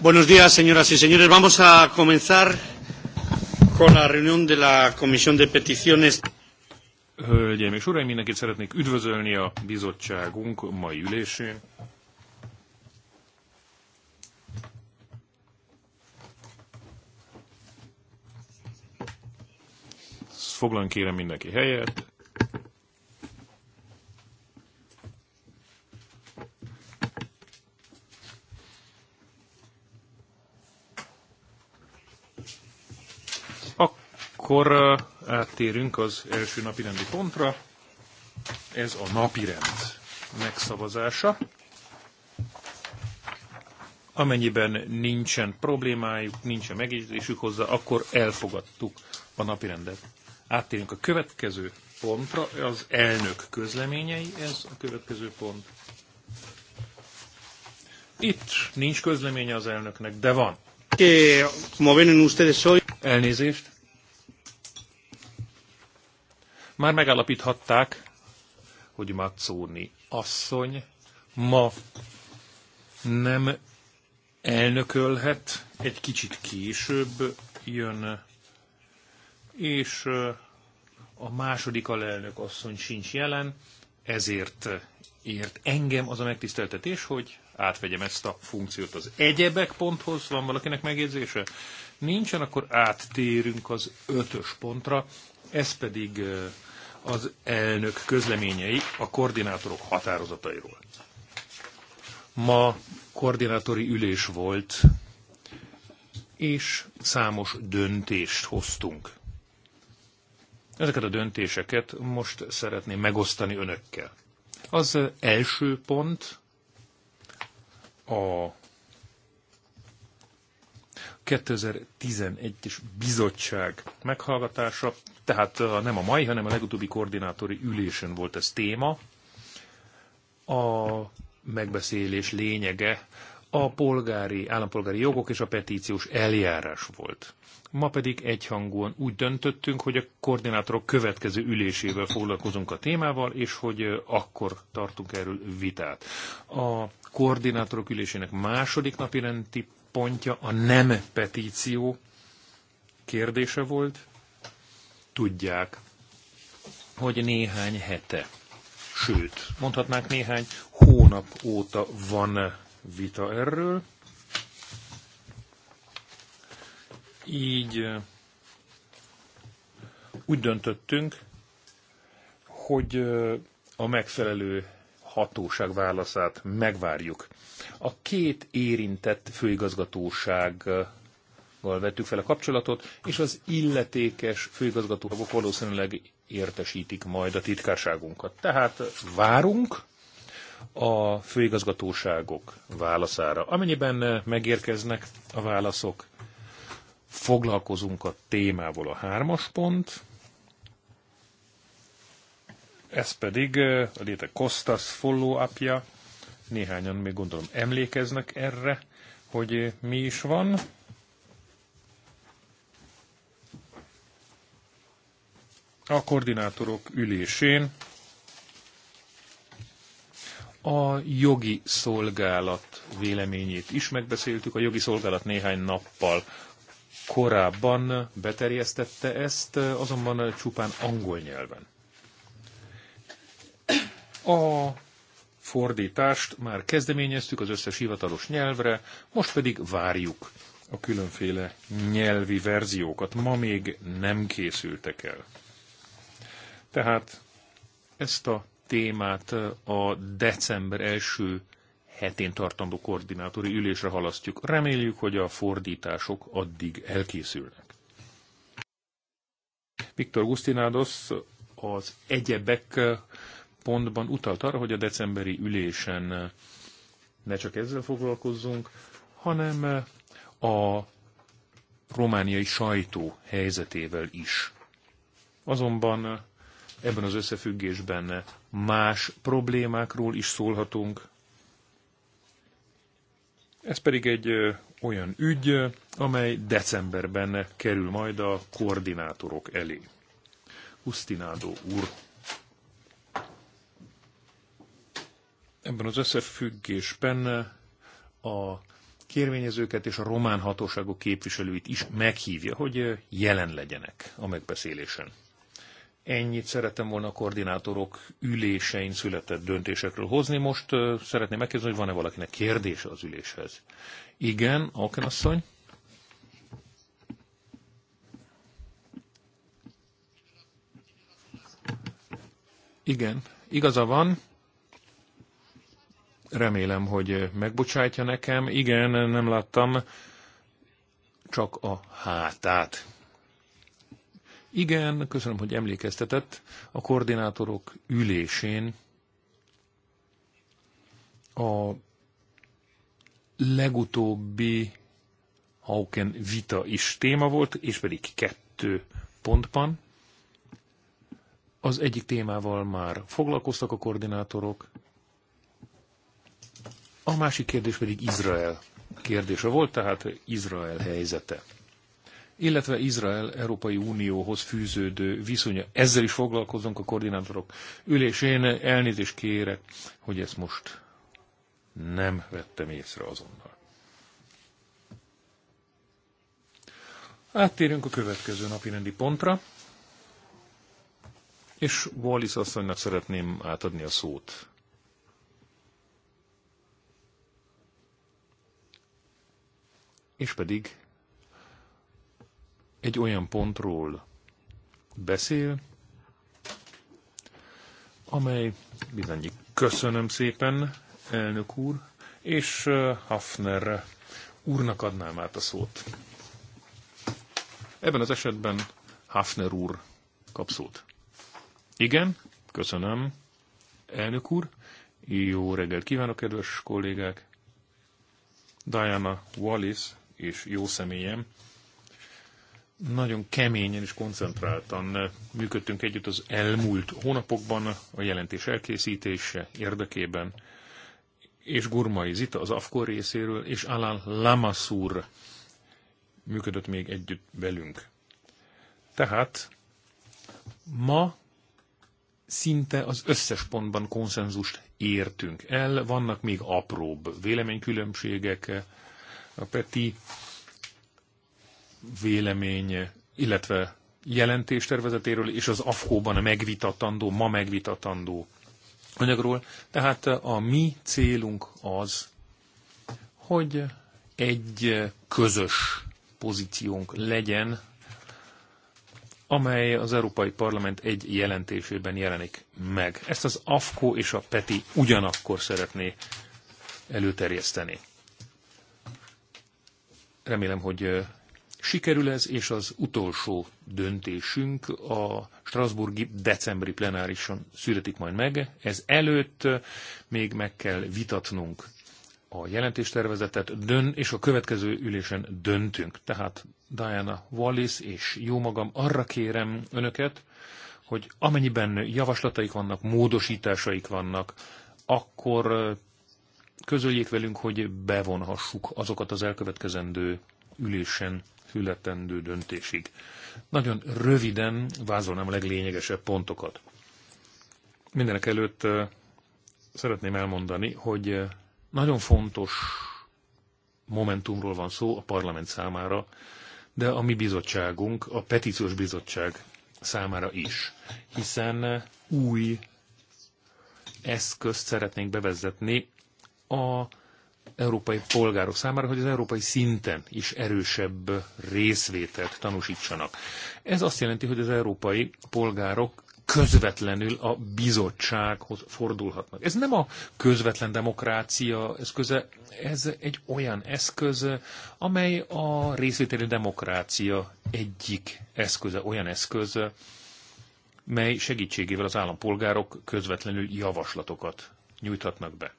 Buenos días, señoras y señores. Vamos a comenzar con la reunión de la Comisión de Peticiones. Hölgyeim és uraim, mindenkit szeretnék üdvözölni a bizottságunk mai ülésén. Foglalunk kérem mindenki helyet. akkor áttérünk az első napi rendi pontra. Ez a napirend megszavazása. Amennyiben nincsen problémájuk, nincsen megjegyzésük hozzá, akkor elfogadtuk a napirendet. Áttérünk a következő pontra, az elnök közleményei, ez a következő pont. Itt nincs közleménye az elnöknek, de van. Elnézést. Már megállapíthatták, hogy Mazzoni asszony ma nem elnökölhet, egy kicsit később jön, és a második alelnök asszony sincs jelen, ezért ért engem az a megtiszteltetés, hogy átvegyem ezt a funkciót az egyebek ponthoz. Van valakinek megjegyzése? Nincsen, akkor áttérünk az ötös pontra. Ez pedig az elnök közleményei a koordinátorok határozatairól. Ma koordinátori ülés volt, és számos döntést hoztunk. Ezeket a döntéseket most szeretném megosztani önökkel. Az első pont a 2011-es bizottság meghallgatása, tehát eh, nem a mai, hanem a legutóbbi koordinátori ülésen volt ez téma. A megbeszélés lényege a polgári, állampolgári jogok és a petíciós eljárás volt. Ma pedig egyhangúan úgy döntöttünk, hogy a koordinátorok következő ülésével foglalkozunk a témával, és hogy eh, akkor tartunk erről vitát. A koordinátorok ülésének második napi rendi pontja a nem petíció kérdése volt. Tudják, hogy néhány hete, sőt, mondhatnánk néhány hónap óta van vita erről. Így úgy döntöttünk, hogy a megfelelő hatóság válaszát megvárjuk. A két érintett főigazgatósággal vettük fel a kapcsolatot, és az illetékes főigazgatóságok valószínűleg értesítik majd a titkárságunkat. Tehát várunk a főigazgatóságok válaszára. Amennyiben megérkeznek a válaszok, foglalkozunk a témával a hármas pont, ez pedig a léte Kostas follow apja, Néhányan még gondolom emlékeznek erre, hogy mi is van. A koordinátorok ülésén a jogi szolgálat véleményét is megbeszéltük. A jogi szolgálat néhány nappal korábban beterjesztette ezt, azonban csupán angol nyelven. A fordítást már kezdeményeztük az összes hivatalos nyelvre, most pedig várjuk a különféle nyelvi verziókat. Ma még nem készültek el. Tehát ezt a témát a december első hetén tartandó koordinátori ülésre halasztjuk. Reméljük, hogy a fordítások addig elkészülnek. Viktor Gustinádosz az egyebek pontban utalt arra, hogy a decemberi ülésen eh, ne csak ezzel foglalkozzunk, hanem eh, a romániai sajtó helyzetével is. Azonban eh, ebben az összefüggésben más problémákról is szólhatunk. Ez pedig egy olyan ügy, amely decemberben kerül majd a koordinátorok elé. Husztinádó úr Ebben az összefüggésben eh, a kérvényezőket és a román hatóságok képviselőit is meghívja, hogy eh, jelen legyenek a megbeszélésen. Ennyit szerettem volna a koordinátorok ülésein született döntésekről hozni. Most eh, szeretném megkérdezni, hogy van-e valakinek kérdése az üléshez. Igen, Alkenasszony. Igen, igaza van. Remélem, hogy megbocsátja nekem. Igen, nem láttam csak a hátát. Igen, köszönöm, hogy emlékeztetett. A koordinátorok ülésén a legutóbbi Hauken vita is téma volt, és pedig kettő pontban. Az egyik témával már foglalkoztak a koordinátorok, a másik kérdés pedig Izrael kérdése volt, tehát Izrael helyzete. Illetve Izrael Európai Unióhoz fűződő viszonya. Ezzel is foglalkozunk a koordinátorok ülésén. Elnézést kérek, hogy ezt most nem vettem észre azonnal. Áttérünk a következő napi rendi pontra, és Wallis asszonynak szeretném átadni a szót. és pedig egy olyan pontról beszél, amely bizony köszönöm szépen, elnök úr, és Hafner úrnak adnám át a szót. Ebben az esetben Hafner úr kap szót. Igen, köszönöm, elnök úr. Jó reggelt kívánok, kedves kollégák! Diana Wallis és jó személyem. Nagyon keményen és koncentráltan működtünk együtt az elmúlt hónapokban a jelentés elkészítése érdekében, és Gurmai Zita az AFKOR részéről, és Alan Lamassur működött még együtt velünk. Tehát ma szinte az összes pontban konszenzust értünk el, vannak még apróbb véleménykülönbségek, a PETI véleménye, illetve jelentéstervezetéről és az AFKO-ban a megvitatandó, ma megvitatandó anyagról. Tehát a mi célunk az, hogy egy közös pozíciónk legyen, amely az Európai Parlament egy jelentésében jelenik meg. Ezt az AFKO és a PETI ugyanakkor szeretné előterjeszteni. Remélem, hogy sikerül ez, és az utolsó döntésünk a Strasburgi decemberi plenárison születik majd meg. Ez előtt még meg kell vitatnunk a jelentéstervezetet, dön, és a következő ülésen döntünk. Tehát Diana Wallis és jó magam, arra kérem önöket, hogy amennyiben javaslataik vannak, módosításaik vannak, akkor közöljék velünk, hogy bevonhassuk azokat az elkövetkezendő ülésen születendő döntésig. Nagyon röviden vázolnám a leglényegesebb pontokat. Mindenek előtt szeretném elmondani, hogy nagyon fontos momentumról van szó a parlament számára, de a mi bizottságunk, a petíciós bizottság számára is, hiszen új eszközt szeretnénk bevezetni a európai polgárok számára, hogy az európai szinten is erősebb részvételt tanúsítsanak. Ez azt jelenti, hogy az európai polgárok közvetlenül a bizottsághoz fordulhatnak. Ez nem a közvetlen demokrácia eszköze, ez egy olyan eszköz, amely a részvételi demokrácia egyik eszköze, olyan eszköz, mely segítségével az állampolgárok közvetlenül javaslatokat nyújthatnak be.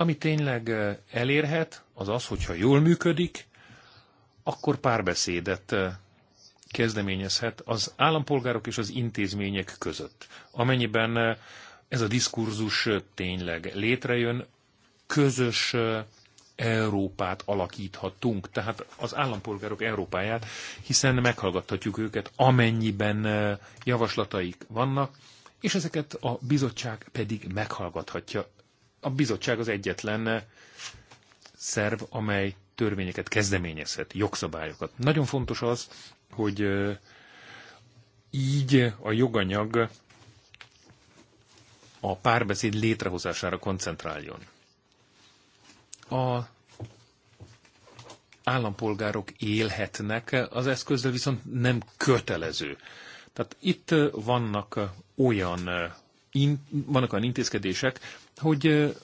Ami tényleg elérhet, az az, hogyha jól működik, akkor párbeszédet kezdeményezhet az állampolgárok és az intézmények között. Amennyiben ez a diskurzus tényleg létrejön, közös Európát alakíthatunk, tehát az állampolgárok Európáját, hiszen meghallgathatjuk őket, amennyiben javaslataik vannak, és ezeket a bizottság pedig meghallgathatja a bizottság az egyetlen szerv, amely törvényeket kezdeményezhet, jogszabályokat. Nagyon fontos az, hogy így a joganyag a párbeszéd létrehozására koncentráljon. A állampolgárok élhetnek, az eszközzel viszont nem kötelező. Tehát itt vannak olyan, in, vannak olyan intézkedések, hogy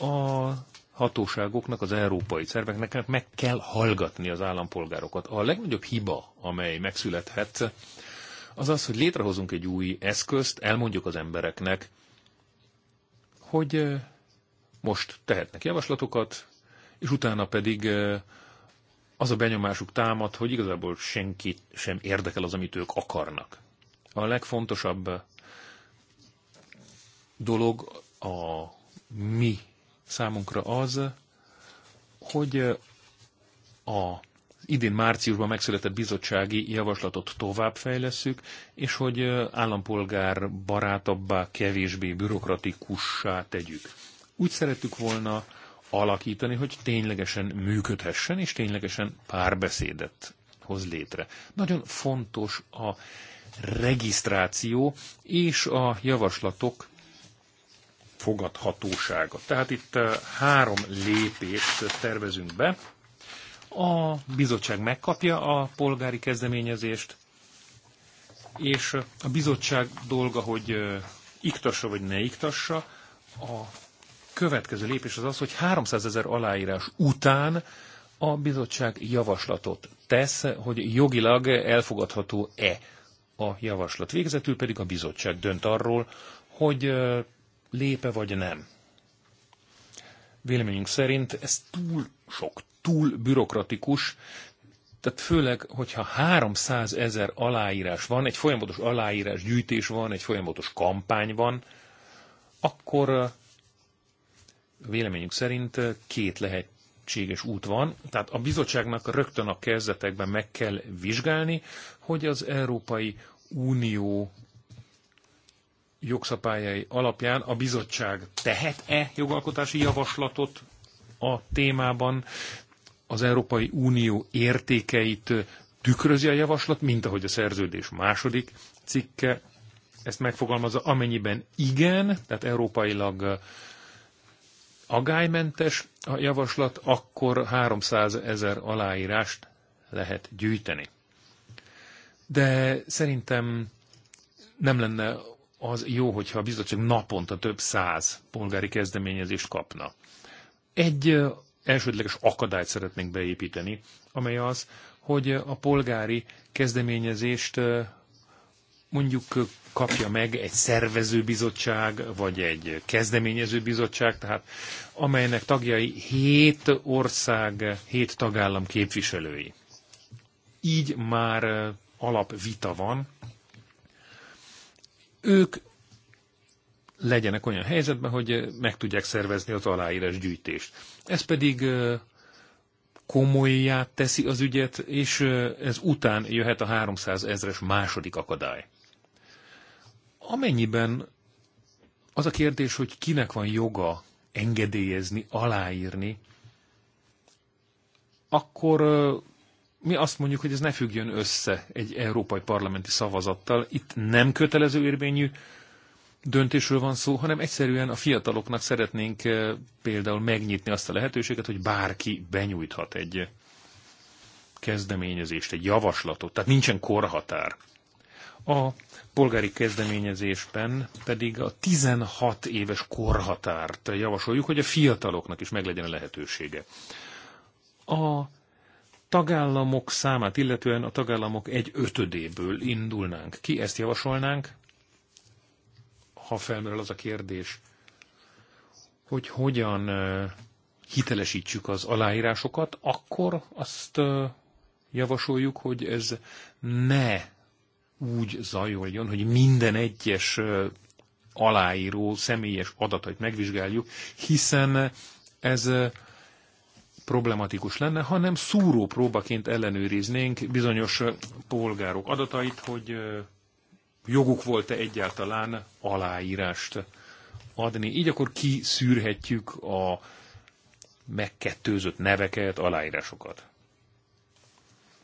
a hatóságoknak, az európai szerveknek meg kell hallgatni az állampolgárokat. A legnagyobb hiba, amely megszülethet, az az, hogy létrehozunk egy új eszközt, elmondjuk az embereknek, hogy most tehetnek javaslatokat, és utána pedig az a benyomásuk támad, hogy igazából senki sem érdekel az, amit ők akarnak. A legfontosabb dolog a mi számunkra az, hogy a idén márciusban megszületett bizottsági javaslatot továbbfejlesszük, és hogy állampolgár barátabbá, kevésbé bürokratikussá tegyük. Úgy szerettük volna alakítani, hogy ténylegesen működhessen, és ténylegesen párbeszédet hoz létre. Nagyon fontos a regisztráció és a javaslatok fogadhatósága. Tehát itt eh, három lépést tervezünk be. A bizottság megkapja a polgári kezdeményezést, és a bizottság dolga, hogy eh, iktassa vagy ne iktassa, a következő lépés az az, hogy 300 ezer aláírás után a bizottság javaslatot tesz, hogy jogilag elfogadható-e a javaslat. Végezetül pedig a bizottság dönt arról, hogy eh, lépe vagy nem. Véleményünk szerint ez túl sok, túl bürokratikus, tehát főleg, hogyha 300 ezer aláírás van, egy folyamatos aláírás gyűjtés van, egy folyamatos kampány van, akkor véleményünk szerint két lehetséges út van. Tehát a bizottságnak rögtön a kezdetekben meg kell vizsgálni, hogy az Európai Unió jogszabályai alapján a bizottság tehet-e jogalkotási javaslatot a témában, az Európai Unió értékeit tükrözi a javaslat, mint ahogy a szerződés második cikke ezt megfogalmazza, amennyiben igen, tehát európailag agálymentes a javaslat, akkor 300 ezer aláírást lehet gyűjteni. De szerintem nem lenne az jó, hogyha a bizottság naponta több száz polgári kezdeményezést kapna. Egy elsődleges akadályt szeretnénk beépíteni, amely az, hogy a polgári kezdeményezést mondjuk kapja meg egy szervezőbizottság, vagy egy kezdeményezőbizottság, tehát amelynek tagjai hét ország, hét tagállam képviselői. Így már alapvita van ők legyenek olyan helyzetben, hogy eh, meg tudják szervezni az aláírás gyűjtést. Ez pedig eh, komolyjá teszi az ügyet, és eh, ez után jöhet a 300 ezres második akadály. Amennyiben az a kérdés, hogy kinek van joga engedélyezni, aláírni, akkor mi azt mondjuk, hogy ez ne függjön össze egy európai parlamenti szavazattal. Itt nem kötelező érvényű döntésről van szó, hanem egyszerűen a fiataloknak szeretnénk eh, például megnyitni azt a lehetőséget, hogy bárki benyújthat egy kezdeményezést, egy javaslatot. Tehát nincsen korhatár. A polgári kezdeményezésben pedig a 16 éves korhatárt javasoljuk, hogy a fiataloknak is meglegyen a lehetősége. A tagállamok számát, illetően a tagállamok egy ötödéből indulnánk ki, ezt javasolnánk, ha felmerül az a kérdés, hogy hogyan hitelesítsük az aláírásokat, akkor azt javasoljuk, hogy ez ne úgy zajoljon, hogy minden egyes aláíró személyes adatait megvizsgáljuk, hiszen ez problematikus lenne, hanem szúró próbaként ellenőriznénk bizonyos polgárok adatait, hogy joguk volt-e egyáltalán aláírást adni. Így akkor kiszűrhetjük a megkettőzött neveket, aláírásokat.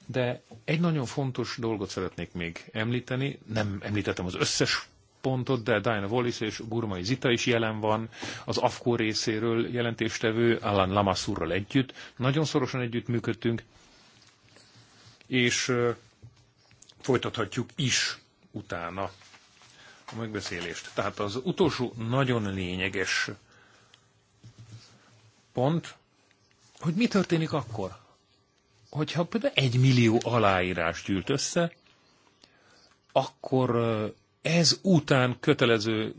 De egy nagyon fontos dolgot szeretnék még említeni, nem említettem az összes pontot, de Diana Wallis és Gurmai Zita is jelen van, az AFKO részéről jelentéstevő Alan Lamassurral együtt. Nagyon szorosan együtt működtünk, és folytathatjuk is utána a megbeszélést. Tehát az utolsó nagyon lényeges pont, hogy mi történik akkor, hogyha például egy millió aláírás gyűlt össze, akkor ez után kötelező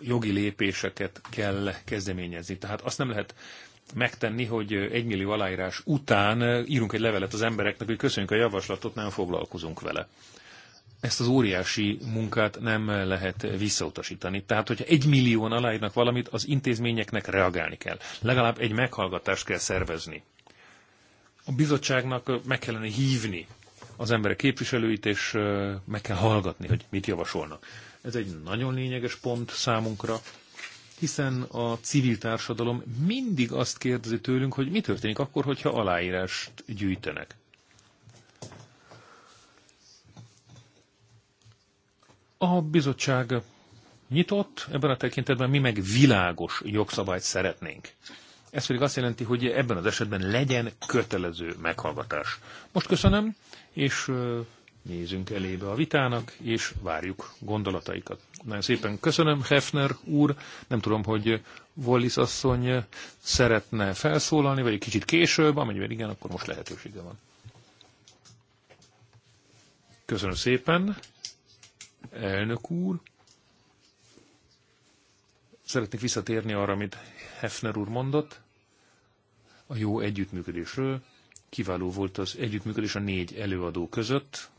jogi lépéseket kell kezdeményezni. Tehát azt nem lehet megtenni, hogy egymillió aláírás után írunk egy levelet az embereknek, hogy köszönjük a javaslatot, nem foglalkozunk vele. Ezt az óriási munkát nem lehet visszautasítani. Tehát, hogyha egy millióan aláírnak valamit, az intézményeknek reagálni kell. Legalább egy meghallgatást kell szervezni. A bizottságnak meg kellene hívni az emberek képviselőit, és meg kell hallgatni, hogy mit javasolnak. Ez egy nagyon lényeges pont számunkra, hiszen a civil társadalom mindig azt kérdezi tőlünk, hogy mi történik akkor, hogyha aláírást gyűjtenek. A bizottság nyitott, ebben a tekintetben mi meg világos jogszabályt szeretnénk. Ez pedig azt jelenti, hogy ebben az esetben legyen kötelező meghallgatás. Most köszönöm, és nézünk elébe a vitának, és várjuk gondolataikat. Nagyon szépen köszönöm, Hefner úr. Nem tudom, hogy Wallis asszony szeretne felszólalni, vagy egy kicsit később, amennyiben igen, akkor most lehetősége van. Köszönöm szépen, elnök úr. Szeretnék visszatérni arra, amit Hefner úr mondott, a jó együttműködésről, Kiváló volt az együttműködés a négy előadó között.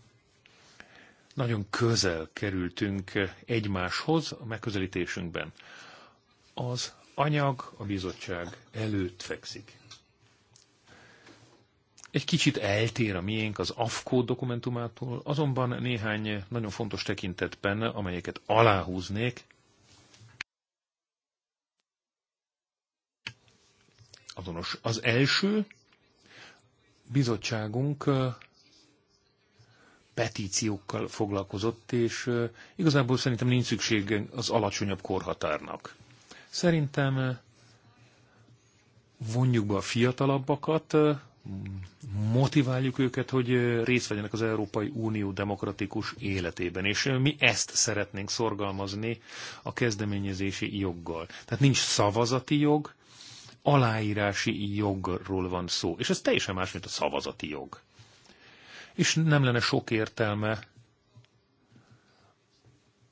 Nagyon közel kerültünk egymáshoz a megközelítésünkben. Az anyag a bizottság előtt fekszik. Egy kicsit eltér a miénk az AFKO dokumentumától, azonban néhány nagyon fontos tekintetben, amelyeket aláhúznék, azonos. Az első bizottságunk petíciókkal foglalkozott, és igazából szerintem nincs szükség az alacsonyabb korhatárnak. Szerintem vonjuk be a fiatalabbakat, motiváljuk őket, hogy részt vegyenek az Európai Unió demokratikus életében, és mi ezt szeretnénk szorgalmazni a kezdeményezési joggal. Tehát nincs szavazati jog, aláírási jogról van szó, és ez teljesen más, mint a szavazati jog. És nem lenne sok értelme,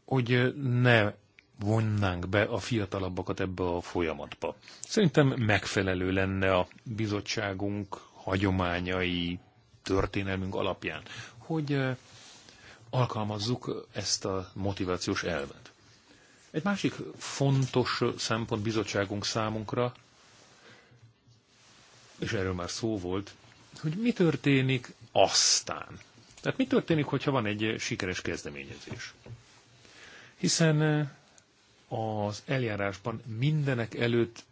hogy ne vonnánk be a fiatalabbakat ebbe a folyamatba. Szerintem megfelelő lenne a bizottságunk hagyományai, történelmünk alapján, hogy eh, alkalmazzuk ezt a motivációs elvet. Egy másik fontos szempont bizottságunk számunkra és erről már szó volt, hogy mi történik aztán. Tehát mi történik, hogyha van egy sikeres kezdeményezés? Hiszen eh, az eljárásban mindenek előtt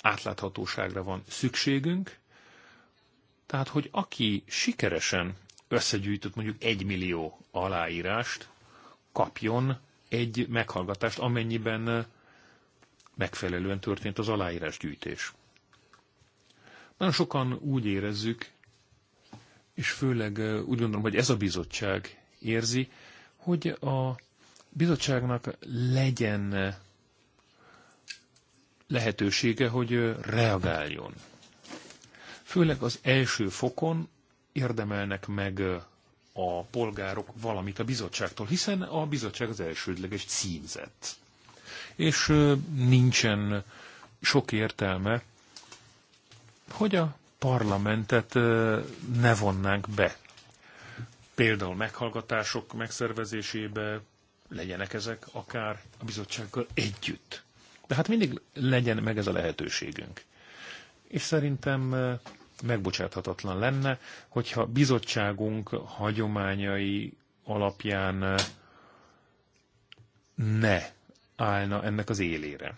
átláthatóságra van szükségünk, tehát, hogy aki sikeresen összegyűjtött mondjuk egy millió aláírást, kapjon egy meghallgatást, amennyiben eh, megfelelően történt az aláírásgyűjtés. Nagyon sokan úgy érezzük, és főleg úgy gondolom, hogy ez a bizottság érzi, hogy a bizottságnak legyen lehetősége, hogy reagáljon. Főleg az első fokon érdemelnek meg a polgárok valamit a bizottságtól, hiszen a bizottság az elsődleges címzett. És nincsen sok értelme hogy a parlamentet ne vonnánk be. Például meghallgatások megszervezésébe, legyenek ezek akár a bizottsággal együtt. De hát mindig legyen meg ez a lehetőségünk. És szerintem megbocsáthatatlan lenne, hogyha bizottságunk hagyományai alapján ne állna ennek az élére.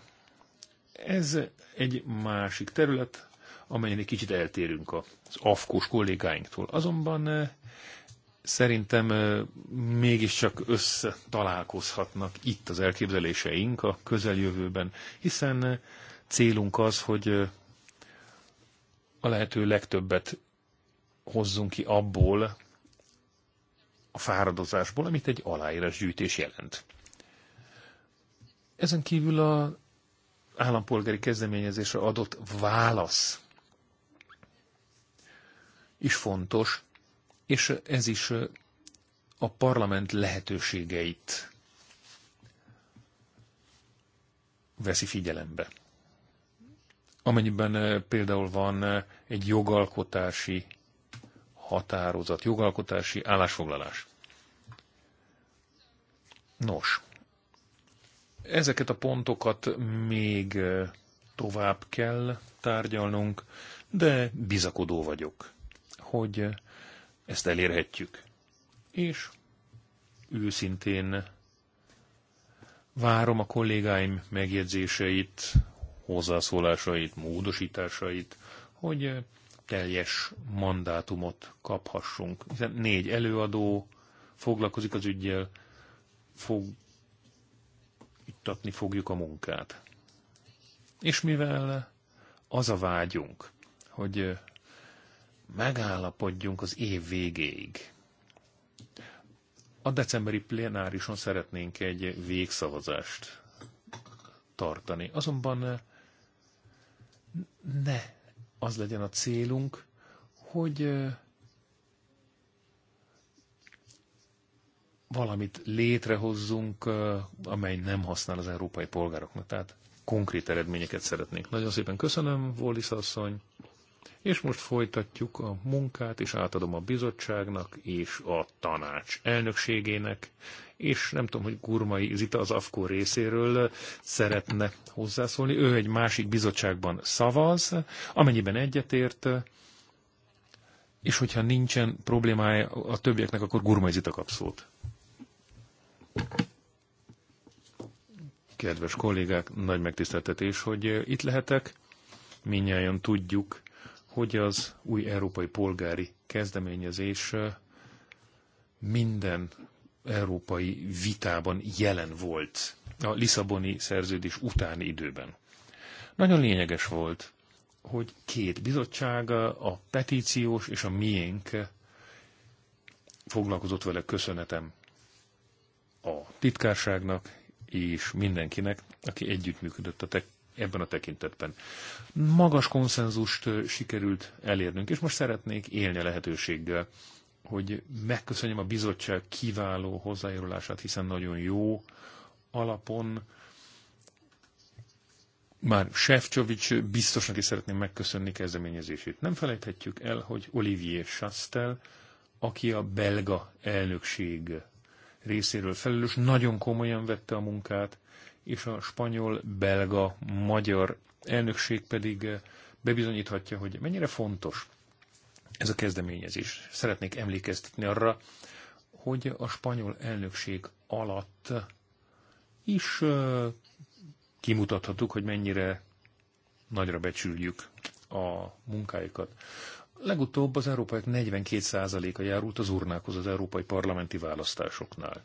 Ez egy másik terület, amelyen egy kicsit eltérünk az afkós kollégáinktól. Azonban eh, szerintem eh, mégiscsak összetalálkozhatnak itt az elképzeléseink a közeljövőben, hiszen eh, célunk az, hogy a lehető legtöbbet hozzunk ki abból a fáradozásból, amit egy aláírás gyűjtés jelent. Ezen kívül a állampolgári kezdeményezésre adott válasz is fontos, és ez is a parlament lehetőségeit veszi figyelembe. Amennyiben például van egy jogalkotási határozat, jogalkotási állásfoglalás. Nos, ezeket a pontokat még tovább kell tárgyalnunk, de bizakodó vagyok hogy ezt elérhetjük. És őszintén várom a kollégáim megjegyzéseit, hozzászólásait, módosításait, hogy teljes mandátumot kaphassunk. Hiszen négy előadó foglalkozik az ügyjel, fog, ittatni fogjuk a munkát. És mivel az a vágyunk, hogy megállapodjunk az év végéig. A decemberi plenárison szeretnénk egy végszavazást tartani. Azonban ne az legyen a célunk, hogy valamit létrehozzunk, amely nem használ az európai polgároknak. Tehát konkrét eredményeket szeretnénk. Nagyon szépen köszönöm, Wallis asszony. És most folytatjuk a munkát, és átadom a bizottságnak és a tanács elnökségének, és nem tudom, hogy Gurmai Zita az AFKO részéről szeretne hozzászólni. Ő egy másik bizottságban szavaz, amennyiben egyetért, és hogyha nincsen problémája a többieknek, akkor Gurmai Zita kap szót. Kedves kollégák, nagy megtiszteltetés, hogy itt lehetek. Minnyáján tudjuk, hogy az új európai polgári kezdeményezés minden európai vitában jelen volt a Lisszaboni szerződés utáni időben. Nagyon lényeges volt, hogy két bizottsága a petíciós és a miénk foglalkozott vele köszönetem a titkárságnak és mindenkinek, aki együttműködött a ebben a tekintetben. Magas konszenzust sikerült elérnünk, és most szeretnék élni a lehetőséggel, hogy megköszönjem a bizottság kiváló hozzájárulását, hiszen nagyon jó alapon már Sefcsovics biztosnak is szeretném megköszönni kezdeményezését. Nem felejthetjük el, hogy Olivier Chastel, aki a belga elnökség részéről felelős, nagyon komolyan vette a munkát, és a spanyol, belga, magyar elnökség pedig eh, bebizonyíthatja, hogy mennyire fontos ez a kezdeményezés. Szeretnék emlékeztetni arra, hogy a spanyol elnökség alatt is eh, kimutathattuk, hogy mennyire nagyra becsüljük a munkáikat. Legutóbb az európaiak 42%-a járult az urnákhoz az európai parlamenti választásoknál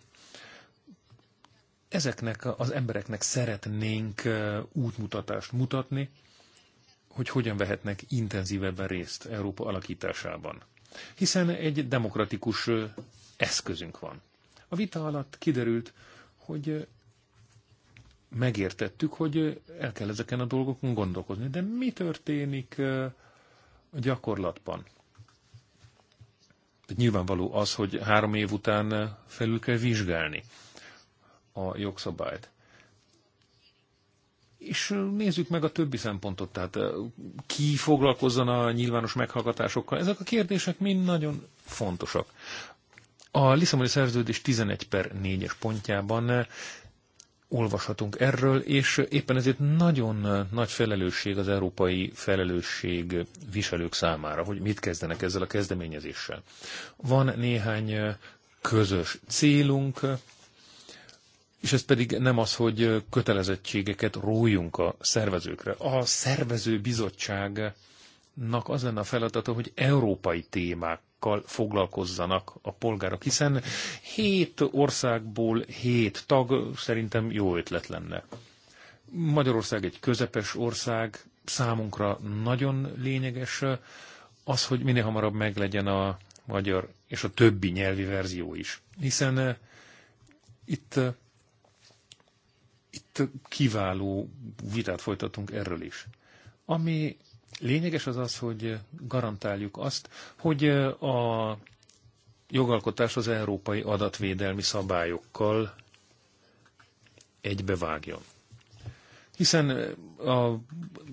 ezeknek az embereknek szeretnénk útmutatást mutatni, hogy hogyan vehetnek intenzívebben részt Európa alakításában. Hiszen egy demokratikus eszközünk van. A vita alatt kiderült, hogy megértettük, hogy el kell ezeken a dolgokon gondolkozni. De mi történik a gyakorlatban? nyilvánvaló az, hogy három év után felül kell vizsgálni a jogszabályt. És nézzük meg a többi szempontot, tehát ki foglalkozzon a nyilvános meghallgatásokkal. Ezek a kérdések mind nagyon fontosak. A Lisszaboni Szerződés 11 per 4-es pontjában olvashatunk erről, és éppen ezért nagyon nagy felelősség az európai felelősség viselők számára, hogy mit kezdenek ezzel a kezdeményezéssel. Van néhány közös célunk, és ez pedig nem az, hogy kötelezettségeket rójunk a szervezőkre. A szervező bizottságnak az lenne a feladata, hogy európai témákkal foglalkozzanak a polgárok, hiszen hét országból hét tag szerintem jó ötlet lenne. Magyarország egy közepes ország, számunkra nagyon lényeges az, hogy minél hamarabb meglegyen a magyar és a többi nyelvi verzió is. Hiszen itt kiváló vitát folytatunk erről is. Ami lényeges az az, hogy garantáljuk azt, hogy a jogalkotás az európai adatvédelmi szabályokkal egybevágjon. Hiszen a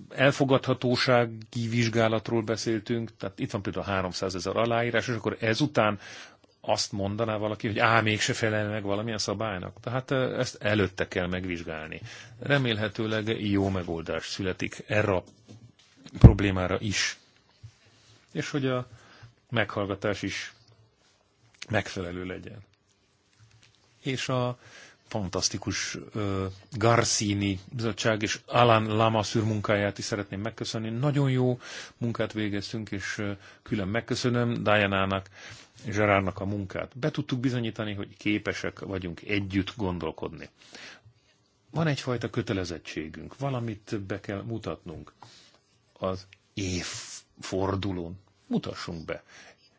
elfogadhatósági vizsgálatról beszéltünk, tehát itt van például 300 ezer aláírás, és akkor ezután azt mondaná valaki, hogy á, mégse felel meg valamilyen szabálynak. Tehát ezt előtte kell megvizsgálni. Remélhetőleg jó megoldás születik erre a problémára is. És hogy a meghallgatás is megfelelő legyen. És a fantasztikus uh, Garcini bizottság és Alan Lamassur munkáját is szeretném megköszönni. Nagyon jó munkát végeztünk, és uh, külön megköszönöm Diana-nak, Zserárnak a munkát. Be tudtuk bizonyítani, hogy képesek vagyunk együtt gondolkodni. Van egyfajta kötelezettségünk, valamit be kell mutatnunk az évfordulón. Mutassunk be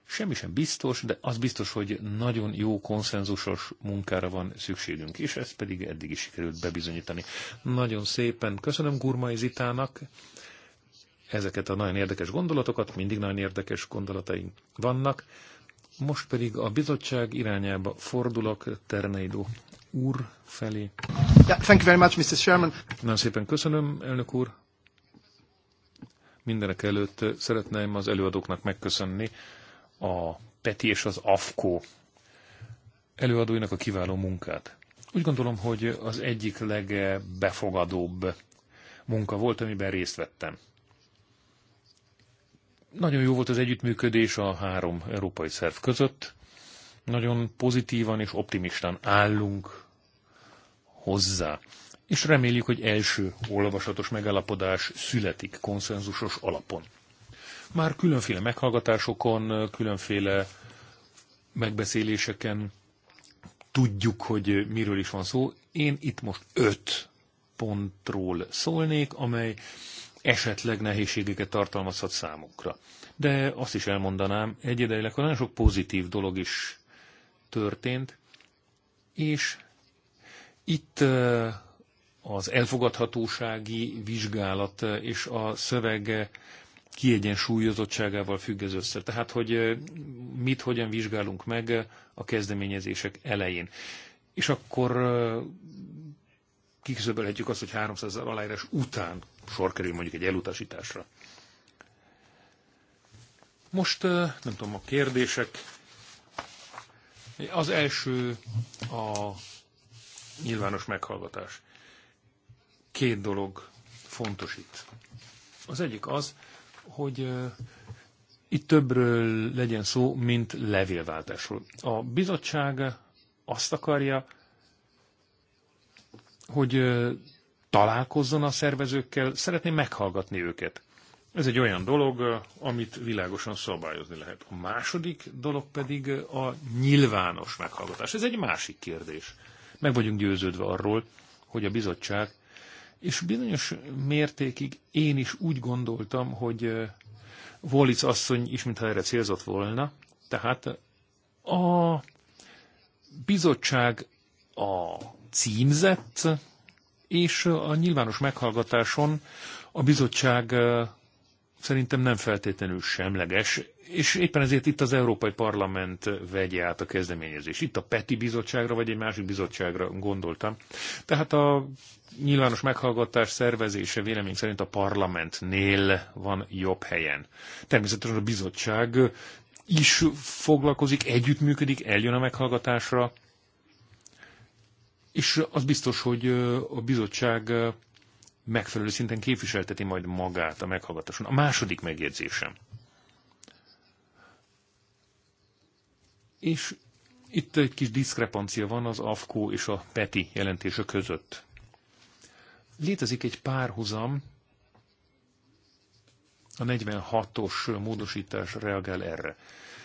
semmi sem biztos, de az biztos, hogy nagyon jó konszenzusos munkára van szükségünk, és ezt pedig eddig is sikerült bebizonyítani. Nagyon szépen köszönöm Gurmai Zitának ezeket a nagyon érdekes gondolatokat, mindig nagyon érdekes gondolataink vannak. Most pedig a bizottság irányába fordulok Terneidó úr felé. Yeah, thank you very much, Mr. Chairman. Nagyon szépen köszönöm, elnök úr. Mindenek előtt szeretném az előadóknak megköszönni a Peti és az AFKO előadóinak a kiváló munkát. Úgy gondolom, hogy az egyik legbefogadóbb munka volt, amiben részt vettem. Nagyon jó volt az együttműködés a három európai szerv között. Nagyon pozitívan és optimistán állunk hozzá. És reméljük, hogy első olvasatos megállapodás születik konszenzusos alapon. Már különféle meghallgatásokon, különféle megbeszéléseken tudjuk, hogy miről is van szó. Én itt most öt pontról szólnék, amely esetleg nehézségeket tartalmazhat számukra. De azt is elmondanám, Egyedeileg nagyon sok pozitív dolog is történt, és itt eh, az elfogadhatósági vizsgálat eh, és a szöveg kiegyensúlyozottságával függ ez össze. Tehát, hogy mit, hogyan vizsgálunk meg a kezdeményezések elején. És akkor kiküszöbölhetjük azt, hogy 300 aláírás után sor kerül mondjuk egy elutasításra. Most, nem tudom, a kérdések. Az első a nyilvános meghallgatás. Két dolog fontos itt. Az egyik az, hogy itt többről legyen szó, mint levélváltásról. A bizottság azt akarja, hogy találkozzon a szervezőkkel, szeretné meghallgatni őket. Ez egy olyan dolog, amit világosan szabályozni lehet. A második dolog pedig a nyilvános meghallgatás. Ez egy másik kérdés. Meg vagyunk győződve arról, hogy a bizottság és bizonyos mértékig én is úgy gondoltam, hogy Wallis asszony is, mintha erre célzott volna. Tehát a bizottság a címzett, és a nyilvános meghallgatáson a bizottság szerintem nem feltétlenül semleges, és éppen ezért itt az Európai Parlament vegye át a kezdeményezést. Itt a PETI bizottságra, vagy egy másik bizottságra gondoltam. Tehát a nyilvános meghallgatás szervezése vélemény szerint a parlamentnél van jobb helyen. Természetesen a bizottság is foglalkozik, együttműködik, eljön a meghallgatásra, és az biztos, hogy a bizottság megfelelő szinten képviselteti majd magát a meghallgatáson. A második megjegyzésem. És itt egy kis diszkrepancia van az AFKO és a PETI jelentése között. Létezik egy párhuzam, a 46-os módosítás reagál erre.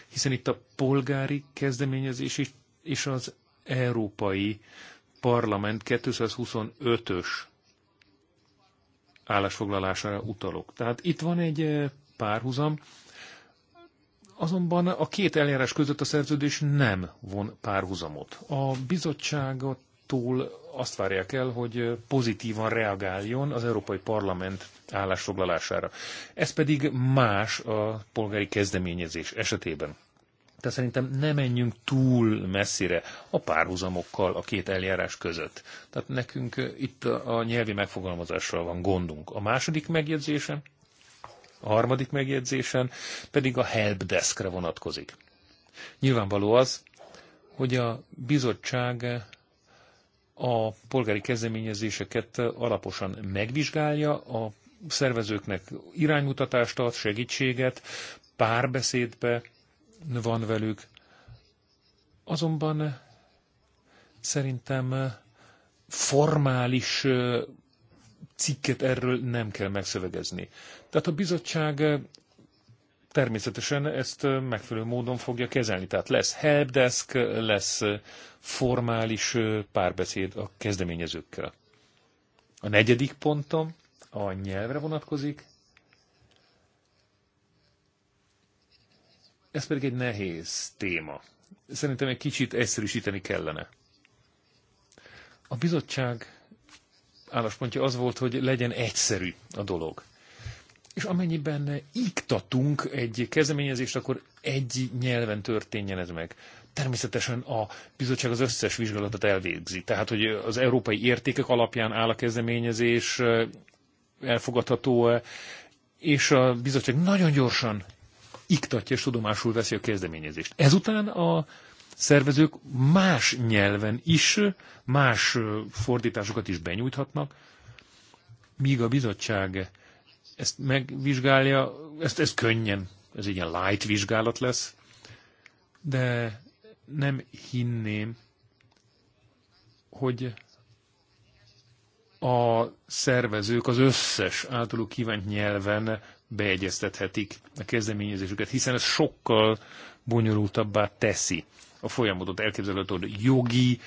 Hiszen itt a polgári kezdeményezés és az európai parlament 225-ös állásfoglalására utalok. Tehát itt van egy eh, párhuzam, azonban a két eljárás között a szerződés nem von párhuzamot. A bizottságtól azt várják el, hogy eh, pozitívan reagáljon az Európai Parlament állásfoglalására. Ez pedig más a polgári kezdeményezés esetében de szerintem ne menjünk túl messzire a párhuzamokkal a két eljárás között. Tehát nekünk eh, itt a nyelvi megfogalmazással van gondunk. A második megjegyzésen, a harmadik megjegyzésen pedig a helpdeskre vonatkozik. Nyilvánvaló az, hogy a bizottság eh, a polgári kezdeményezéseket eh, alaposan megvizsgálja, a szervezőknek iránymutatást ad, segítséget, párbeszédbe van velük. Azonban eh, szerintem eh, formális eh, cikket erről nem kell megszövegezni. Tehát a bizottság természetesen ezt megfelelő módon fogja kezelni. Tehát lesz helpdesk, lesz formális párbeszéd a kezdeményezőkkel. A negyedik pontom a nyelvre vonatkozik. Ez pedig egy nehéz téma. Szerintem egy kicsit egyszerűsíteni kellene. A bizottság álláspontja az volt, hogy legyen egyszerű a dolog. És amennyiben iktatunk egy kezdeményezést, akkor egy nyelven történjen ez meg. Természetesen a bizottság az összes vizsgálatot elvégzi. Tehát, hogy az európai értékek alapján áll a kezdeményezés, elfogadható, és a bizottság nagyon gyorsan iktatja és tudomásul veszi a kezdeményezést. Ezután a szervezők más nyelven is, más fordításokat is benyújthatnak, míg a bizottság ezt megvizsgálja, ezt, ezt könnyen, ez egy ilyen light vizsgálat lesz, de nem hinném, hogy a szervezők az összes általuk kívánt nyelven beegyeztethetik a kezdeményezésüket, hiszen ez sokkal bonyolultabbá teszi a folyamatot. Elképzelhető, hogy jogi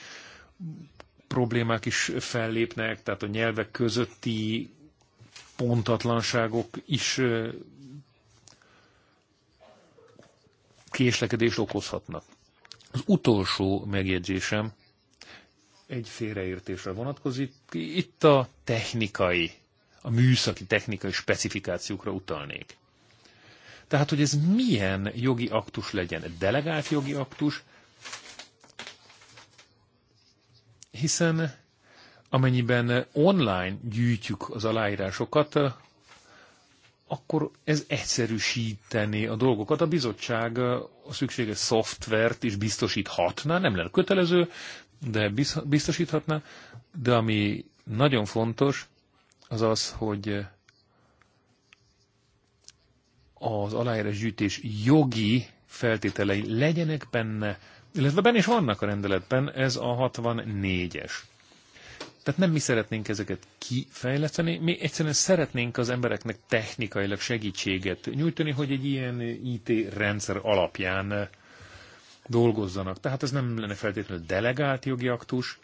problémák is fellépnek, tehát a nyelvek közötti pontatlanságok is késlekedést okozhatnak. Az utolsó megjegyzésem egy félreértésre vonatkozik. Itt a technikai a műszaki technikai specifikációkra utalnék. Tehát, hogy ez milyen jogi aktus legyen, delegált jogi aktus, hiszen amennyiben online gyűjtjük az aláírásokat, akkor ez egyszerűsíteni a dolgokat. A bizottság a szükséges szoftvert is biztosíthatná, nem lenne kötelező, de biztosíthatná, de ami nagyon fontos, az az, hogy eh, az aláírás gyűjtés jogi feltételei legyenek benne, illetve benne is vannak a rendeletben, ez a 64-es. Tehát nem mi szeretnénk ezeket kifejleszteni, mi egyszerűen szeretnénk az embereknek technikailag segítséget nyújtani, hogy egy ilyen IT rendszer alapján dolgozzanak. Tehát ez nem lenne feltétlenül delegált jogi aktus,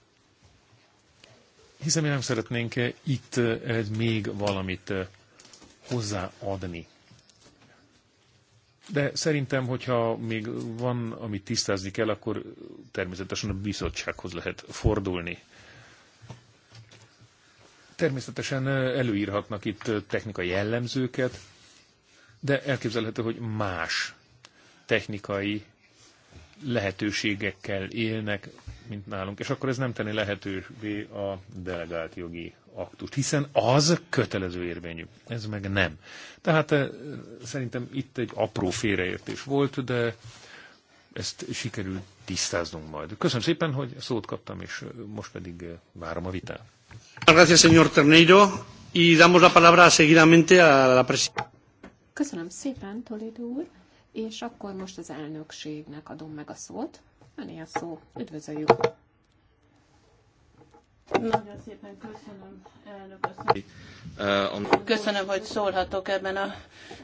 hiszen mi nem szeretnénk eh, itt eh, még valamit eh, hozzáadni. De szerintem, hogyha még van, amit tisztázni kell, akkor természetesen a bizottsághoz lehet fordulni. Természetesen előírhatnak itt technikai jellemzőket, de elképzelhető, hogy más technikai lehetőségekkel élnek, mint nálunk, és akkor ez nem tenni lehetővé a delegált jogi aktust, hiszen az kötelező érvényű, ez meg nem. Tehát eh, szerintem itt egy apró félreértés volt, de ezt sikerül tisztáznunk majd. Köszönöm szépen, hogy szót kaptam, és most pedig eh, várom a vitát. Terneiro. Y damos la palabra seguidamente a la Köszönöm szépen, Toledo úr, és akkor most az elnökségnek adom meg a szót. Öné a szó. Üdvözöljük. Nagyon szépen köszönöm, elnök asszony. Uh, köszönöm, hogy szólhatok ebben a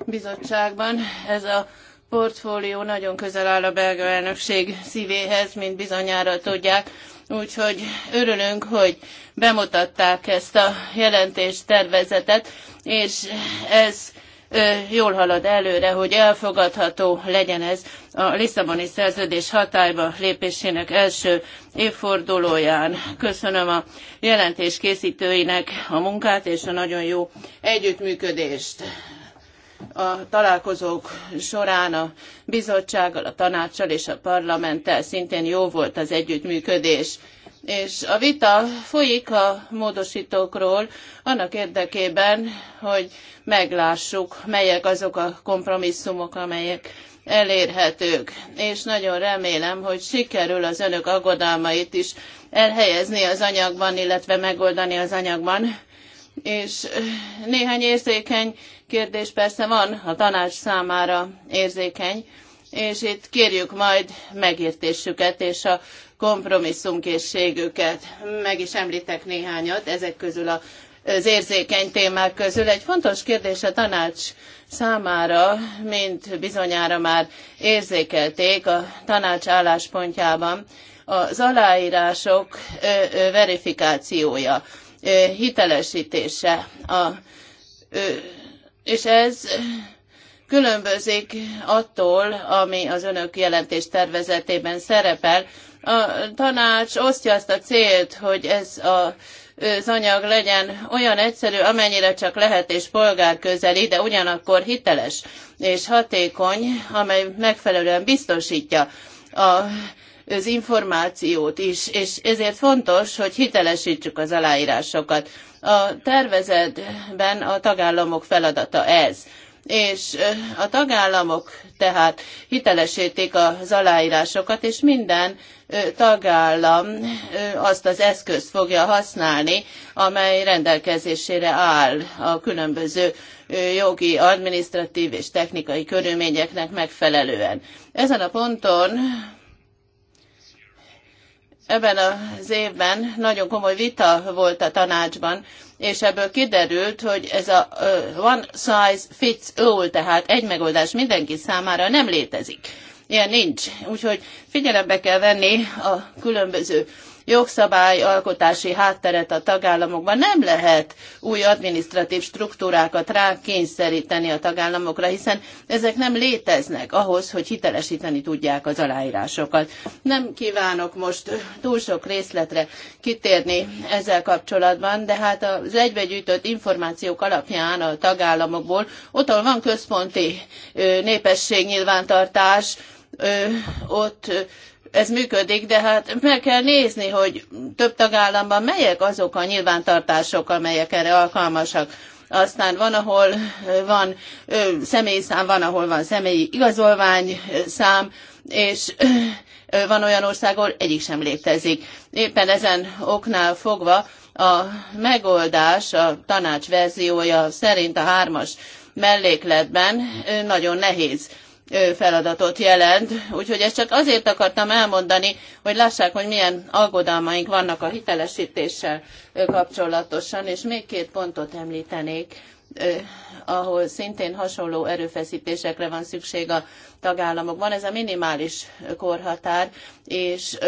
bizottságban. Ez a portfólió nagyon közel áll a belga elnökség szívéhez, mint bizonyára tudják. Úgyhogy örülünk, hogy bemutatták ezt a jelentéstervezetet, és ez jól halad előre, hogy elfogadható legyen ez a Lisszaboni szerződés hatályba lépésének első évfordulóján. Köszönöm a jelentés készítőinek a munkát és a nagyon jó együttműködést a találkozók során a bizottsággal, a tanácssal és a parlamenttel szintén jó volt az együttműködés és a vita folyik a módosítókról annak érdekében, hogy meglássuk, melyek azok a kompromisszumok, amelyek elérhetők. És nagyon remélem, hogy sikerül az önök aggodalmait is elhelyezni az anyagban, illetve megoldani az anyagban. És néhány érzékeny kérdés persze van, a tanács számára érzékeny, és itt kérjük majd megértésüket és a kompromisszumkészségüket. Meg is említek néhányat, ezek közül a az érzékeny témák közül. Egy fontos kérdés a tanács számára, mint bizonyára már érzékelték a tanács álláspontjában, az aláírások verifikációja, hitelesítése. A, és ez különbözik attól, ami az önök jelentés tervezetében szerepel, a tanács osztja azt a célt, hogy ez a az anyag legyen olyan egyszerű, amennyire csak lehet, és polgárközeli, de ugyanakkor hiteles és hatékony, amely megfelelően biztosítja a az információt is, és ezért fontos, hogy hitelesítsük az aláírásokat. A tervezetben a tagállamok feladata ez és a tagállamok tehát hitelesítik az aláírásokat, és minden tagállam azt az eszközt fogja használni, amely rendelkezésére áll a különböző jogi, administratív és technikai körülményeknek megfelelően. Ezen a ponton ebben az évben nagyon komoly vita volt a tanácsban és ebből kiderült, hogy ez a one size fits all, tehát egy megoldás mindenki számára nem létezik. Ilyen nincs. Úgyhogy figyelembe kell venni a különböző jogszabályalkotási hátteret a tagállamokban. Nem lehet új adminisztratív struktúrákat rákényszeríteni a tagállamokra, hiszen ezek nem léteznek ahhoz, hogy hitelesíteni tudják az aláírásokat. Nem kívánok most túl sok részletre kitérni ezzel kapcsolatban, de hát az egybegyűjtött információk alapján a tagállamokból, ott, ahol van központi népesség nyilvántartás, ott ez működik, de hát meg kell nézni, hogy több tagállamban melyek azok a nyilvántartások, amelyek erre alkalmasak. Aztán van, ahol van személyszám, van, ahol van személyi igazolvány szám, és van olyan ország, ahol egyik sem létezik. Éppen ezen oknál fogva a megoldás, a tanács verziója szerint a hármas mellékletben nagyon nehéz feladatot jelent. Úgyhogy ezt csak azért akartam elmondani, hogy lássák, hogy milyen aggodalmaink vannak a hitelesítéssel kapcsolatosan, és még két pontot említenék ahol szintén hasonló erőfeszítésekre van szükség a tagállamokban. Ez a minimális korhatár és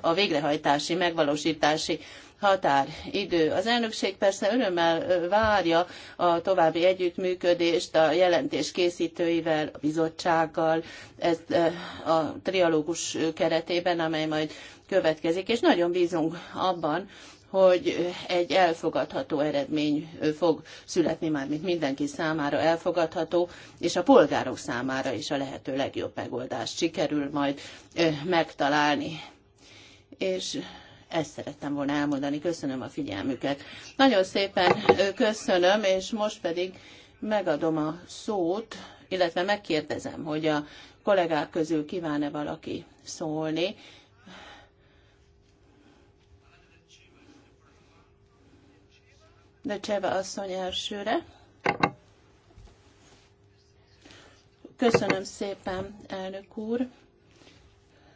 a, végrehajtási, megvalósítási határidő. Az elnökség persze örömmel várja a további együttműködést a jelentés készítőivel, a bizottsággal, ezt a trialógus keretében, amely majd következik, és nagyon bízunk abban, hogy egy elfogadható eredmény fog születni, már mint mindenki számára elfogadható, és a polgárok számára is a lehető legjobb megoldást sikerül majd megtalálni. És ezt szerettem volna elmondani. Köszönöm a figyelmüket. Nagyon szépen köszönöm, és most pedig megadom a szót, illetve megkérdezem, hogy a kollégák közül kíván-e valaki szólni. De Cseva asszony elsőre. Köszönöm szépen, elnök úr.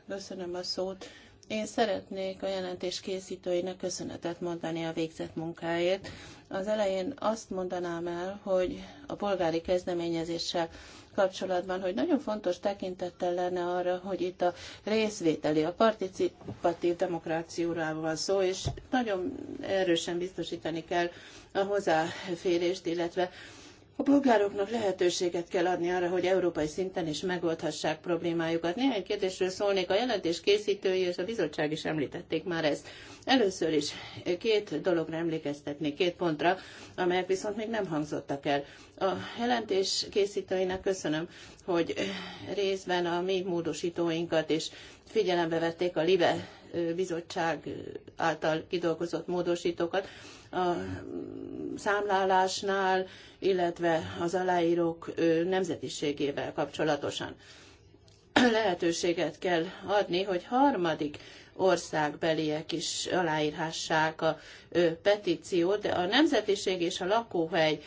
Köszönöm a szót. Én szeretnék a jelentés készítőinek köszönetet mondani a végzett munkáért. Az elején azt mondanám el, hogy a polgári kezdeményezéssel kapcsolatban, hogy nagyon fontos tekintettel lenne arra, hogy itt a részvételi, a participatív demokráciáról van szó, és nagyon erősen biztosítani kell a hozzáférést, illetve a polgároknak lehetőséget kell adni arra, hogy európai szinten is megoldhassák problémájukat. Néhány kérdésről szólnék, a jelentés készítői és a bizottság is említették már ezt. Először is két dologra emlékeztetnék, két pontra, amelyek viszont még nem hangzottak el. A jelentés készítőinek köszönöm, hogy részben a mi módosítóinkat is figyelembe vették a LIBE bizottság által kidolgozott módosítókat, a számlálásnál, illetve az aláírók nemzetiségével kapcsolatosan lehetőséget kell adni, hogy harmadik országbeliek is aláírhassák a petíciót, de a nemzetiség és a lakóhely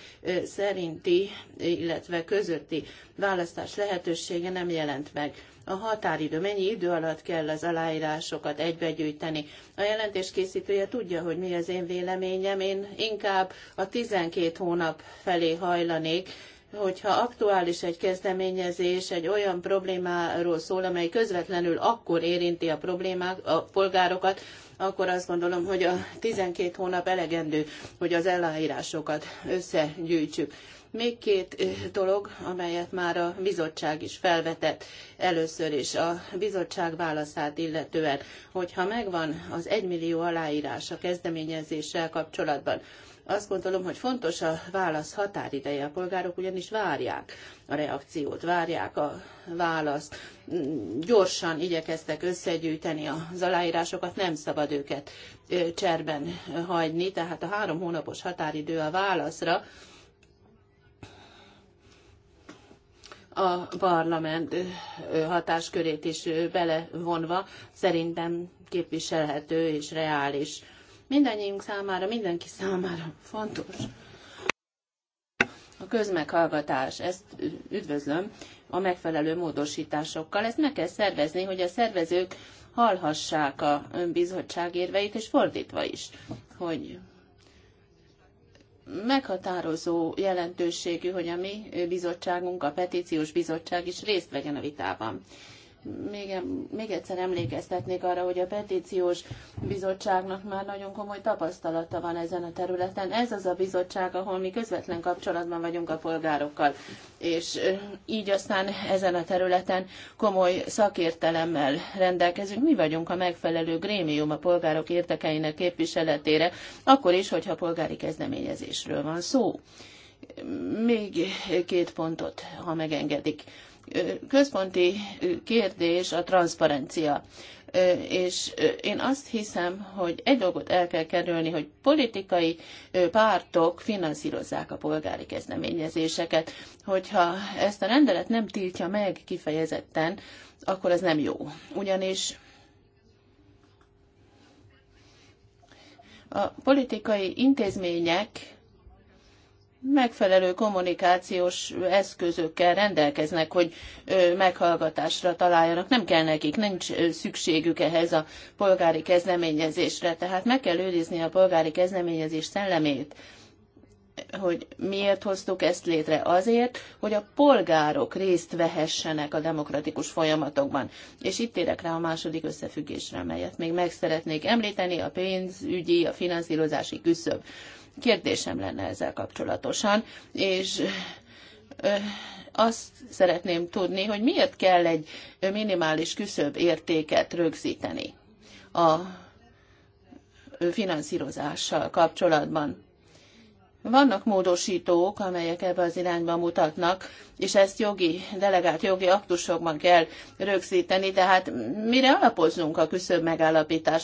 szerinti, illetve közötti választás lehetősége nem jelent meg a határidő, mennyi idő alatt kell az aláírásokat egybegyűjteni. A jelentés készítője tudja, hogy mi az én véleményem, én inkább a 12 hónap felé hajlanék, hogyha aktuális egy kezdeményezés egy olyan problémáról szól, amely közvetlenül akkor érinti a problémák, a polgárokat, akkor azt gondolom, hogy a 12 hónap elegendő, hogy az eláírásokat összegyűjtsük. Még két dolog, amelyet már a bizottság is felvetett először is a bizottság válaszát illetően, hogyha megvan az egymillió aláírás a kezdeményezéssel kapcsolatban, azt gondolom, hogy fontos a válasz határideje. A polgárok ugyanis várják a reakciót, várják a választ. Gyorsan igyekeztek összegyűjteni az aláírásokat, nem szabad őket cserben hagyni, tehát a három hónapos határidő a válaszra, a parlament hatáskörét is belevonva szerintem képviselhető és reális. Mindannyiunk számára, mindenki számára fontos. A közmeghallgatás, ezt üdvözlöm a megfelelő módosításokkal. Ezt meg kell szervezni, hogy a szervezők hallhassák a bizottság érveit, és fordítva is, hogy meghatározó jelentőségű, hogy a mi bizottságunk, a petíciós bizottság is részt vegyen a vitában még, még egyszer emlékeztetnék arra, hogy a petíciós bizottságnak már nagyon komoly tapasztalata van ezen a területen. Ez az a bizottság, ahol mi közvetlen kapcsolatban vagyunk a polgárokkal, és így aztán ezen a területen komoly szakértelemmel rendelkezünk. Mi vagyunk a megfelelő grémium a polgárok érdekeinek képviseletére, akkor is, hogyha polgári kezdeményezésről van szó. Még két pontot, ha megengedik központi kérdés a transzparencia. És én azt hiszem, hogy egy dolgot el kell kerülni, hogy politikai pártok finanszírozzák a polgári kezdeményezéseket. Hogyha ezt a rendelet nem tiltja meg kifejezetten, akkor ez nem jó. Ugyanis a politikai intézmények megfelelő kommunikációs eszközökkel rendelkeznek, hogy meghallgatásra találjanak. Nem kell nekik, nincs szükségük ehhez a polgári kezdeményezésre. Tehát meg kell őrizni a polgári kezdeményezés szellemét hogy miért hoztuk ezt létre? Azért, hogy a polgárok részt vehessenek a demokratikus folyamatokban. És itt érek rá a második összefüggésre, amelyet még meg szeretnék említeni, a pénzügyi, a finanszírozási küszöb. Kérdésem lenne ezzel kapcsolatosan, és azt szeretném tudni, hogy miért kell egy minimális küszöb értéket rögzíteni a finanszírozással kapcsolatban. Vannak módosítók, amelyek ebbe az irányba mutatnak, és ezt jogi, delegált jogi aktusokban kell rögzíteni, Tehát mire alapozzunk a küszöb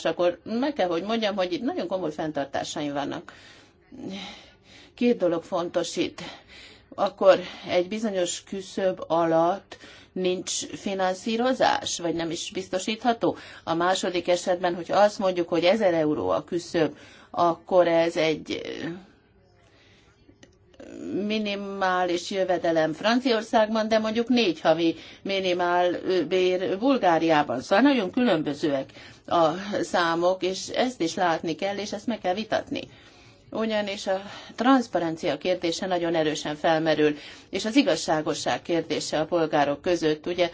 Akkor Meg kell, hogy mondjam, hogy itt nagyon komoly fenntartásaim vannak. Két dolog fontos itt. Akkor egy bizonyos küszöb alatt nincs finanszírozás, vagy nem is biztosítható. A második esetben, hogy azt mondjuk, hogy 1000 euró a küszöb, akkor ez egy minimális jövedelem Franciaországban, de mondjuk négy havi minimál bér Bulgáriában. Szóval nagyon különbözőek a számok, és ezt is látni kell, és ezt meg kell vitatni ugyanis a transzparencia kérdése nagyon erősen felmerül, és az igazságosság kérdése a polgárok között. Ugye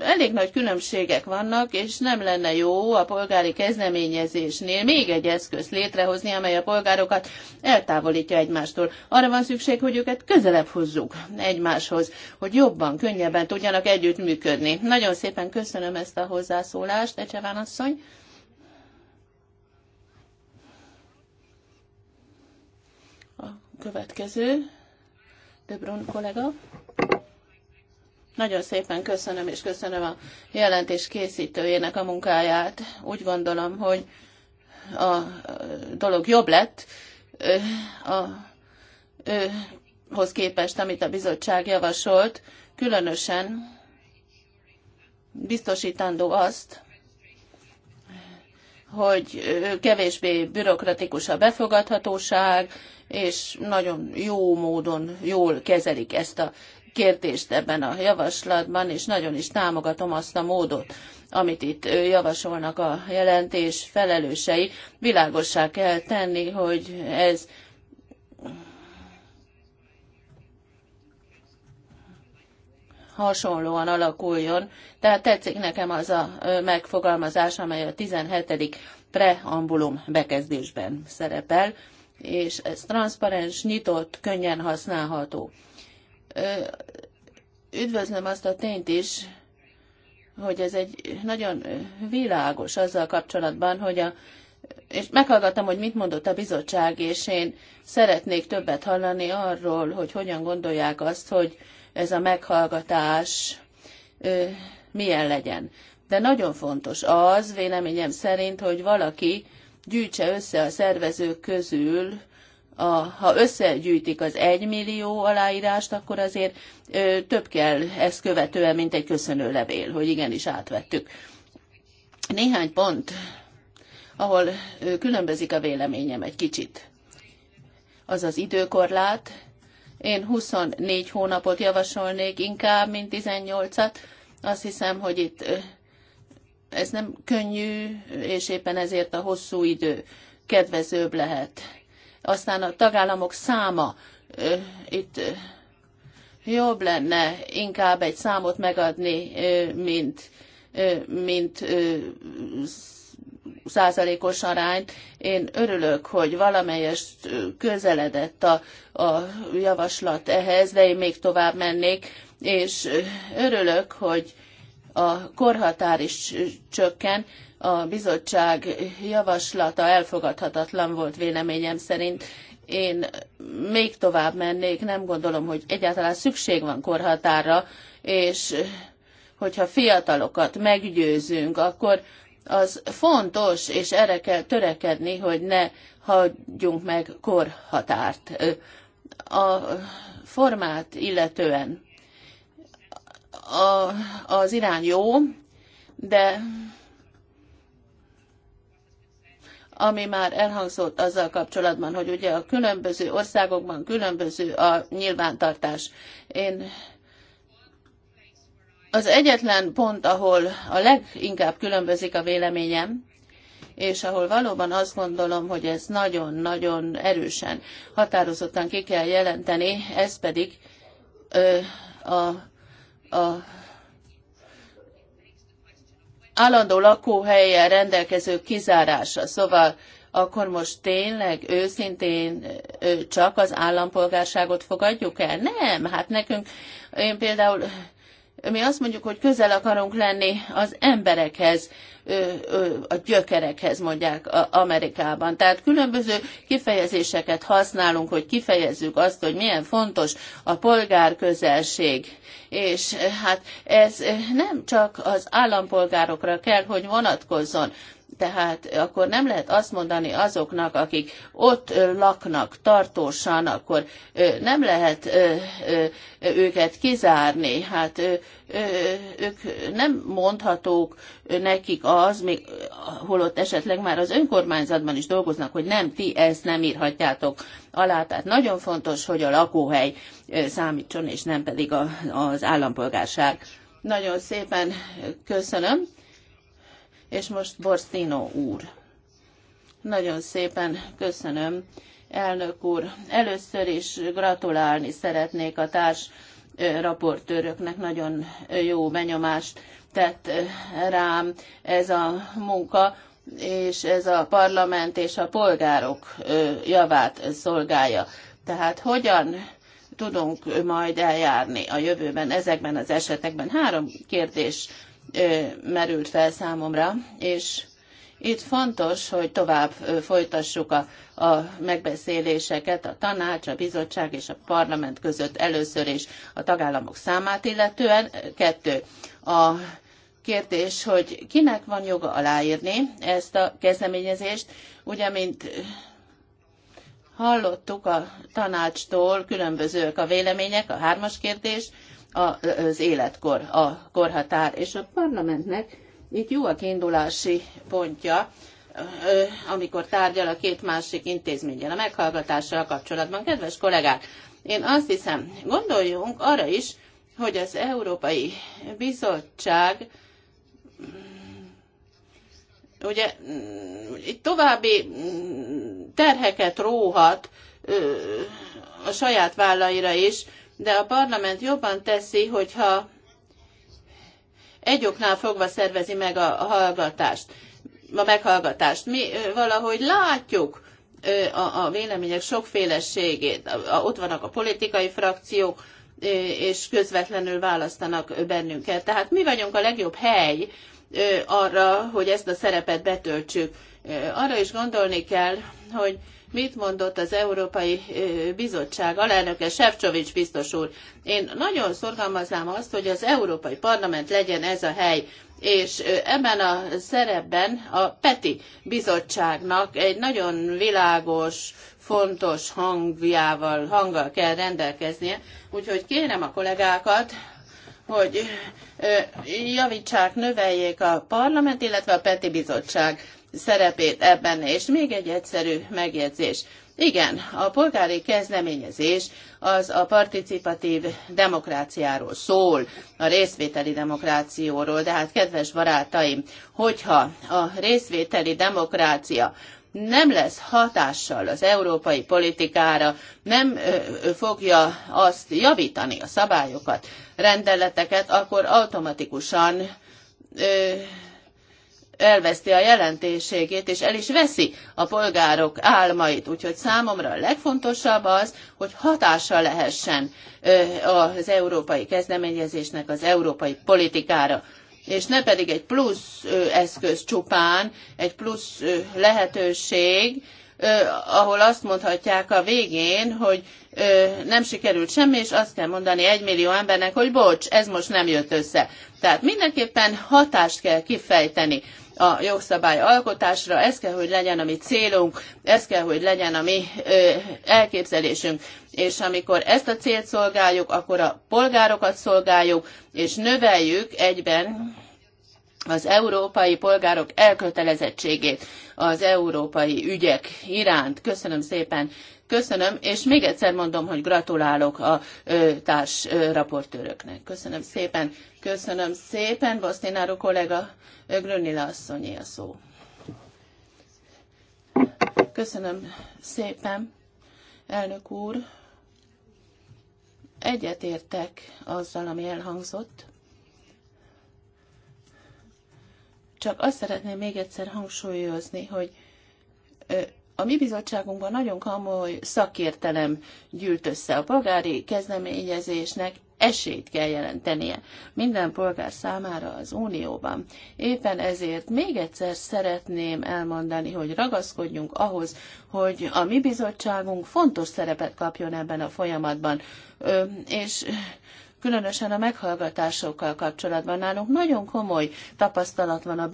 elég nagy különbségek vannak, és nem lenne jó a polgári kezdeményezésnél még egy eszközt létrehozni, amely a polgárokat eltávolítja egymástól. Arra van szükség, hogy őket közelebb hozzuk egymáshoz, hogy jobban, könnyebben tudjanak együttműködni. Nagyon szépen köszönöm ezt a hozzászólást, Ecseván asszony. Következő, Brun kollega. Nagyon szépen köszönöm, és köszönöm a jelentés készítőjének a munkáját. Úgy gondolom, hogy a dolog jobb lett a, hoz képest, amit a bizottság javasolt, különösen biztosítandó azt, hogy kevésbé bürokratikus a befogadhatóság, és nagyon jó módon jól kezelik ezt a kérdést ebben a javaslatban, és nagyon is támogatom azt a módot, amit itt javasolnak a jelentés felelősei. Világossá kell tenni, hogy ez hasonlóan alakuljon. Tehát tetszik nekem az a megfogalmazás, amely a 17. preambulum bekezdésben szerepel és ez transzparens, nyitott, könnyen használható. Üdvözlöm azt a tényt is, hogy ez egy nagyon világos azzal kapcsolatban, hogy a és meghallgattam, hogy mit mondott a bizottság, és én szeretnék többet hallani arról, hogy hogyan gondolják azt, hogy ez a meghallgatás ö, milyen legyen. De nagyon fontos az, véleményem szerint, hogy valaki gyűjtse össze a szervezők közül, a, ha összegyűjtik az egymillió aláírást, akkor azért ö, több kell ezt követően, mint egy levél, hogy igenis átvettük. Néhány pont, ahol ö, különbözik a véleményem egy kicsit. Az az időkorlát. Én 24 hónapot javasolnék inkább, mint 18-at. Azt hiszem, hogy itt ez nem könnyű, és éppen ezért a hosszú idő kedvezőbb lehet. Aztán a tagállamok száma itt jobb lenne inkább egy számot megadni, mint, mint százalékos arányt. Én örülök, hogy valamelyest közeledett a, a javaslat ehhez, de én még tovább mennék, és örülök, hogy a korhatár is csökken, a bizottság javaslata elfogadhatatlan volt véleményem szerint. Én még tovább mennék, nem gondolom, hogy egyáltalán szükség van korhatárra, és hogyha fiatalokat meggyőzünk, akkor az fontos, és erre kell törekedni, hogy ne hagyjunk meg korhatárt. A formát illetően a, az irány jó, de ami már elhangzott azzal kapcsolatban, hogy ugye a különböző országokban különböző a nyilvántartás. Én az egyetlen pont, ahol a leginkább különbözik a véleményem, és ahol valóban azt gondolom, hogy ez nagyon-nagyon erősen, határozottan ki kell jelenteni, ez pedig ö, a a állandó lakóhelyen rendelkezők kizárása. Szóval akkor most tényleg őszintén csak az állampolgárságot fogadjuk el? Nem, hát nekünk, én például mi azt mondjuk, hogy közel akarunk lenni az emberekhez, a gyökerekhez mondják Amerikában. Tehát különböző kifejezéseket használunk, hogy kifejezzük azt, hogy milyen fontos a polgárközelség. És hát ez nem csak az állampolgárokra kell, hogy vonatkozzon, tehát akkor nem lehet azt mondani azoknak, akik ott laknak tartósan, akkor nem lehet őket kizárni. Hát ők nem mondhatók nekik az, még, holott esetleg már az önkormányzatban is dolgoznak, hogy nem, ti ezt nem írhatjátok alá. Tehát nagyon fontos, hogy a lakóhely számítson, és nem pedig az állampolgárság. Nagyon szépen köszönöm és most Borszino úr. Nagyon szépen köszönöm, elnök úr. Először is gratulálni szeretnék a társ raportőröknek nagyon jó benyomást tett rám ez a munka, és ez a parlament és a polgárok javát szolgálja. Tehát hogyan tudunk majd eljárni a jövőben ezekben az esetekben? Három kérdés merült fel számomra, és itt fontos, hogy tovább folytassuk a, a megbeszéléseket a tanács, a bizottság és a parlament között először is a tagállamok számát illetően. Kettő. A kérdés, hogy kinek van joga aláírni ezt a kezdeményezést. Ugye, mint hallottuk a tanácstól, különbözőek a vélemények, a hármas kérdés, az életkor, a korhatár, és a parlamentnek itt jó a kiindulási pontja, amikor tárgyal a két másik intézményen a meghallgatással kapcsolatban. Kedves kollégák, én azt hiszem, gondoljunk arra is, hogy az Európai Bizottság mm, ugye mm, itt további mm, terheket róhat a saját vállaira is, de a parlament jobban teszi, hogyha egy oknál fogva szervezi meg a, hallgatást, a meghallgatást. Mi valahogy látjuk a, a vélemények sokféleségét. Ott vannak a politikai frakciók, és közvetlenül választanak bennünket. Tehát mi vagyunk a legjobb hely arra, hogy ezt a szerepet betöltsük. Arra is gondolni kell, hogy mit mondott az Európai Bizottság alelnöke, Sefcsovics biztos úr. Én nagyon szorgalmaznám azt, hogy az Európai Parlament legyen ez a hely, és ebben a szerepben a PETI bizottságnak egy nagyon világos, fontos hangjával, hanggal kell rendelkeznie, úgyhogy kérem a kollégákat, hogy javítsák, növeljék a parlament, illetve a PETI bizottság szerepét ebben, és még egy egyszerű megjegyzés. Igen, a polgári kezdeményezés az a participatív demokráciáról szól, a részvételi demokrációról, de hát kedves barátaim, hogyha a részvételi demokrácia nem lesz hatással az európai politikára, nem fogja azt javítani a szabályokat, rendeleteket, akkor automatikusan elveszti a jelentőségét, és el is veszi a polgárok álmait. Úgyhogy számomra a legfontosabb az, hogy hatással lehessen az európai kezdeményezésnek az európai politikára és ne pedig egy plusz eszköz csupán, egy plusz lehetőség, ahol azt mondhatják a végén, hogy nem sikerült semmi, és azt kell mondani egymillió embernek, hogy bocs, ez most nem jött össze. Tehát mindenképpen hatást kell kifejteni a jogszabály alkotásra, ez kell, hogy legyen a mi célunk, ez kell, hogy legyen a mi elképzelésünk. És amikor ezt a célt szolgáljuk, akkor a polgárokat szolgáljuk, és növeljük egyben az európai polgárok elkötelezettségét az európai ügyek iránt. Köszönöm szépen Köszönöm, és még egyszer mondom, hogy gratulálok a társ raportőröknek. Köszönöm szépen, köszönöm szépen, Bosztináró kollega, Grönila asszonyé a szó. Köszönöm szépen, elnök úr. Egyetértek azzal, ami elhangzott. Csak azt szeretném még egyszer hangsúlyozni, hogy a mi bizottságunkban nagyon komoly szakértelem gyűlt össze. A polgári kezdeményezésnek esélyt kell jelentenie minden polgár számára az Unióban. Éppen ezért még egyszer szeretném elmondani, hogy ragaszkodjunk ahhoz, hogy a mi bizottságunk fontos szerepet kapjon ebben a folyamatban. és különösen a meghallgatásokkal kapcsolatban. Nálunk nagyon komoly tapasztalat van a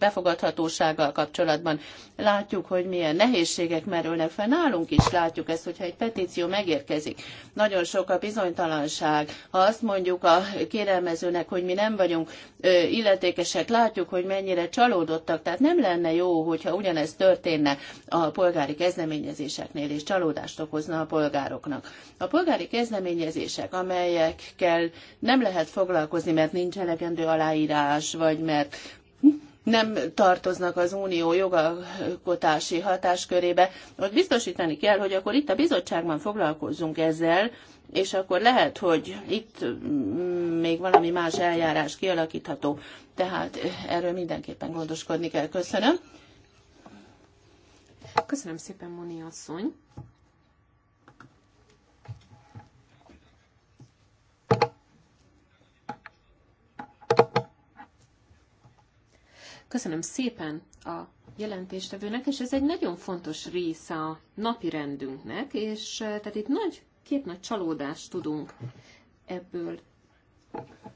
befogadhatósággal kapcsolatban. Látjuk, hogy milyen nehézségek merülnek fel. Nálunk is látjuk ezt, hogyha egy petíció megérkezik. Nagyon sok a bizonytalanság. Ha azt mondjuk a kérelmezőnek, hogy mi nem vagyunk illetékesek, látjuk, hogy mennyire csalódottak. Tehát nem lenne jó, hogyha ugyanez történne a polgári kezdeményezéseknél, és csalódást okozna a polgároknak. A polgári kezdeményezések kérdések, amelyekkel nem lehet foglalkozni, mert nincs elegendő aláírás, vagy mert nem tartoznak az unió jogalkotási hatáskörébe, ott biztosítani kell, hogy akkor itt a bizottságban foglalkozzunk ezzel, és akkor lehet, hogy itt mm, még valami más eljárás kialakítható. Tehát erről mindenképpen gondoskodni kell. Köszönöm. Köszönöm szépen, Moni asszony. Köszönöm szépen a jelentéstevőnek, és ez egy nagyon fontos része a napi rendünknek, és tehát itt nagy, két nagy csalódást tudunk ebből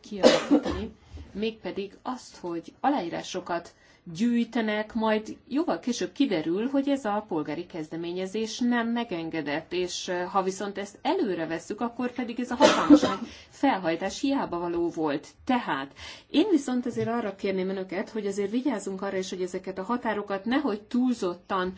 kialakítani, mégpedig azt, hogy aláírásokat gyűjtenek, majd jóval később kiderül, hogy ez a polgári kezdeményezés nem megengedett, és ha viszont ezt előre vesszük, akkor pedig ez a hatalmas felhajtás hiába való volt. Tehát én viszont azért arra kérném önöket, hogy azért vigyázzunk arra is, hogy ezeket a határokat nehogy túlzottan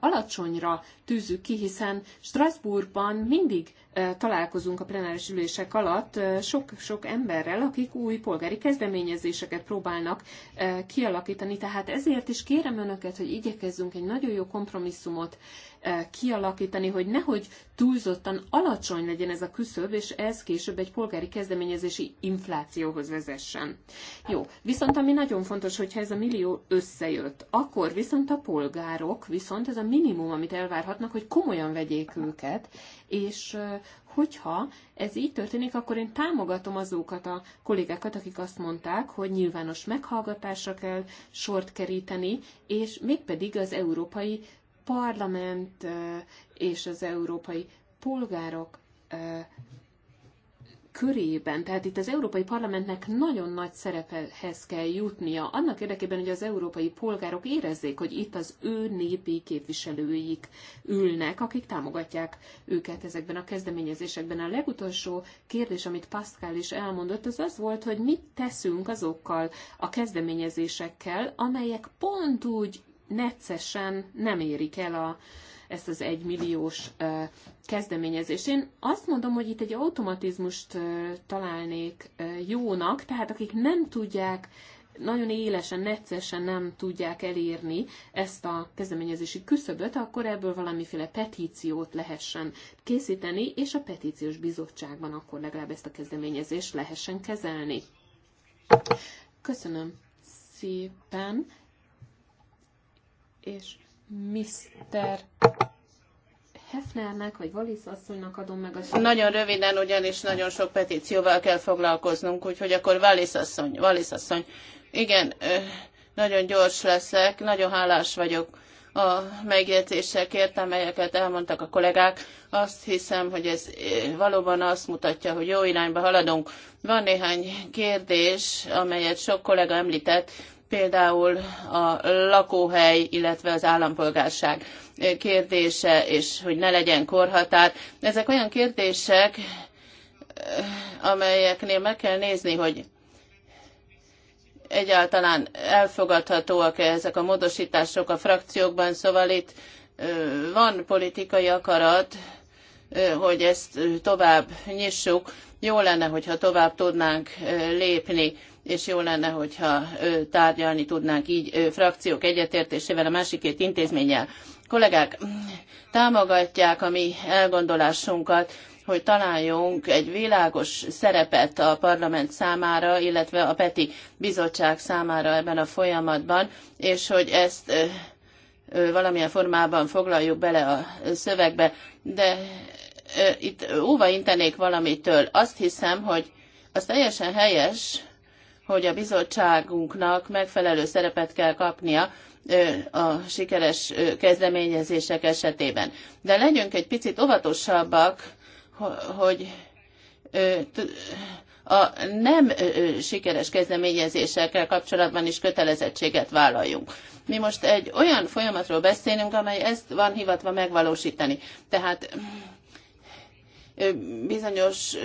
alacsonyra tűzzük ki, hiszen Strasbourgban mindig találkozunk a plenáris ülések alatt sok-sok emberrel, akik új polgári kezdeményezéseket próbálnak kialakítani. Tehát ezért is kérem önöket, hogy igyekezzünk egy nagyon jó kompromisszumot Eh, kialakítani, hogy nehogy túlzottan alacsony legyen ez a küszöb, és ez később egy polgári kezdeményezési inflációhoz vezessen. Jó, viszont ami nagyon fontos, hogyha ez a millió összejött, akkor viszont a polgárok, viszont ez a minimum, amit elvárhatnak, hogy komolyan vegyék őket, és eh, hogyha ez így történik, akkor én támogatom azokat a kollégákat, akik azt mondták, hogy nyilvános meghallgatásra kell sort keríteni, és mégpedig az európai parlament és az európai polgárok körében, tehát itt az Európai Parlamentnek nagyon nagy szerephez kell jutnia, annak érdekében, hogy az európai polgárok érezzék, hogy itt az ő népi képviselőik ülnek, akik támogatják őket ezekben a kezdeményezésekben. A legutolsó kérdés, amit Pascal is elmondott, az az volt, hogy mit teszünk azokkal a kezdeményezésekkel, amelyek pont úgy neccesen nem érik el a, ezt az egymilliós kezdeményezést. Én azt mondom, hogy itt egy automatizmust találnék jónak, tehát akik nem tudják nagyon élesen, neccesen nem tudják elérni ezt a kezdeményezési küszöböt, akkor ebből valamiféle petíciót lehessen készíteni, és a petíciós bizottságban akkor legalább ezt a kezdeményezést lehessen kezelni. Köszönöm szépen és Mr. Hefnernek, vagy Valisz asszonynak adom meg a szót. Nagyon röviden, ugyanis nagyon sok petícióval kell foglalkoznunk, úgyhogy akkor Valisz asszony, Valisz asszony. Igen, nagyon gyors leszek, nagyon hálás vagyok a megjegyzésekért, amelyeket elmondtak a kollégák. Azt hiszem, hogy ez valóban azt mutatja, hogy jó irányba haladunk. Van néhány kérdés, amelyet sok kollega említett, például a lakóhely, illetve az állampolgárság kérdése, és hogy ne legyen korhatár. Ezek olyan kérdések, amelyeknél meg kell nézni, hogy egyáltalán elfogadhatóak-e ezek a módosítások a frakciókban, szóval itt van politikai akarat, hogy ezt tovább nyissuk. Jó lenne, hogyha tovább tudnánk lépni és jó lenne, hogyha tárgyalni tudnánk így frakciók egyetértésével a másik két intézménnyel. Kollégák, támogatják a mi elgondolásunkat, hogy találjunk egy világos szerepet a parlament számára, illetve a PETI bizottság számára ebben a folyamatban, és hogy ezt valamilyen formában foglaljuk bele a szövegbe, de itt óva intenék valamitől. Azt hiszem, hogy az teljesen helyes, hogy a bizottságunknak megfelelő szerepet kell kapnia a sikeres kezdeményezések esetében. De legyünk egy picit óvatosabbak, hogy a nem sikeres kezdeményezésekkel kapcsolatban is kötelezettséget vállaljunk. Mi most egy olyan folyamatról beszélünk, amely ezt van hivatva megvalósítani. Tehát bizonyos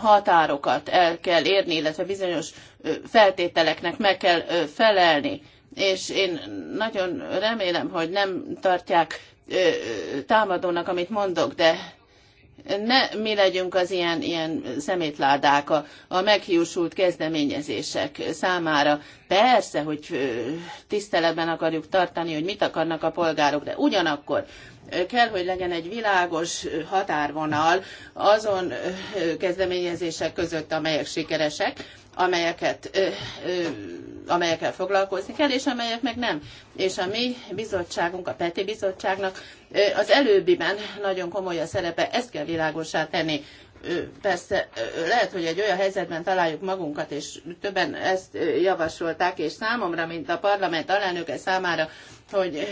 határokat el kell érni, illetve bizonyos feltételeknek meg kell felelni. És én nagyon remélem, hogy nem tartják támadónak, amit mondok, de ne mi legyünk az ilyen, ilyen szemétládák a, a meghiúsult kezdeményezések számára. Persze, hogy tiszteletben akarjuk tartani, hogy mit akarnak a polgárok, de ugyanakkor kell, hogy legyen egy világos határvonal azon kezdeményezések között, amelyek sikeresek, amelyeket, amelyekkel foglalkozni kell, és amelyek meg nem. És a mi bizottságunk, a PETI bizottságnak az előbbiben nagyon komoly a szerepe, ezt kell világosá tenni. persze lehet, hogy egy olyan helyzetben találjuk magunkat, és többen ezt javasolták, és számomra, mint a parlament alelnöke számára, hogy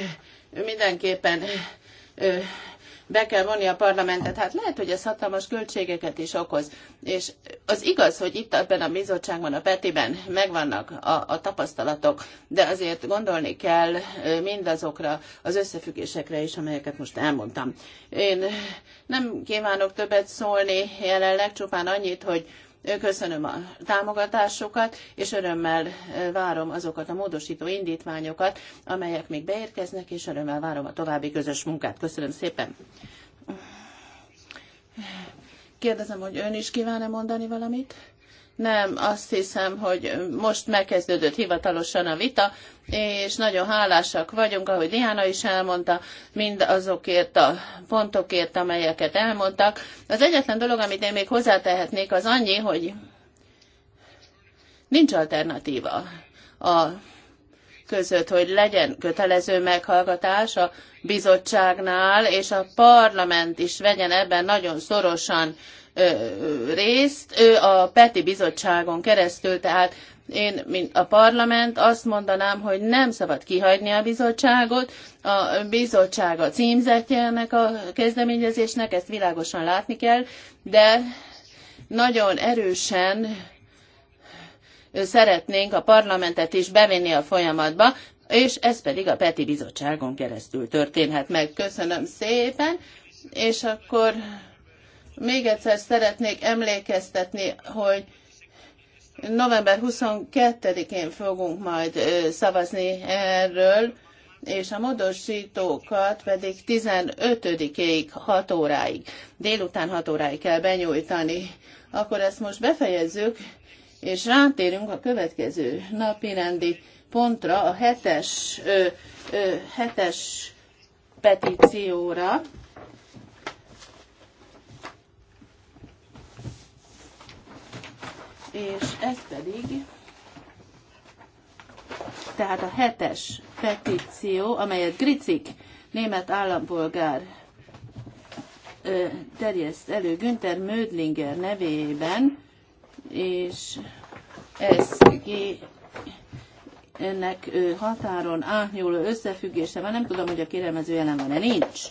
mindenképpen be kell vonni a parlamentet. Hát lehet, hogy ez hatalmas költségeket is okoz. És az igaz, hogy itt ebben a bizottságban, a Petiben megvannak a, a tapasztalatok, de azért gondolni kell mindazokra az összefüggésekre is, amelyeket most elmondtam. Én nem kívánok többet szólni jelenleg, csupán annyit, hogy Köszönöm a támogatásokat, és örömmel várom azokat a módosító indítványokat, amelyek még beérkeznek, és örömmel várom a további közös munkát. Köszönöm szépen. Kérdezem, hogy ön is kíván-e mondani valamit? Nem, azt hiszem, hogy most megkezdődött hivatalosan a vita, és nagyon hálásak vagyunk, ahogy Diana is elmondta, mind azokért a pontokért, amelyeket elmondtak. Az egyetlen dolog, amit én még hozzátehetnék, az annyi, hogy nincs alternatíva a között, hogy legyen kötelező meghallgatás a bizottságnál, és a parlament is vegyen ebben nagyon szorosan részt, ő a PETI bizottságon keresztül, tehát én, mint a parlament, azt mondanám, hogy nem szabad kihagyni a bizottságot. A bizottság a címzetje ennek a kezdeményezésnek, ezt világosan látni kell, de nagyon erősen szeretnénk a parlamentet is bevinni a folyamatba, és ez pedig a Peti Bizottságon keresztül történhet meg. Köszönöm szépen, és akkor még egyszer szeretnék emlékeztetni, hogy november 22-én fogunk majd szavazni erről, és a módosítókat pedig 15-ig 6 óráig, délután 6 óráig kell benyújtani. Akkor ezt most befejezzük, és rátérünk a következő napirendi pontra, a hetes, ö, ö, hetes petícióra. és ez pedig tehát a hetes petíció, amelyet Gricik, német állampolgár terjeszt elő Günther Mödlinger nevében, és ez ennek határon átnyúló összefüggése van. Nem tudom, hogy a kérelmező jelen van-e. Nincs.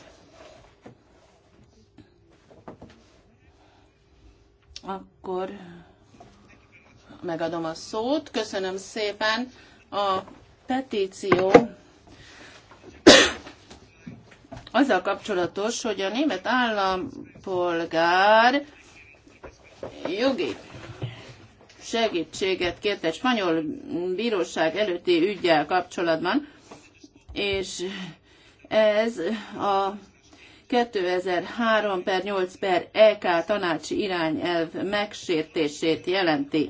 Akkor megadom a szót. Köszönöm szépen a petíció azzal kapcsolatos, hogy a német állampolgár jogi segítséget kért egy spanyol bíróság előtti ügyjel kapcsolatban, és ez a 2003 per 8 per EK tanácsi irányelv megsértését jelenti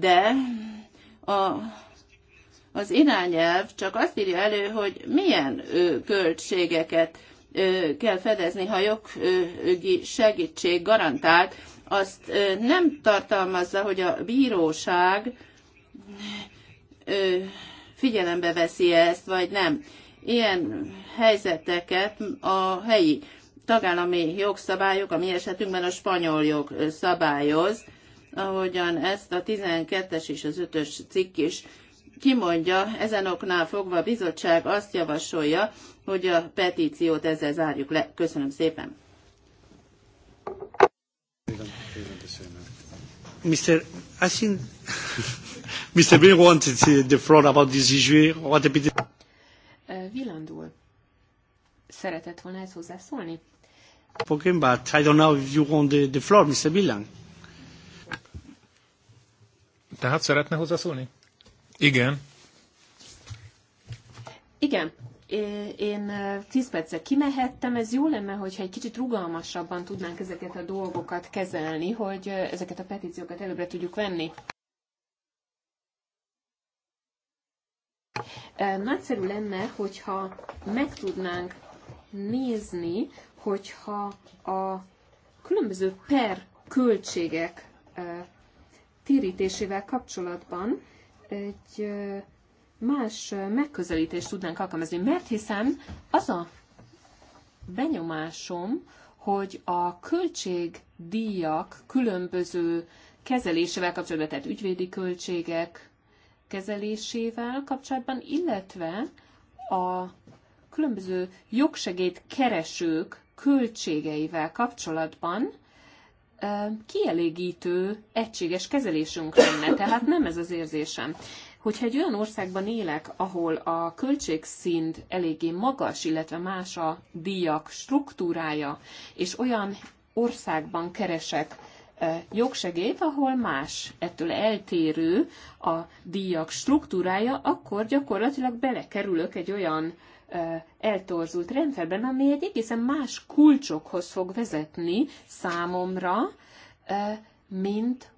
de a, az irányelv csak azt írja elő, hogy milyen ö, költségeket ö, kell fedezni, ha jogi segítség garantált, azt ö, nem tartalmazza, hogy a bíróság ö, figyelembe veszi ezt, vagy nem. Ilyen helyzeteket a helyi tagállami jogszabályok, a mi esetünkben a spanyol jog szabályoz, ahogyan ezt a 12-es és az 5-ös cikk is kimondja, ezen oknál fogva a bizottság azt javasolja, hogy a petíciót ezzel zárjuk le. Köszönöm szépen. Mr. Asin, Mr. Bill wanted the floor about this issue. What a bit... Vilandul. Uh, szeretett volna ezt hozzászólni? Spoken, but I don't know if you want the, the floor, Mr. Billan. Tehát szeretne hozzászólni? Igen. Igen. Én 10 perccel kimehettem, ez jó lenne, hogyha egy kicsit rugalmasabban tudnánk ezeket a dolgokat kezelni, hogy ezeket a petíciókat előbbre tudjuk venni. Nagyszerű lenne, hogyha meg tudnánk nézni, hogyha a különböző per költségek térítésével kapcsolatban egy más megközelítést tudnánk alkalmazni, mert hiszen az a benyomásom, hogy a költségdíjak különböző kezelésével kapcsolatban, tehát ügyvédi költségek kezelésével kapcsolatban, illetve a különböző jogsegélyt keresők költségeivel kapcsolatban kielégítő, egységes kezelésünk lenne. Tehát nem ez az érzésem. Hogyha egy olyan országban élek, ahol a költségszint eléggé magas, illetve más a díjak struktúrája, és olyan országban keresek jogsegélyt, ahol más, ettől eltérő a díjak struktúrája, akkor gyakorlatilag belekerülök egy olyan eltorzult rendszerben, ami egy egészen más kulcsokhoz fog vezetni számomra, mint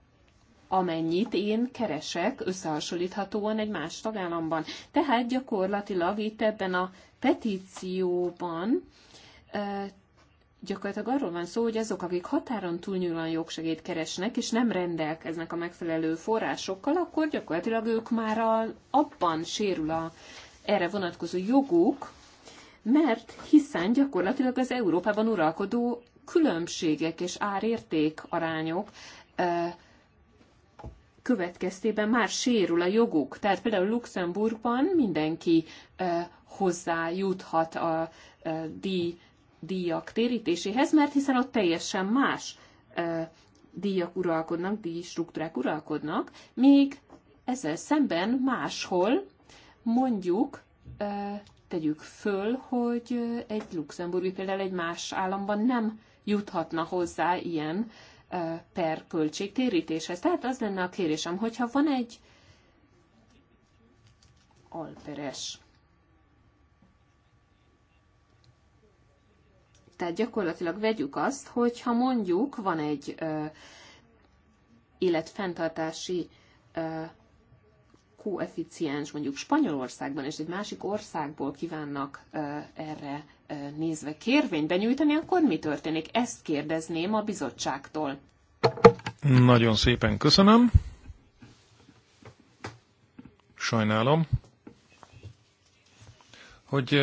amennyit én keresek összehasonlíthatóan egy más tagállamban. Tehát gyakorlatilag itt ebben a petícióban gyakorlatilag arról van szó, hogy azok, akik határon túlnyúlóan jogsegét keresnek, és nem rendelkeznek a megfelelő forrásokkal, akkor gyakorlatilag ők már a, abban sérül a erre vonatkozó joguk, mert hiszen gyakorlatilag az Európában uralkodó különbségek és árérték arányok következtében már sérül a joguk. Tehát például Luxemburgban mindenki hozzájuthat a díj, díjak térítéséhez, mert hiszen ott teljesen más díjak uralkodnak, díjstruktúrák uralkodnak, még ezzel szemben máshol Mondjuk tegyük föl, hogy egy luxemburgi például egy más államban nem juthatna hozzá ilyen per költség térítéshez. Tehát az lenne a kérésem, hogyha van egy alperes Tehát gyakorlatilag vegyük azt, hogyha mondjuk van egy ö, életfenntartási ö, koeficiens mondjuk Spanyolországban és egy másik országból kívánnak erre nézve kérvényt benyújtani, akkor mi történik? Ezt kérdezném a bizottságtól. Nagyon szépen köszönöm. Sajnálom, hogy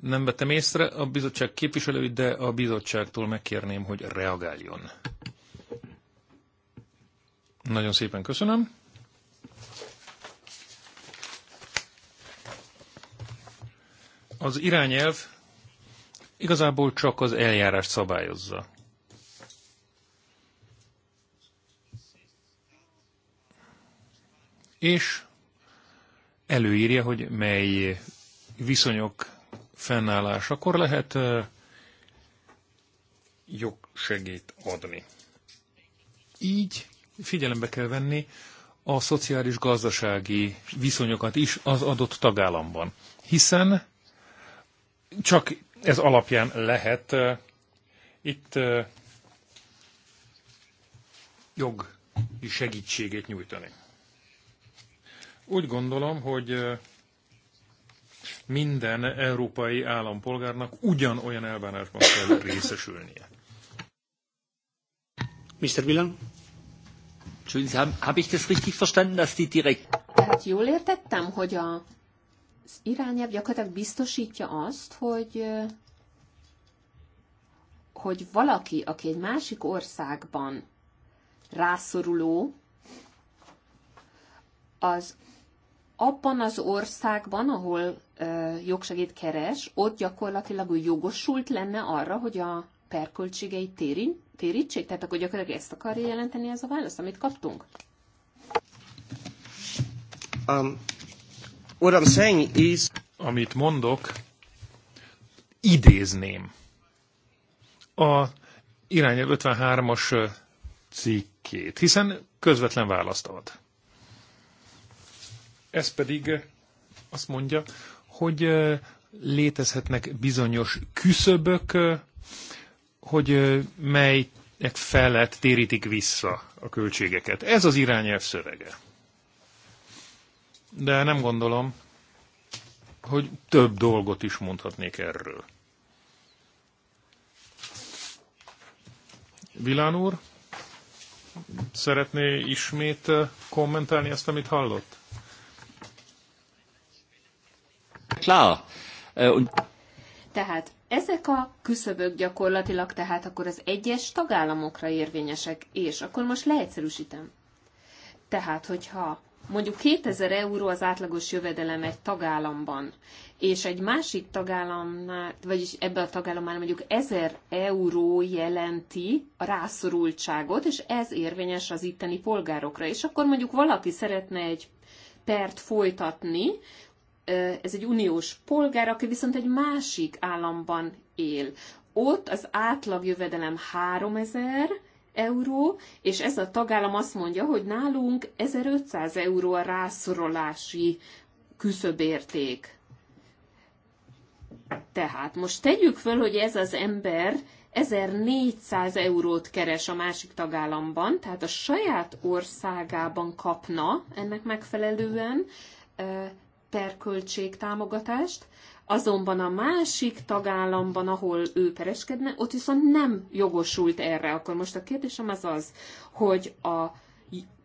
nem vettem észre a bizottság képviselőit, de a bizottságtól megkérném, hogy reagáljon. Nagyon szépen köszönöm. Az irányelv igazából csak az eljárást szabályozza. És előírja, hogy mely viszonyok fennállásakor lehet jogsegét adni. Így figyelembe kell venni a szociális-gazdasági viszonyokat is az adott tagállamban, hiszen csak ez alapján lehet itt jogi segítségét nyújtani. Úgy gondolom, hogy minden európai állampolgárnak ugyanolyan elbánásban kell részesülnie. Mr. Milan? Entschuldigen Sie, habe ich das richtig verstanden, dass die direkt... Hát jól értettem, hogy a az irányelv gyakorlatilag biztosítja azt, hogy hogy valaki, aki egy másik országban rászoruló, az abban az országban, ahol ö, jogsegét keres, ott gyakorlatilag úgy jogosult lenne arra, hogy a perköltségeit térin, térítsék? Tehát akkor gyakorlatilag ezt akarja jelenteni ez a válasz, amit kaptunk? Um, What I'm saying is... Amit mondok, idézném. A irány 53-as cikkét, hiszen közvetlen választ ad. Ez pedig azt mondja, hogy létezhetnek bizonyos küszöbök, hogy melyek felett térítik vissza a költségeket. Ez az irányelv szövege de nem gondolom, hogy több dolgot is mondhatnék erről. Vilán úr, szeretné ismét eh, kommentálni ezt, amit hallott? Klar. Eh, tehát ezek a küszöbök gyakorlatilag tehát akkor az egyes tagállamokra érvényesek, és akkor most leegyszerűsítem. Tehát, hogyha mondjuk 2000 euró az átlagos jövedelem egy tagállamban, és egy másik tagállamnál, vagyis ebbe a tagállamnál mondjuk 1000 euró jelenti a rászorultságot, és ez érvényes az itteni polgárokra. És akkor mondjuk valaki szeretne egy pert folytatni, ez egy uniós polgár, aki viszont egy másik államban él. Ott az átlag jövedelem 3000, euró, és ez a tagállam azt mondja, hogy nálunk 1500 euró a rászorolási küszöbérték. Tehát most tegyük föl, hogy ez az ember 1400 eurót keres a másik tagállamban, tehát a saját országában kapna ennek megfelelően perköltség támogatást, Azonban a másik tagállamban, ahol ő pereskedne, ott viszont nem jogosult erre. Akkor most a kérdésem az az, hogy a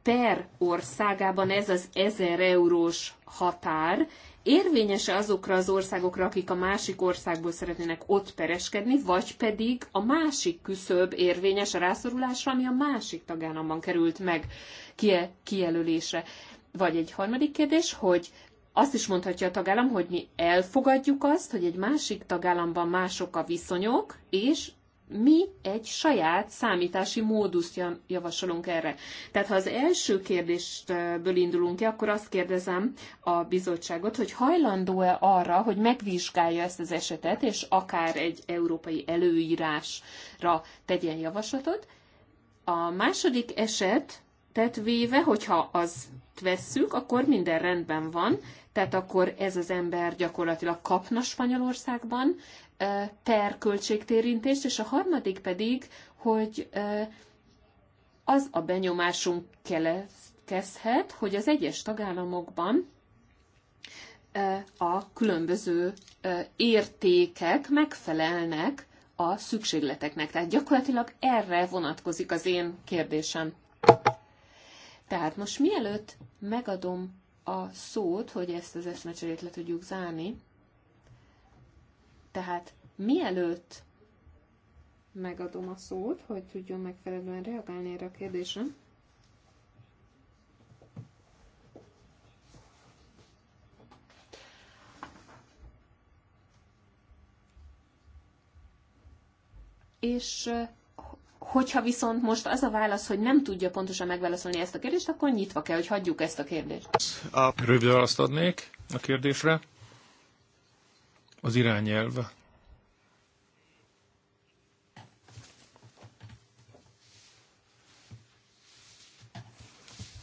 per országában ez az 1000 eurós határ érvényes azokra az országokra, akik a másik országból szeretnének ott pereskedni, vagy pedig a másik küszöb érvényes a rászorulásra, ami a másik tagállamban került meg kijelölésre. Vagy egy harmadik kérdés, hogy azt is mondhatja a tagállam, hogy mi elfogadjuk azt, hogy egy másik tagállamban mások a viszonyok, és mi egy saját számítási móduszt javasolunk erre. Tehát ha az első kérdésből indulunk ki, akkor azt kérdezem a bizottságot, hogy hajlandó-e arra, hogy megvizsgálja ezt az esetet, és akár egy európai előírásra tegyen javaslatot. A második eset, tehát véve, hogyha az vesszük, akkor minden rendben van, tehát akkor ez az ember gyakorlatilag kapna Spanyolországban per költségtérintést, és a harmadik pedig, hogy az a benyomásunk keletkezhet, hogy az egyes tagállamokban a különböző értékek megfelelnek a szükségleteknek. Tehát gyakorlatilag erre vonatkozik az én kérdésem. Tehát most mielőtt megadom a szót, hogy ezt az eszmecserét le tudjuk zárni, tehát mielőtt megadom a szót, hogy tudjon megfelelően reagálni erre a kérdésre, és Hogyha viszont most az a válasz, hogy nem tudja pontosan megválaszolni ezt a kérdést, akkor nyitva kell, hogy hagyjuk ezt a kérdést. A rövid választ adnék a kérdésre. Az irányelv.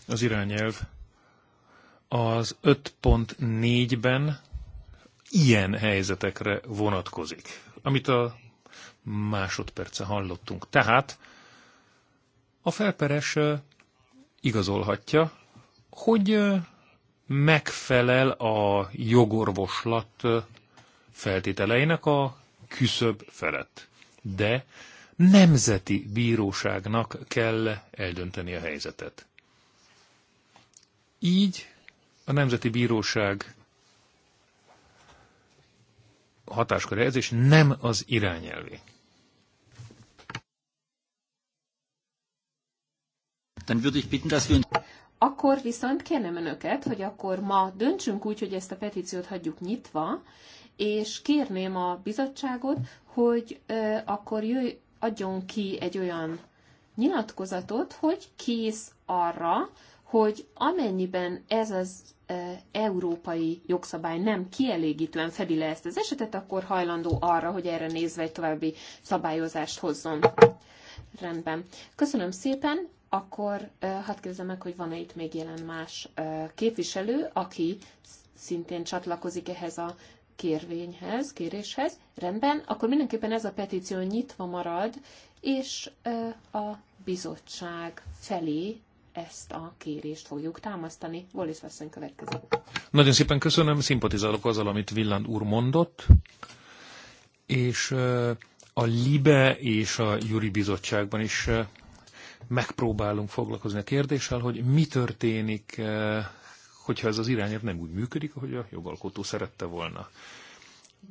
Az irányelv az 5.4-ben ilyen helyzetekre vonatkozik, amit a másodperce hallottunk. Tehát a felperes igazolhatja, hogy megfelel a jogorvoslat feltételeinek a küszöb felett. De nemzeti bíróságnak kell eldönteni a helyzetet. Így a Nemzeti Bíróság hatásköre és nem az irányelvé. Dann würde ich bitten, dass wir akkor viszont kérném önöket, hogy akkor ma döntsünk úgy, hogy ezt a petíciót hagyjuk nyitva, és kérném a bizottságot, hogy ö, akkor jöjj, adjon ki egy olyan nyilatkozatot, hogy kész arra, hogy amennyiben ez az ö, európai jogszabály nem kielégítően fedi le ezt az esetet, akkor hajlandó arra, hogy erre nézve egy további szabályozást hozzon. Rendben. Köszönöm szépen akkor hadd kérdezem meg, hogy van-e itt még jelen más képviselő, aki szintén csatlakozik ehhez a kérvényhez, kéréshez. Rendben, akkor mindenképpen ez a petíció nyitva marad, és a bizottság felé ezt a kérést fogjuk támasztani. Wallis asszony következik. Nagyon szépen köszönöm, szimpatizálok azzal, amit Villand úr mondott, és a LIBE és a Juri Bizottságban is megpróbálunk foglalkozni a kérdéssel, hogy mi történik, eh, hogyha ez az irányelv nem úgy működik, ahogy a jogalkotó szerette volna.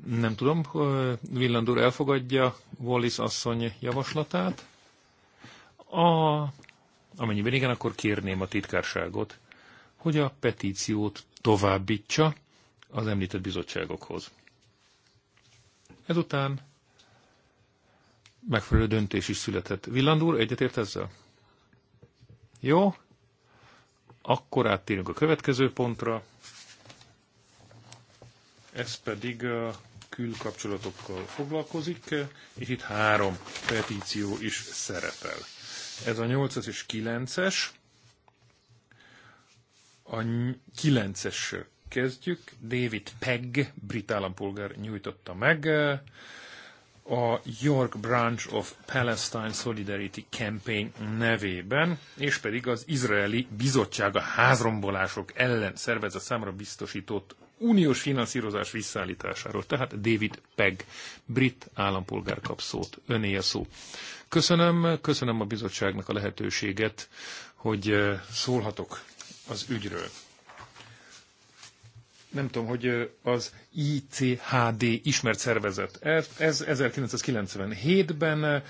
Nem tudom, eh, Villandúr elfogadja Wallis asszony javaslatát. A, amennyiben igen, akkor kérném a titkárságot, hogy a petíciót továbbítsa az említett bizottságokhoz. Ezután megfelelő döntés is született. Villandúr, egyetért ezzel? Jó, akkor áttérünk a következő pontra. Ez pedig a külkapcsolatokkal foglalkozik, és itt három petíció is szerepel. Ez a 8-as és 9-es. A 9-es kezdjük. David Pegg, brit állampolgár nyújtotta meg a York Branch of Palestine Solidarity Campaign nevében, és pedig az Izraeli Bizottság a házrombolások ellen szervez a számra biztosított uniós finanszírozás visszaállításáról. Tehát David Pegg, brit állampolgár kap szót. Öné a szó. Köszönöm, köszönöm a bizottságnak a lehetőséget, hogy eh, szólhatok az ügyről nem tudom, hogy az ICHD ismert szervezet. Ez 1997-ben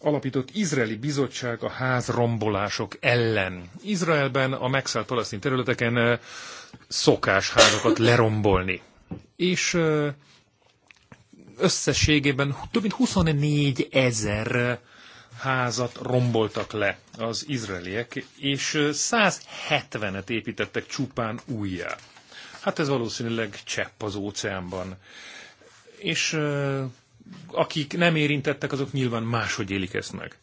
alapított izraeli bizottság a házrombolások ellen. Izraelben a megszállt palasztin területeken szokás házakat lerombolni. És összességében több mint 24 ezer házat romboltak le az izraeliek, és 170-et építettek csupán újjá. Hát ez valószínűleg csepp az óceánban. És akik nem érintettek, azok nyilván máshogy élik ezt meg.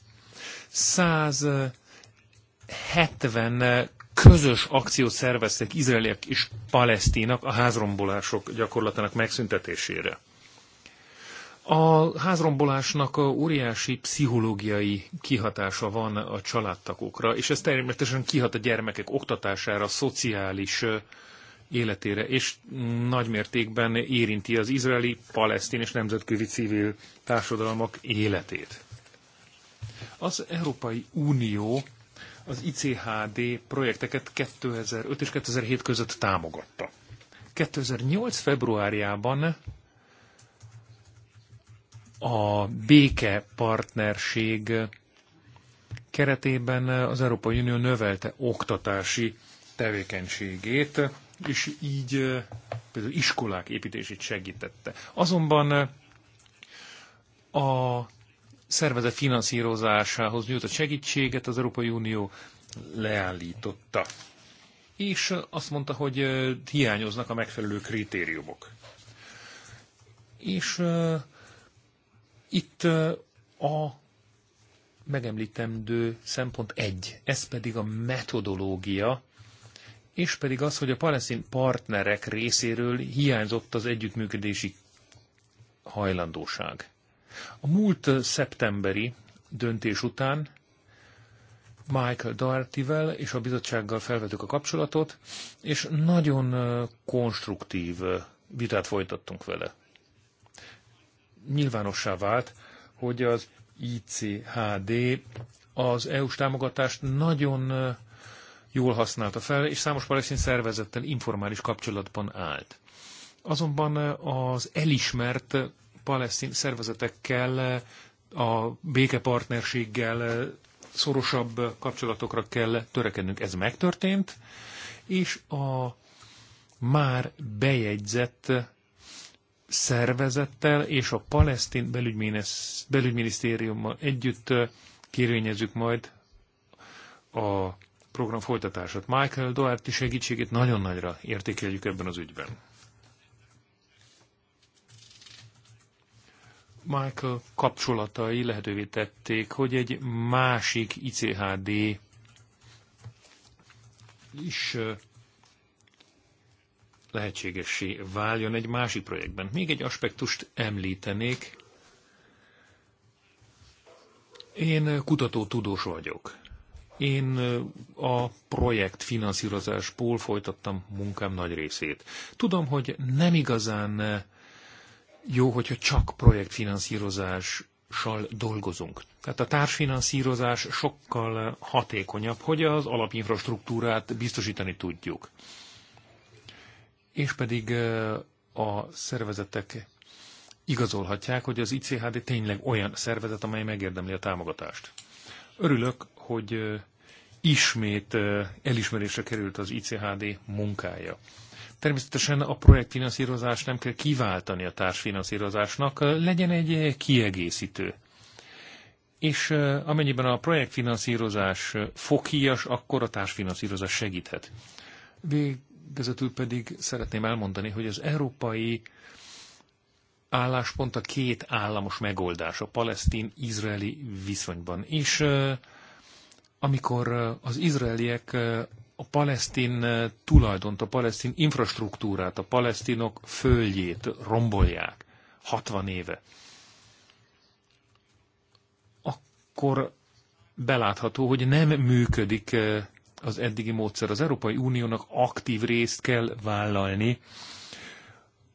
170 közös akciót szerveztek izraeliek és palesztinak a házrombolások gyakorlatának megszüntetésére. A házrombolásnak a óriási pszichológiai kihatása van a családtakokra, és ez természetesen kihat a gyermekek oktatására, a szociális életére, és nagy mértékben érinti az izraeli, palesztin és nemzetközi civil társadalmak életét. Az Európai Unió az ICHD projekteket 2005 és 2007 között támogatta. 2008. februárjában a béke partnerség keretében az Európai Unió növelte oktatási tevékenységét és így például iskolák építését segítette. Azonban a szervezet finanszírozásához nyújtott segítséget az Európai Unió leállította. És azt mondta, hogy hiányoznak a megfelelő kritériumok. És uh, itt uh, a megemlítendő szempont egy, ez pedig a metodológia, és pedig az, hogy a palesztin partnerek részéről hiányzott az együttműködési hajlandóság. A múlt szeptemberi döntés után Michael Doherty-vel és a bizottsággal felvettük a kapcsolatot, és nagyon konstruktív vitát folytattunk vele. Nyilvánossá vált, hogy az ICHD az EU-s támogatást nagyon jól használta fel, és számos palesztin szervezettel informális kapcsolatban állt. Azonban eh, az elismert eh, palesztin szervezetekkel, eh, a békepartnerséggel szorosabb kapcsolatokra kell törekednünk. Ez megtörtént, és a már bejegyzett szervezettel és a palesztin belügyminisztériummal együtt kérvényezzük majd a program folytatását. Michael Doherty segítségét nagyon nagyra értékeljük ebben az ügyben. Michael kapcsolatai lehetővé tették, hogy egy másik ICHD is lehetségessé váljon egy másik projektben. Még egy aspektust említenék. Én kutató tudós vagyok. Én a projekt finanszírozásból folytattam munkám nagy részét. Tudom, hogy nem igazán jó, hogyha csak projektfinanszírozással dolgozunk. Tehát a társfinanszírozás sokkal hatékonyabb, hogy az alapinfrastruktúrát biztosítani tudjuk. És pedig a szervezetek igazolhatják, hogy az ICHD tényleg olyan szervezet, amely megérdemli a támogatást. Örülök, hogy ismét elismerésre került az ICHD munkája. Természetesen a projektfinanszírozás nem kell kiváltani a társfinanszírozásnak, legyen egy kiegészítő. És amennyiben a projektfinanszírozás fokhíjas, akkor a társfinanszírozás segíthet. Végezetül pedig szeretném elmondani, hogy az európai álláspont a két államos megoldás a palesztin-izraeli viszonyban. És amikor az izraeliek a palesztin tulajdont, a palesztin infrastruktúrát, a palesztinok földjét rombolják 60 éve, akkor belátható, hogy nem működik az eddigi módszer. Az Európai Uniónak aktív részt kell vállalni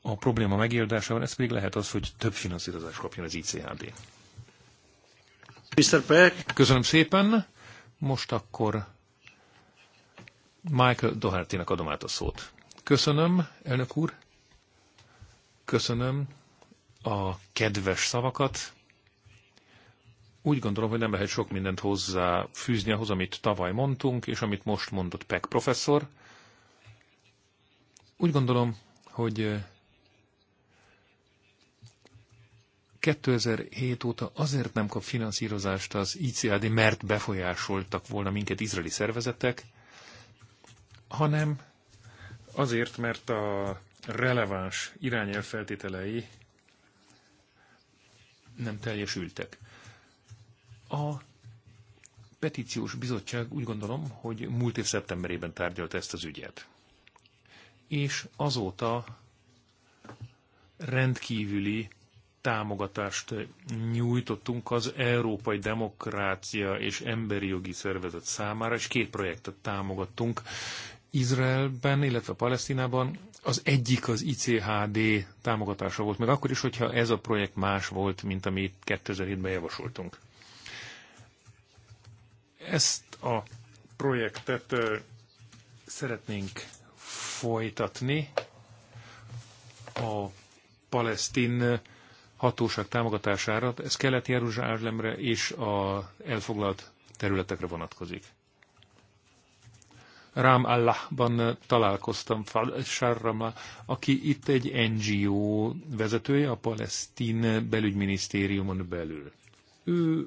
a probléma megoldásában, ez pedig lehet az, hogy több finanszírozást kapjon az ICHD. Mr. Peck. Köszönöm szépen. Most akkor Michael doherty adom át a szót. Köszönöm, elnök úr. Köszönöm a kedves szavakat. Úgy gondolom, hogy nem lehet sok mindent hozzá fűzni ahhoz, amit tavaly mondtunk, és amit most mondott Peck professzor. Úgy gondolom, hogy 2007 óta azért nem kap finanszírozást az ICAD, mert befolyásoltak volna minket izraeli szervezetek, hanem azért, mert a releváns irányelv feltételei nem teljesültek. A petíciós bizottság úgy gondolom, hogy múlt év szeptemberében tárgyalta ezt az ügyet. És azóta rendkívüli támogatást nyújtottunk az Európai Demokrácia és Emberi Jogi Szervezet számára, és két projektet támogattunk Izraelben, illetve Palesztinában. Az egyik az ICHD támogatása volt, meg akkor is, hogyha ez a projekt más volt, mint amit 2007-ben javasoltunk. Ezt a projektet szeretnénk folytatni a palesztin hatóság támogatására, ez Kelet-Jeruzsálemre és az elfoglalt területekre vonatkozik. Rám Allahban találkoztam Sarrama, aki itt egy NGO vezetője a palesztin belügyminisztériumon belül. Ő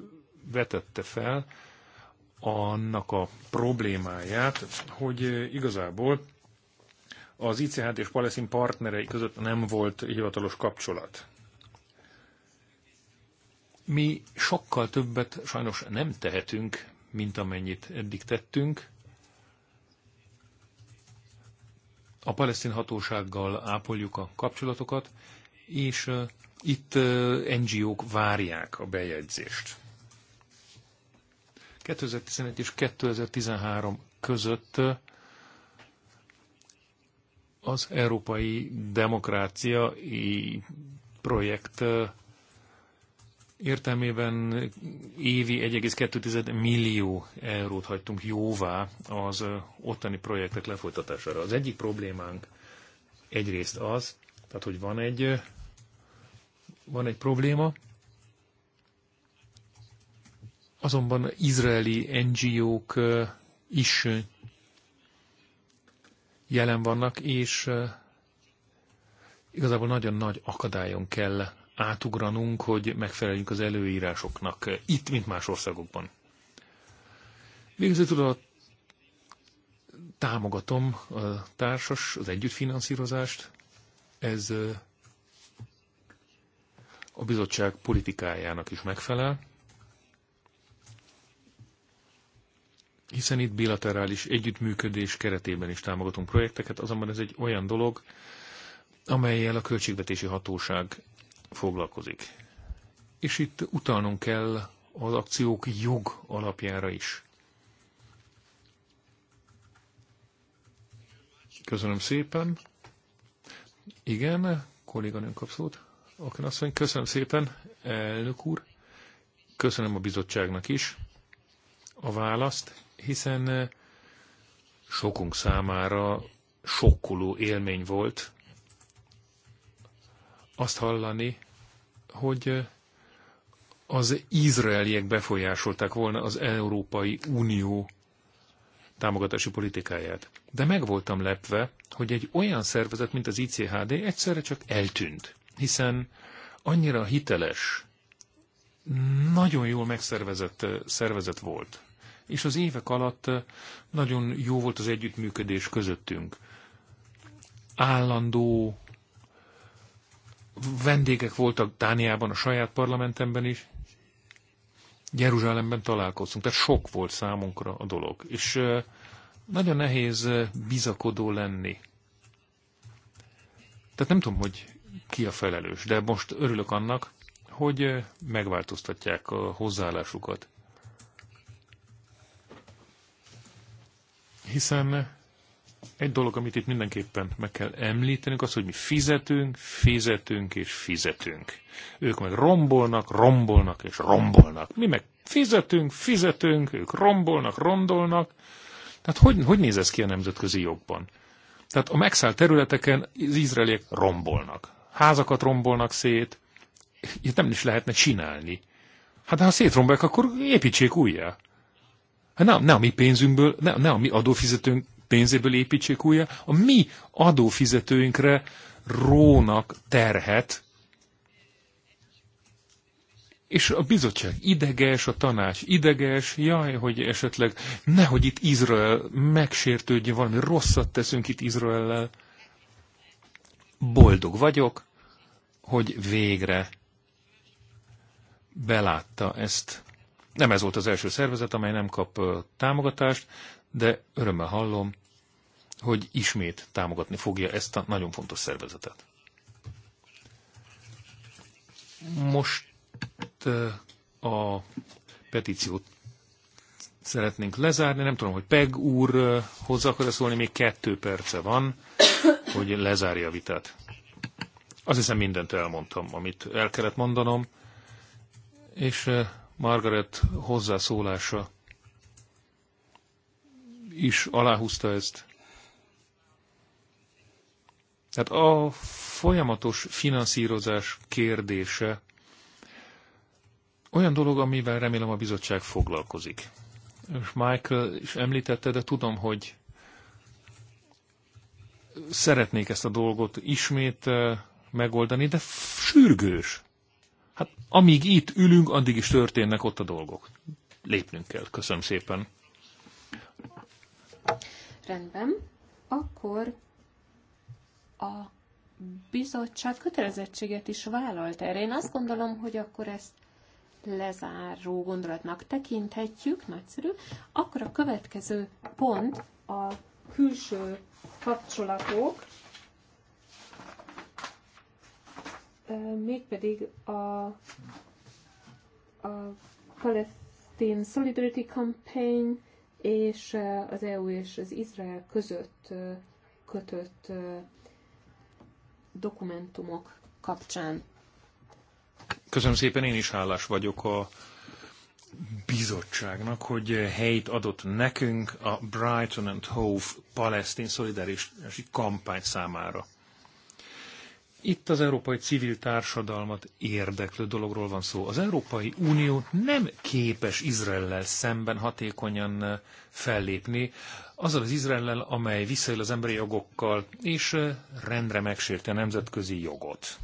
vetette fel annak a problémáját, hogy igazából az ICH és palesztin partnerei között nem volt hivatalos kapcsolat. Mi sokkal többet sajnos nem tehetünk, mint amennyit eddig tettünk. A palesztin hatósággal ápoljuk a kapcsolatokat, és itt NGO-k várják a bejegyzést. 2011 és 2013 között az európai demokrácia projekt értelmében évi 1,2 millió eurót hagytunk jóvá az ottani projektek lefolytatására. Az egyik problémánk egyrészt az, tehát hogy van egy, van egy probléma, azonban izraeli NGO-k is jelen vannak, és igazából nagyon nagy akadályon kell átugranunk, hogy megfeleljünk az előírásoknak, itt, mint más országokban. Végezetül a támogatom a társas, az együttfinanszírozást. Ez a bizottság politikájának is megfelel, hiszen itt bilaterális együttműködés keretében is támogatunk projekteket, azonban ez egy olyan dolog, amelyel a költségvetési hatóság foglalkozik. És itt utalnunk kell az akciók jog alapjára is. Köszönöm szépen. Igen, kolléganőnk kap szót. Akinasszony, köszönöm szépen, elnök úr. Köszönöm a bizottságnak is a választ, hiszen eh, sokunk számára sokkoló élmény volt azt hallani, hogy az izraeliek befolyásolták volna az Európai Unió támogatási politikáját. De meg voltam lepve, hogy egy olyan szervezet, mint az ICHD egyszerre csak eltűnt, hiszen annyira hiteles, nagyon jól megszervezett szervezet volt. És az évek alatt nagyon jó volt az együttműködés közöttünk. Állandó vendégek voltak Dániában, a saját parlamentemben is, Jeruzsálemben találkoztunk, tehát sok volt számunkra a dolog. És nagyon nehéz bizakodó lenni. Tehát nem tudom, hogy ki a felelős, de most örülök annak, hogy megváltoztatják a hozzáállásukat. Hiszen egy dolog, amit itt mindenképpen meg kell említenünk, az, hogy mi fizetünk, fizetünk és fizetünk. Ők meg rombolnak, rombolnak és rombolnak. Mi meg fizetünk, fizetünk, ők rombolnak, rondolnak. Tehát hogy, hogy néz ez ki a nemzetközi jogban? Tehát a megszállt területeken az izraeliek rombolnak. Házakat rombolnak szét, itt nem is lehetne csinálni. Hát ha szétrombolják, akkor építsék újjá. Hát nem, nem a mi pénzünkből, nem, nem a mi adófizetőnk pénzéből építsék újra, a mi adófizetőinkre rónak terhet, és a bizottság ideges, a tanács ideges, jaj, hogy esetleg nehogy itt Izrael megsértődjön, valami rosszat teszünk itt Izraellel. Boldog vagyok, hogy végre belátta ezt. Nem ez volt az első szervezet, amely nem kap támogatást, de örömmel hallom, hogy ismét támogatni fogja ezt a nagyon fontos szervezetet. Most a petíciót szeretnénk lezárni. Nem tudom, hogy Peg úr hozzá akar szólni, még kettő perce van, hogy lezárja a vitát. Azt hiszem mindent elmondtam, amit el kellett mondanom, és Margaret hozzászólása is aláhúzta ezt. Tehát a folyamatos finanszírozás kérdése olyan dolog, amivel remélem a bizottság foglalkozik. És Michael is említette, de tudom, hogy szeretnék ezt a dolgot ismét eh, megoldani, de sürgős. Hát amíg itt ülünk, addig is történnek ott a dolgok. Lépnünk kell. Köszönöm szépen. Rendben. Akkor a bizottság kötelezettséget is vállalt erre. Én azt gondolom, hogy akkor ezt lezáró gondolatnak tekinthetjük, nagyszerű. Akkor a következő pont a külső kapcsolatok, mégpedig a, a Palestine Solidarity Campaign és az EU és az Izrael között kötött dokumentumok kapcsán. Köszönöm szépen, én is hálás vagyok a bizottságnak, hogy helyt adott nekünk a Brighton and Hove palesztin szolidaritási kampány számára. Itt az európai civil társadalmat érdeklő dologról van szó. Az Európai Unió nem képes Izraellel szemben hatékonyan eh, fellépni, azzal az Izraellel, amely visszaél az emberi jogokkal, és eh, rendre megsérti a nemzetközi jogot.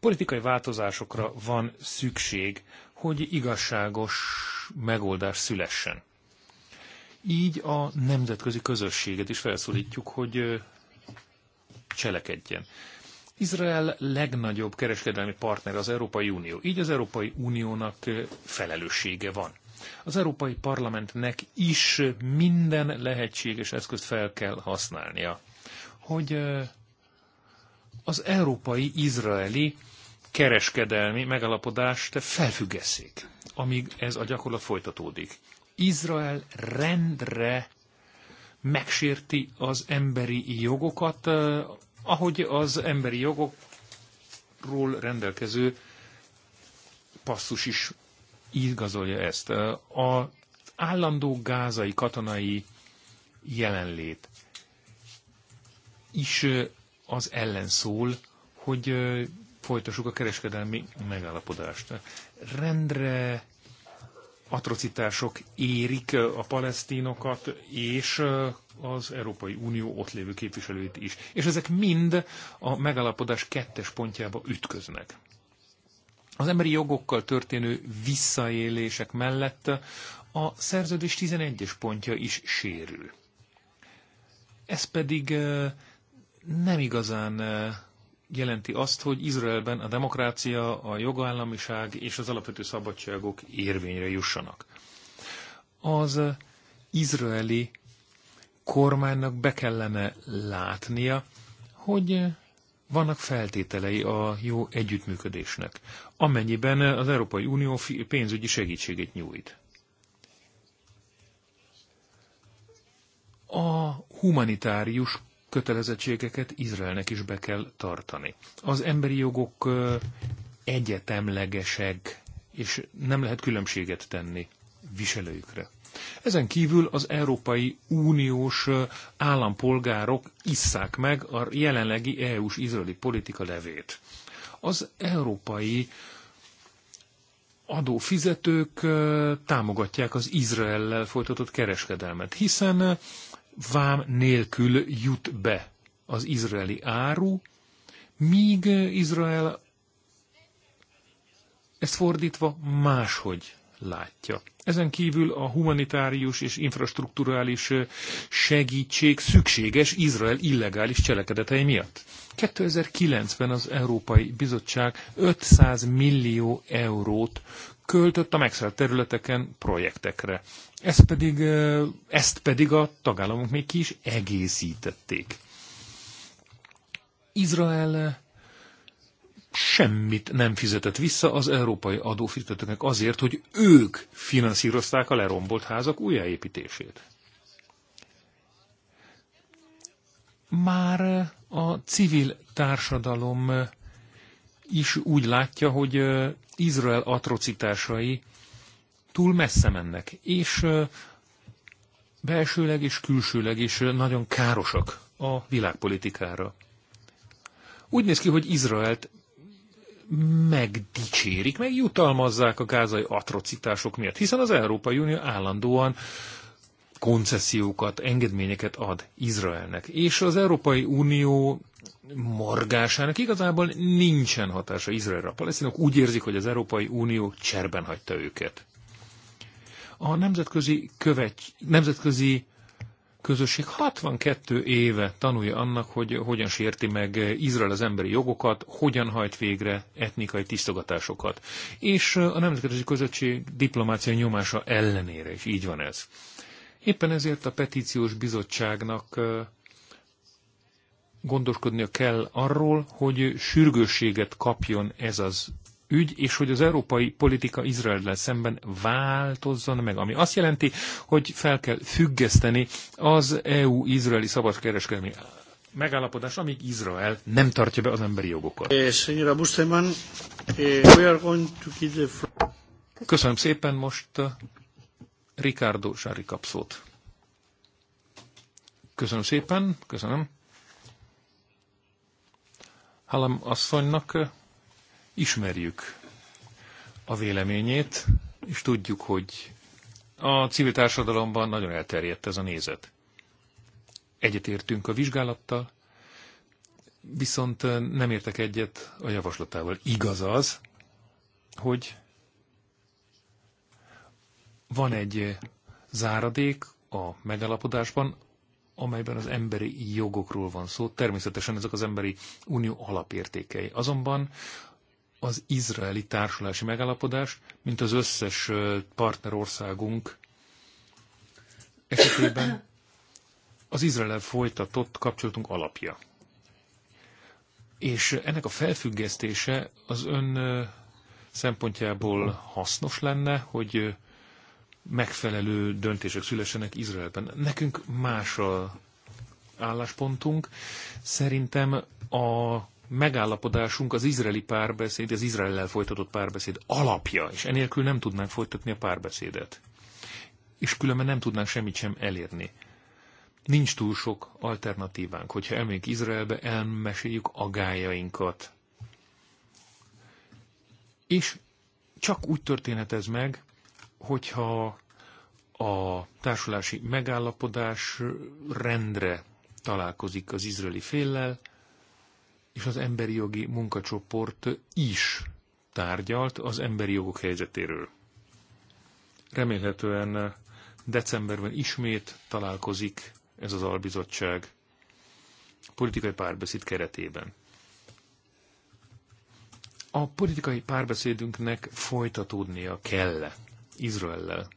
Politikai változásokra van szükség, hogy igazságos megoldás szülessen. Így a nemzetközi közösséget is felszólítjuk, hogy eh, cselekedjen. Izrael legnagyobb kereskedelmi partner az Európai Unió, így az Európai Uniónak felelőssége van. Az Európai Parlamentnek is minden lehetséges eszközt fel kell használnia, hogy az európai-izraeli kereskedelmi megalapodást felfüggesszék, amíg ez a gyakorlat folytatódik. Izrael rendre megsérti az emberi jogokat ahogy az emberi jogokról rendelkező passzus is igazolja ezt. A állandó gázai katonai jelenlét is az ellen szól, hogy folytassuk a kereskedelmi megállapodást. Rendre atrocitások érik a palesztinokat, és az Európai Unió ott lévő képviselőit is. És ezek mind a megállapodás kettes pontjába ütköznek. Az emberi jogokkal történő visszaélések mellett a szerződés 11-es pontja is sérül. Ez pedig eh, nem igazán eh, jelenti azt, hogy Izraelben a demokrácia, a jogállamiság és az alapvető szabadságok érvényre jussanak. Az eh, izraeli kormánynak be kellene látnia, hogy vannak feltételei a jó együttműködésnek, amennyiben az Európai Unió pénzügyi segítséget nyújt. A humanitárius kötelezettségeket Izraelnek is be kell tartani. Az emberi jogok egyetemlegesek, és nem lehet különbséget tenni viselőjükre. Ezen kívül az Európai Uniós állampolgárok isszák meg a jelenlegi EU-s izraeli politika levét. Az európai adófizetők támogatják az Izraellel folytatott kereskedelmet, hiszen vám nélkül jut be az izraeli áru, míg Izrael ezt fordítva máshogy látja. Ezen kívül a humanitárius és infrastruktúrális segítség szükséges Izrael illegális cselekedetei miatt. 2009-ben az Európai Bizottság 500 millió eurót költött a megszállt területeken projektekre. Ezt pedig, ezt pedig a tagállamok még ki is egészítették. Izrael semmit nem fizetett vissza az európai adófizetőknek azért, hogy ők finanszírozták a lerombolt házak újjáépítését. Már a civil társadalom is úgy látja, hogy Izrael atrocitásai túl messze mennek, és belsőleg és külsőleg is nagyon károsak a világpolitikára. Úgy néz ki, hogy Izraelt megdicsérik, meg jutalmazzák a gázai atrocitások miatt, hiszen az Európai Unió állandóan koncesziókat, engedményeket ad Izraelnek. És az Európai Unió morgásának igazából nincsen hatása Izraelre. A palesztinok úgy érzik, hogy az Európai Unió cserben hagyta őket. A nemzetközi, követ, nemzetközi közösség 62 éve tanulja annak, hogy hogyan sérti meg Izrael az emberi jogokat, hogyan hajt végre etnikai tisztogatásokat. És a nemzetközi közösség diplomácia nyomása ellenére is így van ez. Éppen ezért a petíciós bizottságnak gondoskodnia kell arról, hogy sürgősséget kapjon ez az ügy, és hogy az európai politika Izraellel szemben változzon meg, ami azt jelenti, hogy fel kell függeszteni az EU-izraeli szabadkereskedelmi megállapodás, amíg Izrael nem tartja be az emberi jogokat. Eh, eh, köszönöm szépen, most eh, Ricardo Sári kapszót. Köszönöm szépen, köszönöm. Hallam asszonynak ismerjük a véleményét, és tudjuk, hogy a civil társadalomban nagyon elterjedt ez a nézet. Egyetértünk a vizsgálattal, viszont nem értek egyet a javaslatával. Igaz az, hogy van egy záradék a megállapodásban, amelyben az emberi jogokról van szó. Természetesen ezek az emberi unió alapértékei. Azonban az izraeli társulási megállapodás, mint az összes partnerországunk esetében az izrael folytatott kapcsolatunk alapja. És ennek a felfüggesztése az ön szempontjából hasznos lenne, hogy megfelelő döntések szülessenek Izraelben. Nekünk más a álláspontunk. Szerintem a megállapodásunk az izraeli párbeszéd, az Izraellel folytatott párbeszéd alapja, és enélkül nem tudnánk folytatni a párbeszédet. És különben nem tudnánk semmit sem elérni. Nincs túl sok alternatívánk, hogyha elmegyünk Izraelbe, elmeséljük agájainkat. És csak úgy történhet ez meg, hogyha a társulási megállapodás rendre találkozik az izraeli féllel, és az emberi jogi munkacsoport is tárgyalt az emberi jogok helyzetéről. Remélhetően decemberben ismét találkozik ez az albizottság politikai párbeszéd keretében. A politikai párbeszédünknek folytatódnia kell Izraellel.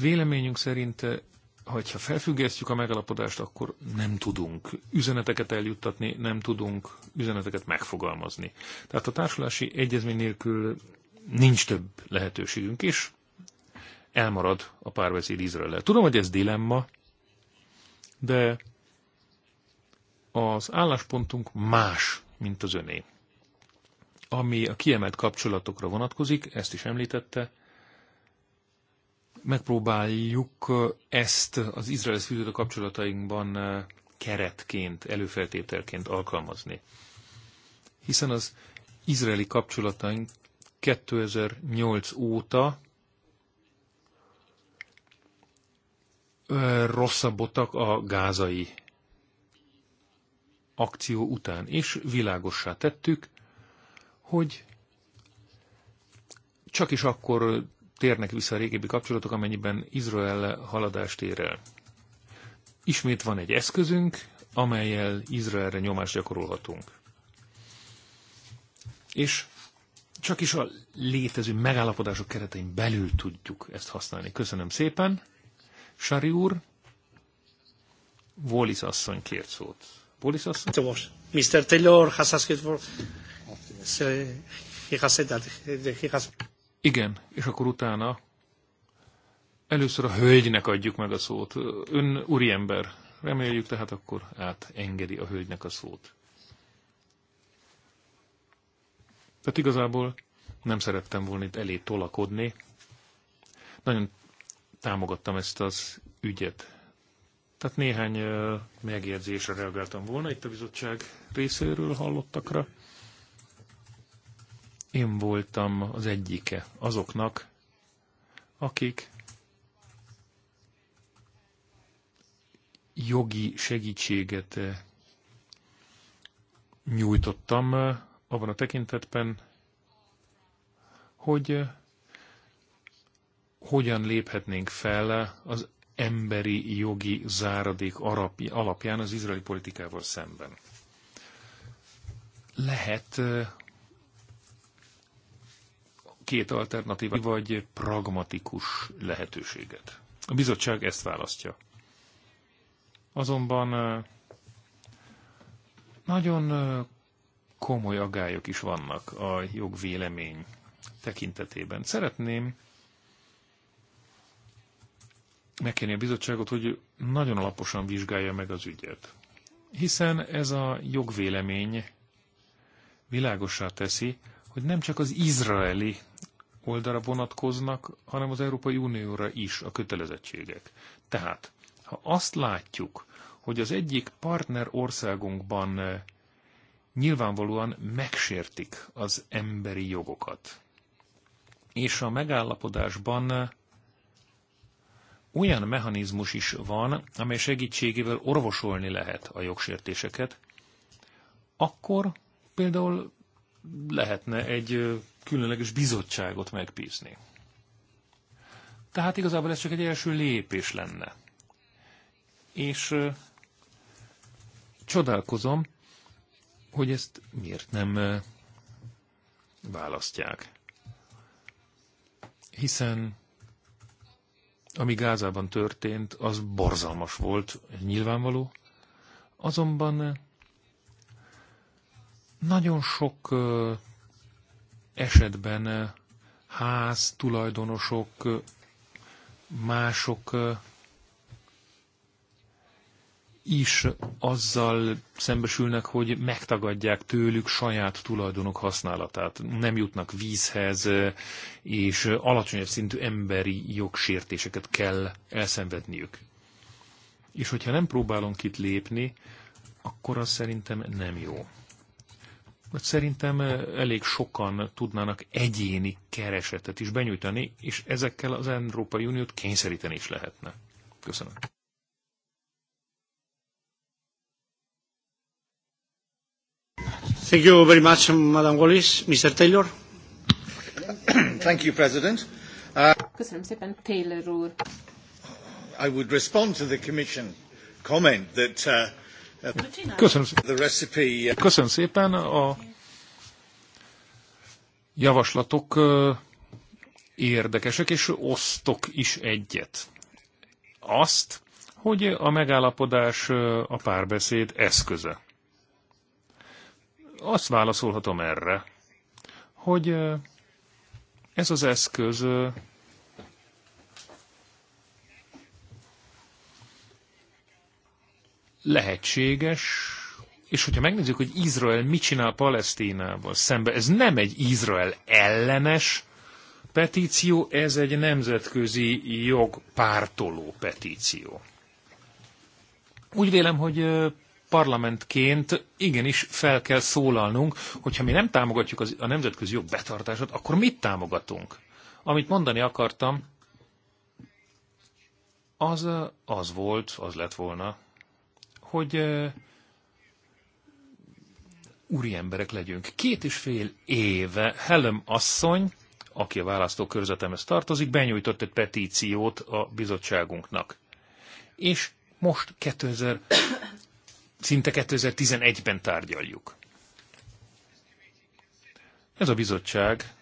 Véleményünk szerint hogyha felfüggesztjük a megalapodást, akkor nem tudunk üzeneteket eljuttatni, nem tudunk üzeneteket megfogalmazni. Tehát a társulási egyezmény nélkül nincs több lehetőségünk, és elmarad a párbeszéd izrael Tudom, hogy ez dilemma, de az álláspontunk más, mint az öné. Ami a kiemelt kapcsolatokra vonatkozik, ezt is említette, megpróbáljuk ezt az Izrael fűződő kapcsolatainkban keretként, előfeltételként alkalmazni. Hiszen az izraeli kapcsolataink 2008 óta rosszabbodtak a gázai akció után, és világossá tettük, hogy csak is akkor térnek vissza a régebbi kapcsolatok, amennyiben Izrael haladást ér el. Ismét van egy eszközünk, amelyel Izraelre nyomást gyakorolhatunk. És csak is a létező megállapodások keretein belül tudjuk ezt használni. Köszönöm szépen. Sari úr, Wallis asszony kért szót. Wallis asszony? Mr. Taylor has asked for... He has said that he has... Igen, és akkor utána először a hölgynek adjuk meg a szót. Ön úriember, reméljük tehát akkor átengedi a hölgynek a szót. Tehát igazából nem szerettem volna itt elé tolakodni. Nagyon támogattam ezt az ügyet. Tehát néhány megjegyzésre reagáltam volna itt a bizottság részéről hallottakra. Én voltam az egyike azoknak, akik jogi segítséget eh, nyújtottam eh, abban a tekintetben, hogy eh, hogyan léphetnénk fel az emberi jogi záradék alapján az izraeli politikával szemben. Lehet, két alternatíva vagy pragmatikus lehetőséget. A bizottság ezt választja. Azonban nagyon komoly agályok is vannak a jogvélemény tekintetében. Szeretném megkérni a bizottságot, hogy nagyon alaposan vizsgálja meg az ügyet. Hiszen ez a jogvélemény világosá teszi, hogy nem csak az izraeli oldalra vonatkoznak, hanem az Európai Unióra is a kötelezettségek. Tehát, ha azt látjuk, hogy az egyik partner országunkban eh, nyilvánvalóan megsértik az emberi jogokat, és a megállapodásban eh, olyan mechanizmus is van, amely segítségével orvosolni lehet a jogsértéseket, akkor például lehetne egy különleges bizottságot megbízni. Tehát igazából ez csak egy első lépés lenne. És csodálkozom, hogy ezt miért nem választják. Hiszen ami Gázában történt, az borzalmas volt, nyilvánvaló, azonban nagyon sok esetben ház, tulajdonosok, mások is azzal szembesülnek, hogy megtagadják tőlük saját tulajdonok használatát. Nem jutnak vízhez, és alacsonyabb szintű emberi jogsértéseket kell elszenvedniük. És hogyha nem próbálunk itt lépni, akkor az szerintem nem jó mert szerintem elég sokan tudnának egyéni keresetet is benyújtani, és ezekkel az Európai Uniót kényszeríteni is lehetne. Köszönöm. Thank you very much, Madam Wallis. Mr. Taylor. Thank you, President. Uh, Köszönöm szépen, Taylor úr. I would respond to the Commission comment that uh, Köszönöm szépen. Uh, Köszönöm szépen a javaslatok uh, érdekesek, és osztok is egyet. Azt, hogy a megállapodás uh, a párbeszéd eszköze. Azt válaszolhatom erre, hogy ez az eszköz lehetséges, és hogyha megnézzük, hogy Izrael mit csinál Palesztinával szemben, ez nem egy Izrael ellenes petíció, ez egy nemzetközi jogpártoló petíció. Úgy vélem, hogy parlamentként igenis fel kell szólalnunk, hogyha mi nem támogatjuk az, a nemzetközi jog betartását, akkor mit támogatunk? Amit mondani akartam, az az volt, az lett volna, hogy úri emberek legyünk. Két és fél éve Helem asszony, aki a választókörzetemhez tartozik, benyújtott egy petíciót a bizottságunknak. És most 2000, szinte 2011-ben tárgyaljuk. Ez a bizottság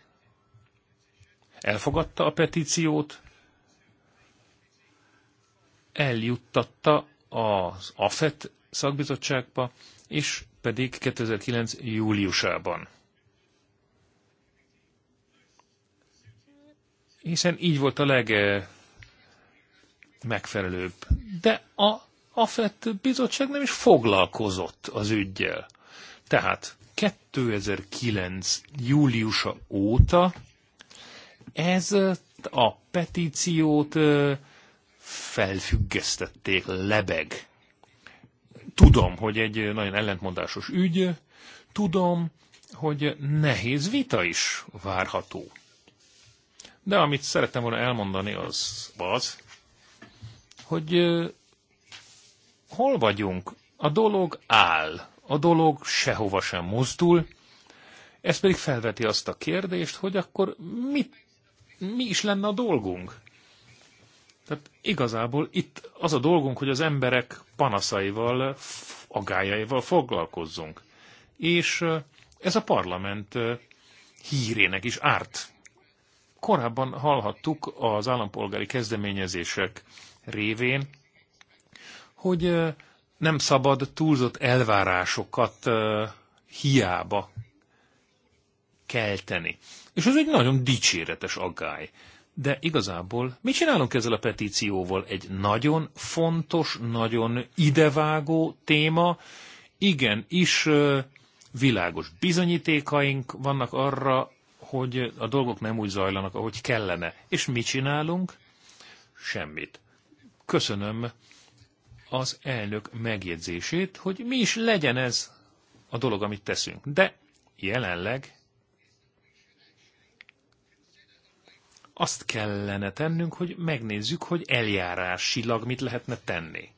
elfogadta a petíciót, eljuttatta az AFET szakbizottságba, és pedig 2009. júliusában. Hiszen így volt a legmegfelelőbb. De a AFET bizottság nem is foglalkozott az ügyjel. Tehát 2009. júliusa óta ez a petíciót felfüggesztették, lebeg. Tudom, hogy egy nagyon ellentmondásos ügy, tudom, hogy nehéz vita is várható. De amit szerettem volna elmondani az az, hogy hol vagyunk. A dolog áll, a dolog sehova sem mozdul, ez pedig felveti azt a kérdést, hogy akkor mit, mi is lenne a dolgunk? Tehát igazából itt az a dolgunk, hogy az emberek panaszaival, agájaival foglalkozzunk. És ez a parlament hírének is árt. Korábban hallhattuk az állampolgári kezdeményezések révén, hogy nem szabad túlzott elvárásokat hiába kelteni. És ez egy nagyon dicséretes aggály. De igazából mi csinálunk ezzel a petícióval? Egy nagyon fontos, nagyon idevágó téma, igen is világos bizonyítékaink vannak arra, hogy a dolgok nem úgy zajlanak, ahogy kellene. És mi csinálunk? Semmit. Köszönöm az elnök megjegyzését, hogy mi is legyen ez a dolog, amit teszünk. De jelenleg azt kellene tennünk, hogy megnézzük, hogy eljárásilag mit lehetne tenni.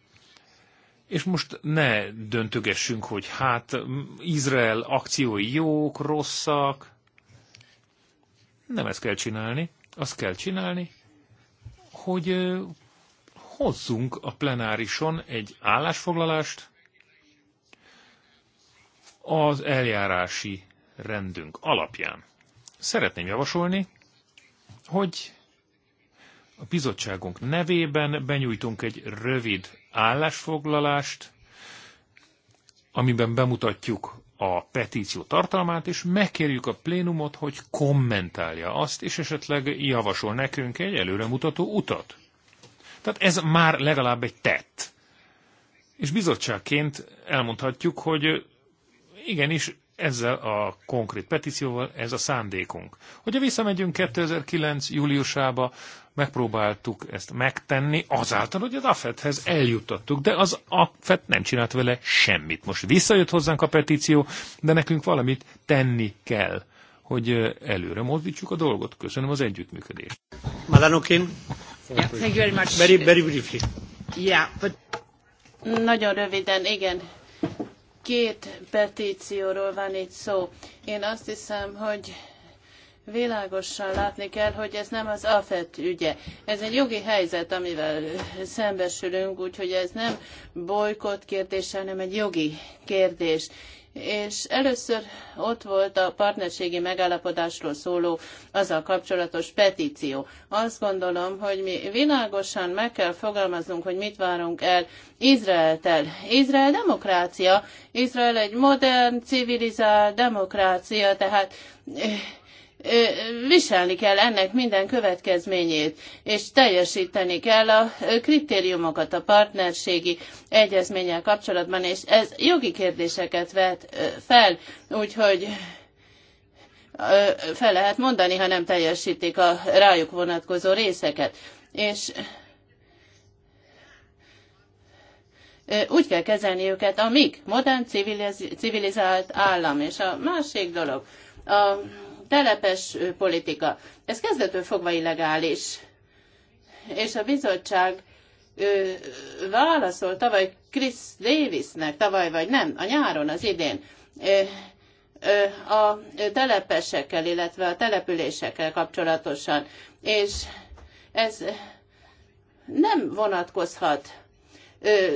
És most ne döntögessünk, hogy hát Izrael akciói jók, rosszak. Nem ezt kell csinálni. Azt kell csinálni, hogy hozzunk a plenárison egy állásfoglalást az eljárási rendünk alapján. Szeretném javasolni, hogy a bizottságunk nevében benyújtunk egy rövid állásfoglalást, amiben bemutatjuk a petíció tartalmát, és megkérjük a plénumot, hogy kommentálja azt, és esetleg javasol nekünk egy előremutató utat. Tehát ez már legalább egy tett. És bizottságként elmondhatjuk, hogy igenis ezzel a konkrét petícióval ez a szándékunk. Hogyha visszamegyünk 2009. júliusába, megpróbáltuk ezt megtenni azáltal, hogy az AFET-hez eljutottuk, de az AFET nem csinált vele semmit. Most visszajött hozzánk a petíció, de nekünk valamit tenni kell, hogy előre mozdítsuk a dolgot. Köszönöm az együttműködést. Madanokin. Yeah, thank you very much. Very, very briefly. Yeah, but... Nagyon röviden, igen két petícióról van itt szó. Én azt hiszem, hogy világosan látni kell, hogy ez nem az AFET ügye. Ez egy jogi helyzet, amivel szembesülünk, úgyhogy ez nem bolykott kérdés, hanem egy jogi kérdés és először ott volt a partnerségi megállapodásról szóló azzal kapcsolatos petíció. Azt gondolom, hogy mi világosan meg kell fogalmaznunk, hogy mit várunk el Izraeltel. Izrael demokrácia, Izrael egy modern, civilizált demokrácia, tehát eh, viselni kell ennek minden következményét, és teljesíteni kell a kritériumokat a partnerségi egyezménnyel kapcsolatban, és ez jogi kérdéseket vet fel, úgyhogy fel lehet mondani, ha nem teljesítik a rájuk vonatkozó részeket. És úgy kell kezelni őket, amik modern civilizált állam. És a másik dolog, a telepes politika. Ez kezdetől fogva illegális. És a bizottság ő, válaszol tavaly Chris Davisnek, tavaly vagy nem, a nyáron, az idén, a telepesekkel, illetve a településekkel kapcsolatosan. És ez nem vonatkozhat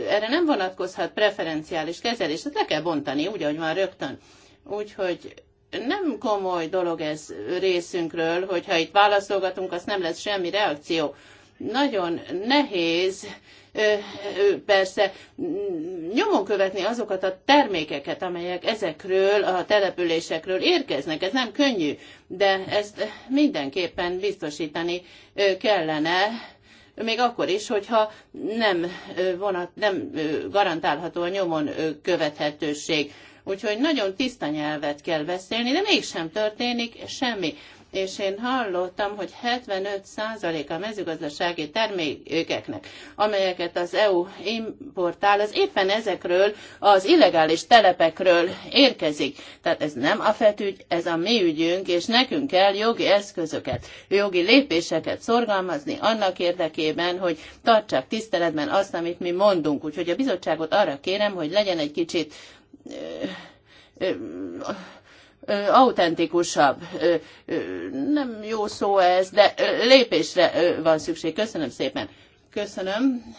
erre nem vonatkozhat preferenciális kezelés, tehát le kell bontani, úgy, ahogy van rögtön. Úgyhogy nem komoly dolog ez részünkről, hogyha itt válaszolgatunk, az nem lesz semmi reakció. Nagyon nehéz persze nyomon követni azokat a termékeket, amelyek ezekről a településekről érkeznek. Ez nem könnyű, de ezt mindenképpen biztosítani kellene, még akkor is, hogyha nem, vonat, nem garantálható a nyomon követhetőség Úgyhogy nagyon tiszta nyelvet kell beszélni, de mégsem történik semmi. És én hallottam, hogy 75% a mezőgazdasági termékeknek, amelyeket az EU importál, az éppen ezekről az illegális telepekről érkezik. Tehát ez nem a fetügy, ez a mi ügyünk, és nekünk kell jogi eszközöket, jogi lépéseket szorgalmazni annak érdekében, hogy tartsák tiszteletben azt, amit mi mondunk. Úgyhogy a bizottságot arra kérem, hogy legyen egy kicsit autentikusabb. Nem jó szó ez, de lépésre van szükség. Köszönöm szépen. Köszönöm.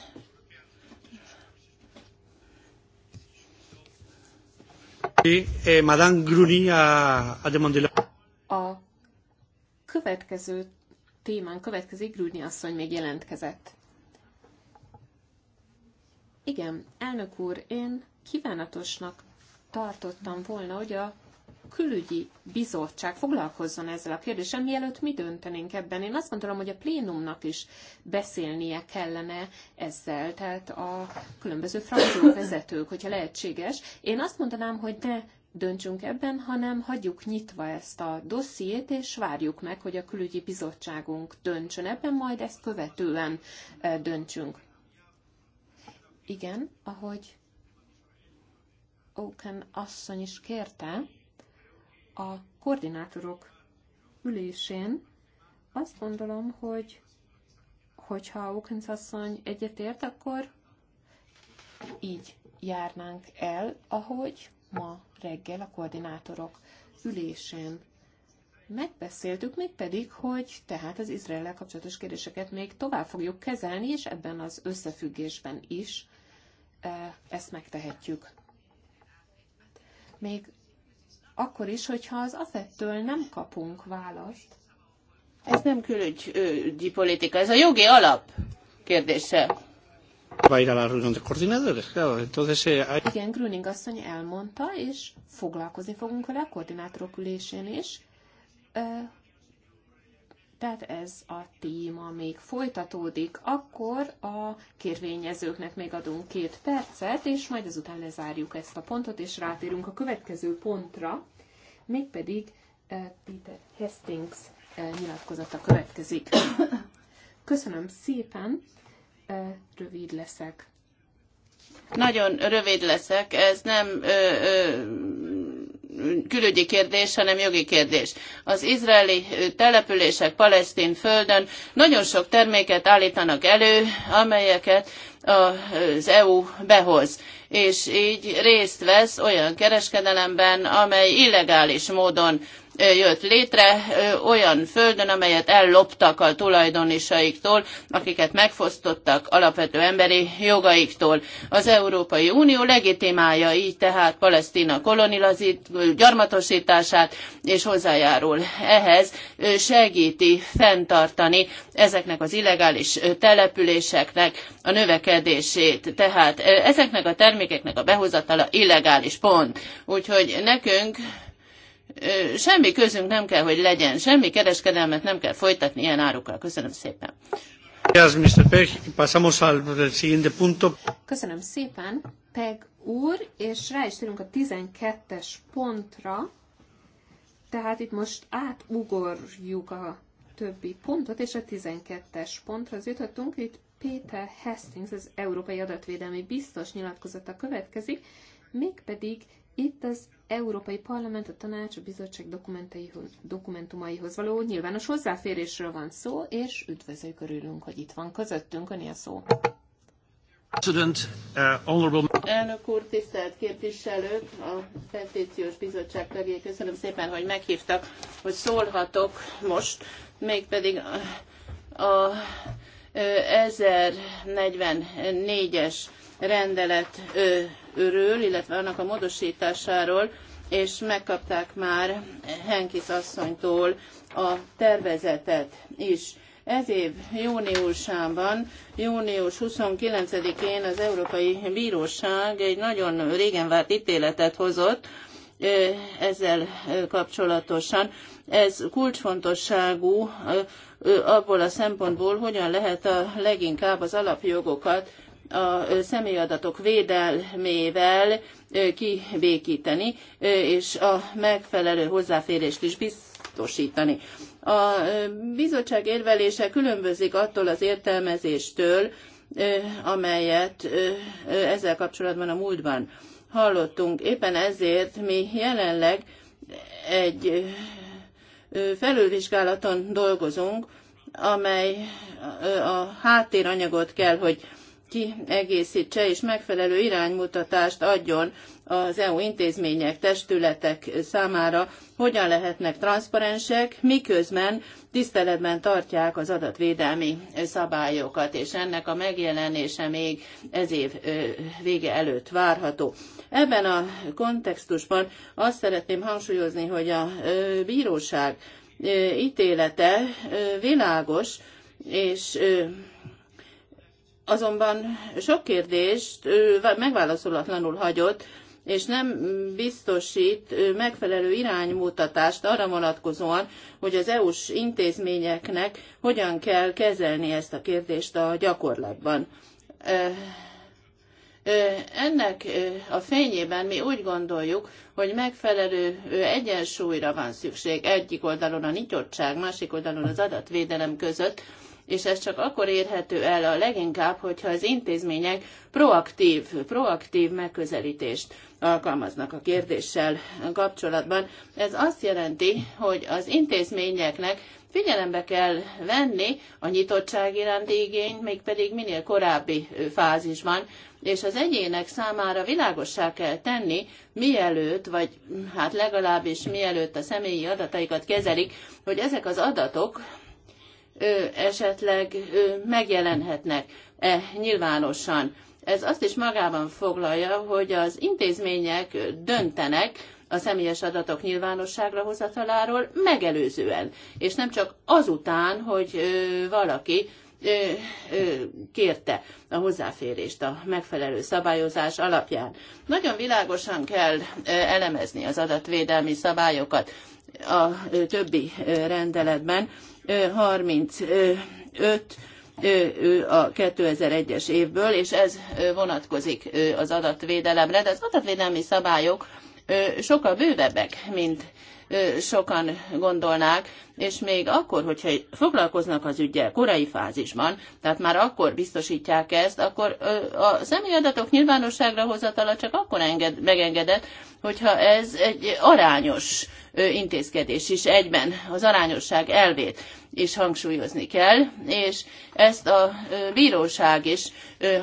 Eh, a A következő témán következik, Grudni asszony még jelentkezett. Igen, elnök úr, én kívánatosnak tartottam volna, hogy a külügyi bizottság foglalkozzon ezzel a kérdéssel, mielőtt mi döntenénk ebben. Én azt gondolom, hogy a plénumnak is beszélnie kellene ezzel, tehát a különböző frakció vezetők, hogyha lehetséges. Én azt mondanám, hogy ne döntsünk ebben, hanem hagyjuk nyitva ezt a dossziét, és várjuk meg, hogy a külügyi bizottságunk döntsön ebben, majd ezt követően eh, döntsünk. Igen, ahogy Oaken asszony is kérte a koordinátorok ülésén, azt gondolom, hogy hogyha Hawkins asszony egyetért, akkor így járnánk el, ahogy ma reggel a koordinátorok ülésén megbeszéltük, még pedig hogy tehát az izrael kapcsolatos kérdéseket még tovább fogjuk kezelni, és ebben az összefüggésben is eh, ezt megtehetjük még akkor is, hogyha az afettől nem kapunk választ. Ez nem külügyi politika, ez a jogi alap kérdése. a de eh, Igen, Grüning asszony elmondta, és foglalkozni fogunk vele a koordinátorok ülésén is, tehát ez a téma még folytatódik, akkor a kérvényezőknek még adunk két percet, és majd ezután lezárjuk ezt a pontot, és rátérünk a következő pontra, mégpedig eh, Peter Hastings eh, nyilatkozata következik. Köszönöm szépen, eh, rövid leszek. Nagyon rövid leszek, ez nem ö, ö, külügyi kérdés, hanem jogi kérdés. Az izraeli települések palesztin földön nagyon sok terméket állítanak elő, amelyeket az EU behoz, és így részt vesz olyan kereskedelemben, amely illegális módon jött létre olyan földön, amelyet elloptak a tulajdonisaiktól, akiket megfosztottak alapvető emberi jogaiktól. Az Európai Unió legitimálja így tehát Palesztina kolonilazít, gyarmatosítását, és hozzájárul ehhez, segíti fenntartani ezeknek az illegális településeknek a növekedését. Tehát ezeknek a termékeknek a behozatala illegális pont. Úgyhogy nekünk semmi közünk nem kell, hogy legyen, semmi kereskedelmet nem kell folytatni ilyen árukkal. Köszönöm szépen. Köszönöm szépen, Peg úr, és rá is térünk a 12-es pontra. Tehát itt most átugorjuk a többi pontot, és a 12-es pontra az jutottunk. Itt Peter Hastings, az Európai Adatvédelmi Biztos nyilatkozata következik, mégpedig itt az Európai Parlament, a Tanács, a Bizottság dokumentumaihoz való nyilvános hozzáférésről van szó, és üdvözöljük, örülünk, hogy itt van közöttünk, öné a szó. Uh, Elnök úr, tisztelt képviselők, a petíciós bizottság tagjai, köszönöm szépen, hogy meghívtak, hogy szólhatok most, mégpedig uh, a, a uh, 1044-es rendeletről, illetve annak a módosításáról, és megkapták már Henkis asszonytól a tervezetet is. Ez év júniusában, június 29-én az Európai Bíróság egy nagyon régen várt ítéletet hozott ezzel kapcsolatosan. Ez kulcsfontosságú abból a szempontból, hogyan lehet a leginkább az alapjogokat a személyadatok védelmével kibékíteni, és a megfelelő hozzáférést is biztosítani. A bizottság érvelése különbözik attól az értelmezéstől, amelyet ezzel kapcsolatban a múltban hallottunk. Éppen ezért mi jelenleg egy felülvizsgálaton dolgozunk, amely a háttéranyagot kell, hogy kiegészítse és megfelelő iránymutatást adjon az EU intézmények, testületek számára, hogyan lehetnek transzparensek, miközben tiszteletben tartják az adatvédelmi szabályokat, és ennek a megjelenése még ez év vége előtt várható. Ebben a kontextusban azt szeretném hangsúlyozni, hogy a bíróság ítélete világos, és azonban sok kérdést megválaszolatlanul hagyott, és nem biztosít megfelelő iránymutatást arra vonatkozóan, hogy az EU-s intézményeknek hogyan kell kezelni ezt a kérdést a gyakorlatban. Ennek a fényében mi úgy gondoljuk, hogy megfelelő egyensúlyra van szükség egyik oldalon a nyitottság, másik oldalon az adatvédelem között, és ez csak akkor érhető el a leginkább, hogyha az intézmények proaktív, proaktív megközelítést alkalmaznak a kérdéssel kapcsolatban. Ez azt jelenti, hogy az intézményeknek figyelembe kell venni a nyitottság iránti igényt, mégpedig minél korábbi fázisban, és az egyének számára világossá kell tenni, mielőtt, vagy hát legalábbis mielőtt a személyi adataikat kezelik, hogy ezek az adatok esetleg megjelenhetnek -e nyilvánosan. Ez azt is magában foglalja, hogy az intézmények döntenek a személyes adatok nyilvánosságra hozataláról megelőzően, és nem csak azután, hogy valaki kérte a hozzáférést a megfelelő szabályozás alapján. Nagyon világosan kell elemezni az adatvédelmi szabályokat a többi rendeletben, 35 a 2001-es évből, és ez vonatkozik az adatvédelemre, de az adatvédelmi szabályok sokkal bővebbek, mint sokan gondolnák, és még akkor, hogyha foglalkoznak az ügyel korai fázisban, tehát már akkor biztosítják ezt, akkor a személyadatok nyilvánosságra hozatala csak akkor enged, megengedett, hogyha ez egy arányos intézkedés is egyben, az arányosság elvét is hangsúlyozni kell, és ezt a bíróság is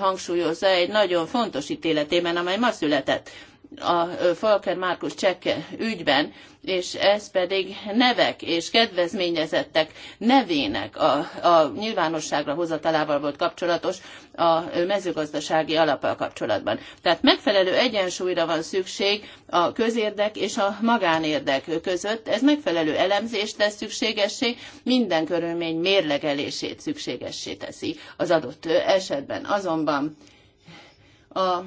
hangsúlyozza egy nagyon fontos ítéletében, amely ma született a Falker Márkus csekke ügyben, és ez pedig nevek és kedvezményezettek nevének a, a nyilvánosságra hozatalával volt kapcsolatos a mezőgazdasági alappal kapcsolatban. Tehát megfelelő egyensúlyra van szükség a közérdek és a magánérdek között. Ez megfelelő elemzést tesz szükségessé, minden körülmény mérlegelését szükségessé teszi az adott esetben. Azonban a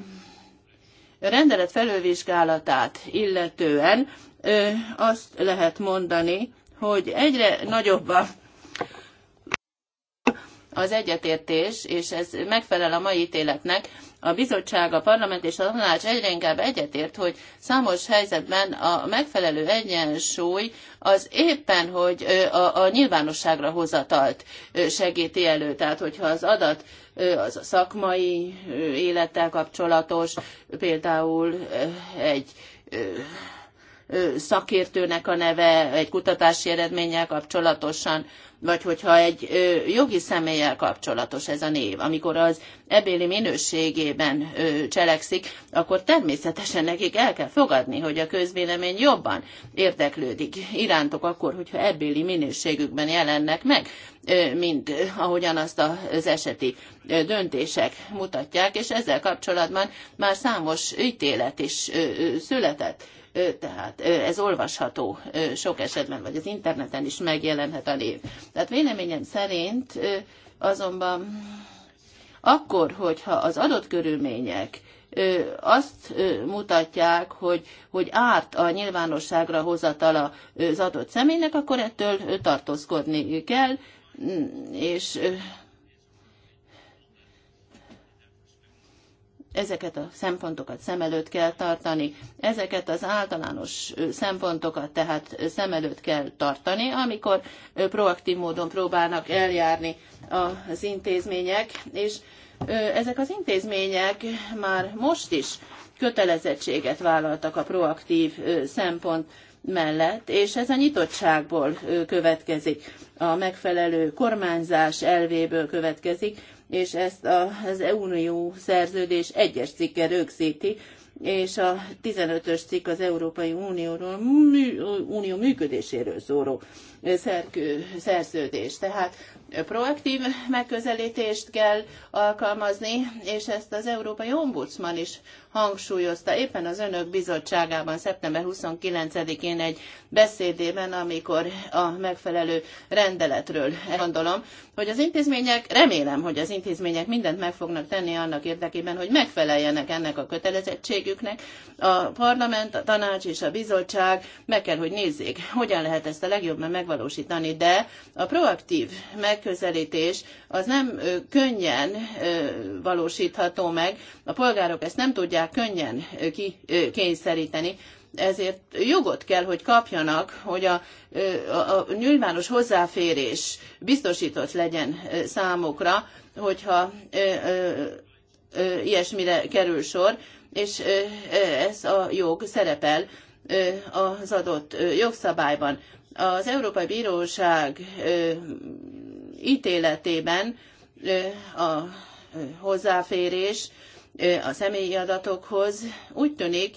rendelet felülvizsgálatát illetően azt lehet mondani, hogy egyre nagyobb a az egyetértés, és ez megfelel a mai ítéletnek, a bizottság, a parlament és a tanács egyre inkább egyetért, hogy számos helyzetben a megfelelő egyensúly az éppen, hogy a, a nyilvánosságra hozatalt segíti elő. Tehát, hogyha az adat az szakmai élettel kapcsolatos, például egy szakértőnek a neve egy kutatási eredménnyel kapcsolatosan, vagy hogyha egy jogi személlyel kapcsolatos ez a név, amikor az ebéli minőségében cselekszik, akkor természetesen nekik el kell fogadni, hogy a közvélemény jobban érdeklődik irántok akkor, hogyha ebéli minőségükben jelennek meg, mint ahogyan azt az eseti döntések mutatják, és ezzel kapcsolatban már számos ítélet is született tehát ez olvasható sok esetben, vagy az interneten is megjelenhet a név. Tehát véleményem szerint azonban akkor, hogyha az adott körülmények azt mutatják, hogy, hogy árt a nyilvánosságra hozatala az adott személynek, akkor ettől tartózkodni kell, mm, és ezeket a szempontokat szem előtt kell tartani, ezeket az általános szempontokat tehát szem előtt kell tartani, amikor proaktív módon próbálnak eljárni az intézmények, és ezek az intézmények már most is kötelezettséget vállaltak a proaktív szempont mellett, és ez a nyitottságból következik, a megfelelő kormányzás elvéből következik, és ezt az EU szerződés egyes cikke rögzíti, és a 15-ös cikk az Európai Unióról, Unió működéséről szóló szerződés. Tehát proaktív megközelítést kell alkalmazni, és ezt az Európai Ombudsman is hangsúlyozta éppen az Önök bizottságában szeptember 29-én egy beszédében, amikor a megfelelő rendeletről gondolom, hogy az intézmények, remélem, hogy az intézmények mindent meg fognak tenni annak érdekében, hogy megfeleljenek ennek a kötelezettségüknek. A parlament, a tanács és a bizottság meg kell, hogy nézzék, hogyan lehet ezt a legjobban megvalósítani megvalósítani, de a proaktív megközelítés az nem könnyen valósítható meg, a polgárok ezt nem tudják könnyen kényszeríteni, ezért jogot kell, hogy kapjanak, hogy a, a, a nyilvános hozzáférés biztosított legyen számukra, hogyha ö, ö, ö, ilyesmire kerül sor, és ez a jog szerepel az adott jogszabályban. Az Európai Bíróság ítéletében a hozzáférés a személyi adatokhoz úgy tűnik,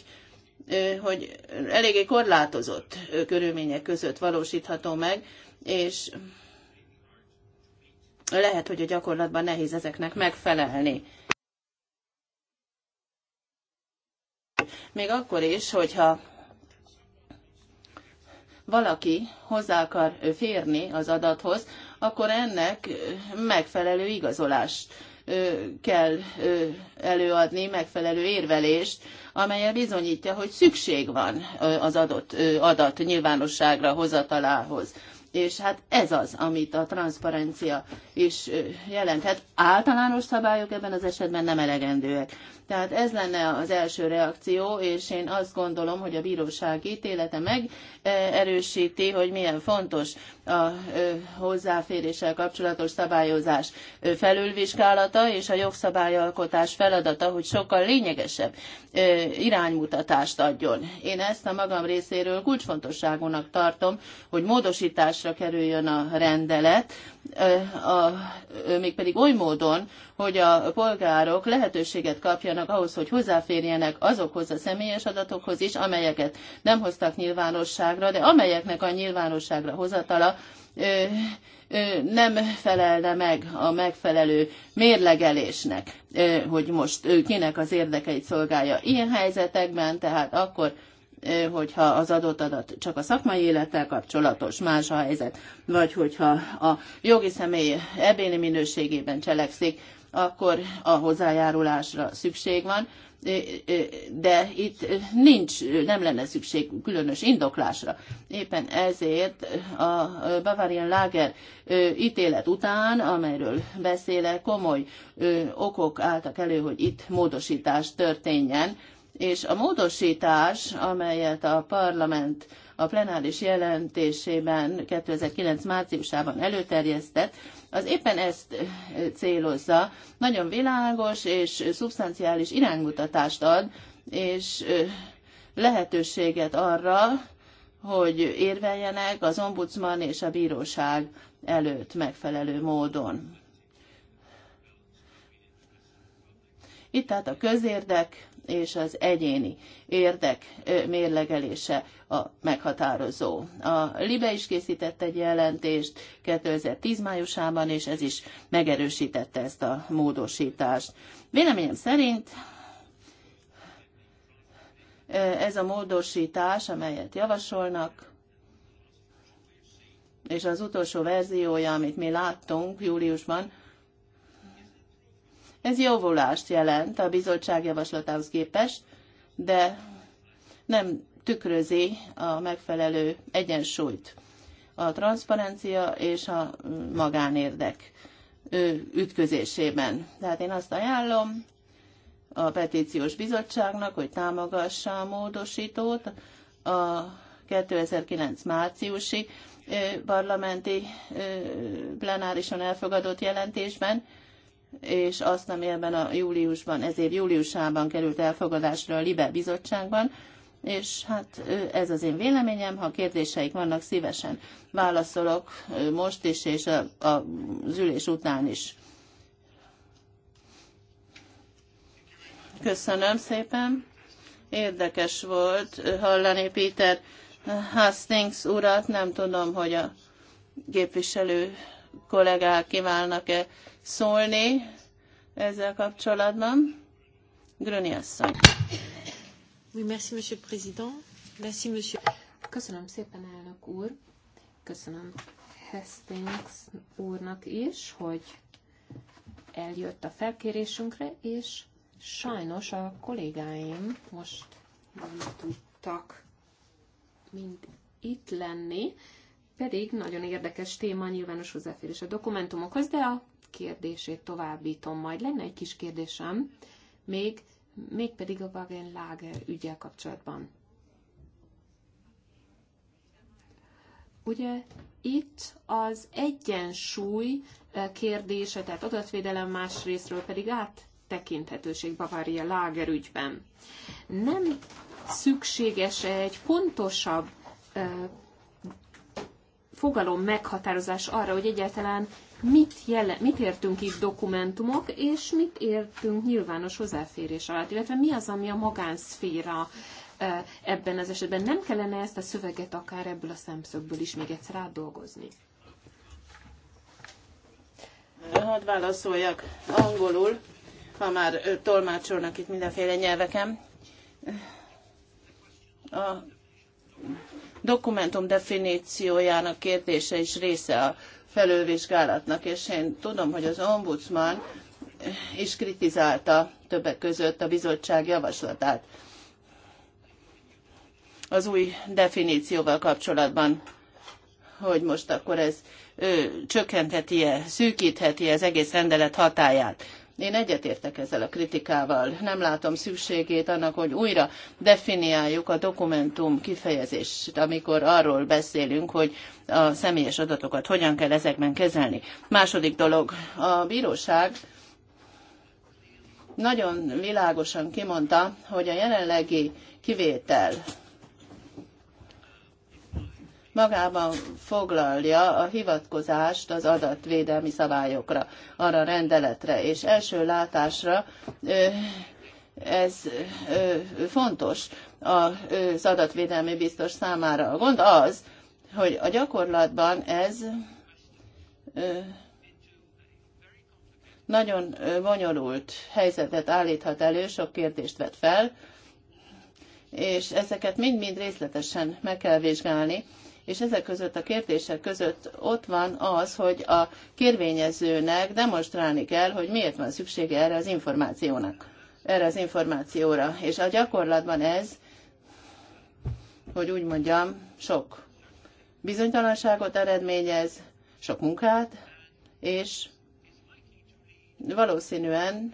hogy eléggé korlátozott körülmények között valósítható meg, és lehet, hogy a gyakorlatban nehéz ezeknek megfelelni. Még akkor is, hogyha valaki hozzá akar férni az adathoz, akkor ennek megfelelő igazolást kell előadni, megfelelő érvelést, amelyel bizonyítja, hogy szükség van az adott adat nyilvánosságra hozatalához. És hát ez az, amit a transzparencia is jelenthet. Általános szabályok ebben az esetben nem elegendőek. Tehát ez lenne az első reakció, és én azt gondolom, hogy a bíróság ítélete meg eh, erősíti, hogy milyen fontos a eh, hozzáféréssel kapcsolatos szabályozás eh, felülvizsgálata, és a jogszabályalkotás feladata, hogy sokkal lényegesebb iránymutatást adjon. Én ezt a magam részéről kulcsfontosságúnak tartom, hogy módosításra kerüljön a rendelet, a, mégpedig oly módon, hogy a polgárok lehetőséget kapjanak, járuljanak ahhoz, hogy hozzáférjenek azokhoz a személyes adatokhoz is, amelyeket nem hoztak nyilvánosságra, de amelyeknek a nyilvánosságra hozatala ö, ö, nem felelne meg a megfelelő mérlegelésnek, ö, hogy most ő kinek az érdekeit szolgálja ilyen helyzetekben, tehát akkor hogyha az adott adat csak a szakmai élettel kapcsolatos, más a helyzet, vagy hogyha a jogi személy ebéni minőségében cselekszik, akkor a hozzájárulásra szükség van, de itt nincs, nem lenne szükség különös indoklásra. Éppen ezért a Bavarian Lager ítélet után, amelyről beszélek, komoly okok álltak elő, hogy itt módosítás történjen, és a módosítás, amelyet a parlament a plenáris jelentésében 2009 márciusában előterjesztett, az éppen ezt célozza, nagyon világos és szubstanciális iránymutatást ad, és lehetőséget arra, hogy érveljenek az ombudsman és a bíróság előtt megfelelő módon. Itt tehát a közérdek és az egyéni érdek mérlegelése a meghatározó. A LIBE is készített egy jelentést 2010 májusában, és ez is megerősítette ezt a módosítást. Véleményem szerint ez a módosítás, amelyet javasolnak, és az utolsó verziója, amit mi láttunk júliusban, ez jóvolást jelent a bizottság javaslatához képest, de nem tükrözi a megfelelő egyensúlyt. A transzparencia és a magánérdek ütközésében. Tehát én azt ajánlom a petíciós bizottságnak, hogy támogassa a módosítót a 2009 márciusi parlamenti plenárison elfogadott jelentésben, és azt, nem élben a júliusban, ezért júliusában került elfogadásra a Libe bizottságban, és hát ez az én véleményem, ha kérdéseik vannak, szívesen válaszolok most is, és a, a, az ülés után is. Köszönöm szépen. Érdekes volt hallani Péter Hastings urat. Nem tudom, hogy a képviselő kollégák kiválnak e szólni ezzel kapcsolatban. Gröni asszony. Oui, merci, monsieur le président. Merci, monsieur... Köszönöm szépen, elnök úr. Köszönöm Hastings úrnak is, hogy eljött a felkérésünkre, és sajnos a kollégáim most nem tudtak mind itt lenni, pedig nagyon érdekes téma nyilvános hozzáférés a dokumentumokhoz, de a kérdését továbbítom majd. Lenne egy kis kérdésem, még, még pedig a Lager ügyel kapcsolatban. Ugye itt az egyensúly eh, kérdése, tehát adatvédelem részről pedig áttekinthetőség Bavaria Lager ügyben. Nem szükséges -e egy pontosabb eh, fogalom meghatározás arra, hogy egyáltalán mit, jele, mit értünk itt dokumentumok, és mit értünk nyilvános hozzáférés alatt, illetve mi az, ami a magánszféra ebben az esetben. Nem kellene ezt a szöveget akár ebből a szemszögből is még egyszer átdolgozni? Hadd válaszoljak angolul, ha már tolmácsolnak itt mindenféle nyelveken. A dokumentum definíciójának kérdése is része a felülvizsgálatnak, és én tudom, hogy az ombudsman is kritizálta többek között a bizottság javaslatát az új definícióval kapcsolatban, hogy most akkor ez csökkentheti-e, szűkítheti -e az egész rendelet hatáját. Én egyetértek ezzel a kritikával. Nem látom szükségét annak, hogy újra definiáljuk a dokumentum kifejezést, amikor arról beszélünk, hogy a személyes adatokat hogyan kell ezekben kezelni. Második dolog, a bíróság nagyon világosan kimondta, hogy a jelenlegi kivétel magában foglalja a hivatkozást az adatvédelmi szabályokra, arra a rendeletre, és első látásra ez fontos az adatvédelmi biztos számára. A gond az, hogy a gyakorlatban ez nagyon bonyolult helyzetet állíthat elő, sok kérdést vet fel, és ezeket mind-mind részletesen meg kell vizsgálni, és ezek között a kérdések között ott van az, hogy a kérvényezőnek demonstrálni kell, hogy miért van szüksége erre az információnak, erre az információra. És a gyakorlatban ez, hogy úgy mondjam, sok bizonytalanságot eredményez, sok munkát, és valószínűen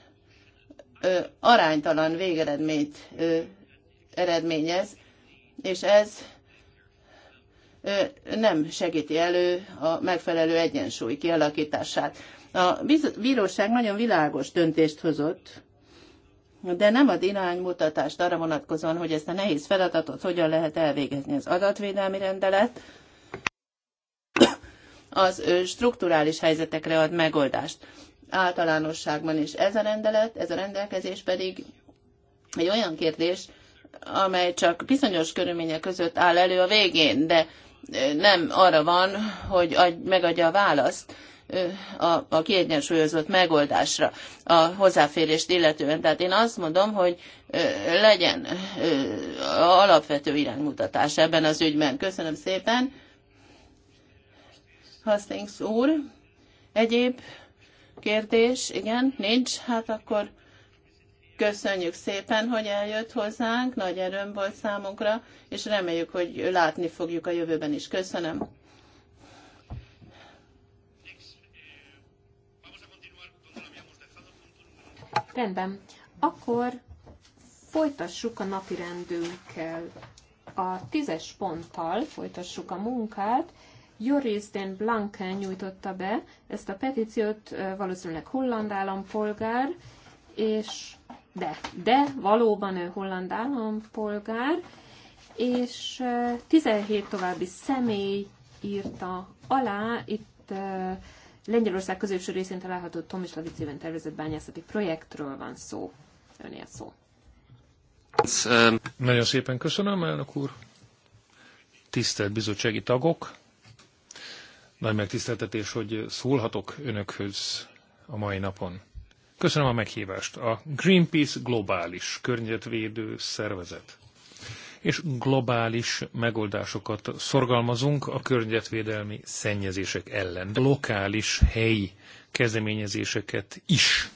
ö, aránytalan végeredményt ö, eredményez, és ez nem segíti elő a megfelelő egyensúly kialakítását. A bíróság nagyon világos döntést hozott, de nem ad iránymutatást arra vonatkozóan, hogy ezt a nehéz feladatot hogyan lehet elvégezni. Az adatvédelmi rendelet az strukturális helyzetekre ad megoldást általánosságban is. Ez a rendelet, ez a rendelkezés pedig egy olyan kérdés, amely csak bizonyos körülmények között áll elő a végén, de nem arra van, hogy megadja a választ, a, a kiegyensúlyozott megoldásra a hozzáférést illetően. Tehát én azt mondom, hogy legyen alapvető iránymutatás ebben az ügyben. Köszönöm szépen. Hastings úr, egyéb kérdés? Igen, nincs? Hát akkor Köszönjük szépen, hogy eljött hozzánk, nagy erőm volt számunkra, és reméljük, hogy látni fogjuk a jövőben is. Köszönöm. Rendben. Akkor folytassuk a napi rendünkkel. A tízes ponttal folytassuk a munkát. Joris den Blanken nyújtotta be ezt a petíciót, valószínűleg holland állampolgár, és de, de valóban ő holland állampolgár, és 17 további személy írta alá, itt Lengyelország középső részén található Tomislavicében tervezett bányászati projektről van szó. Önél szó. Nagyon szépen köszönöm, elnök úr. Tisztelt bizottsági tagok, nagy megtiszteltetés, hogy szólhatok önökhöz a mai napon. Köszönöm a meghívást. A Greenpeace globális környezetvédő szervezet. És globális megoldásokat szorgalmazunk a környezetvédelmi szennyezések ellen. Lokális, helyi kezdeményezéseket is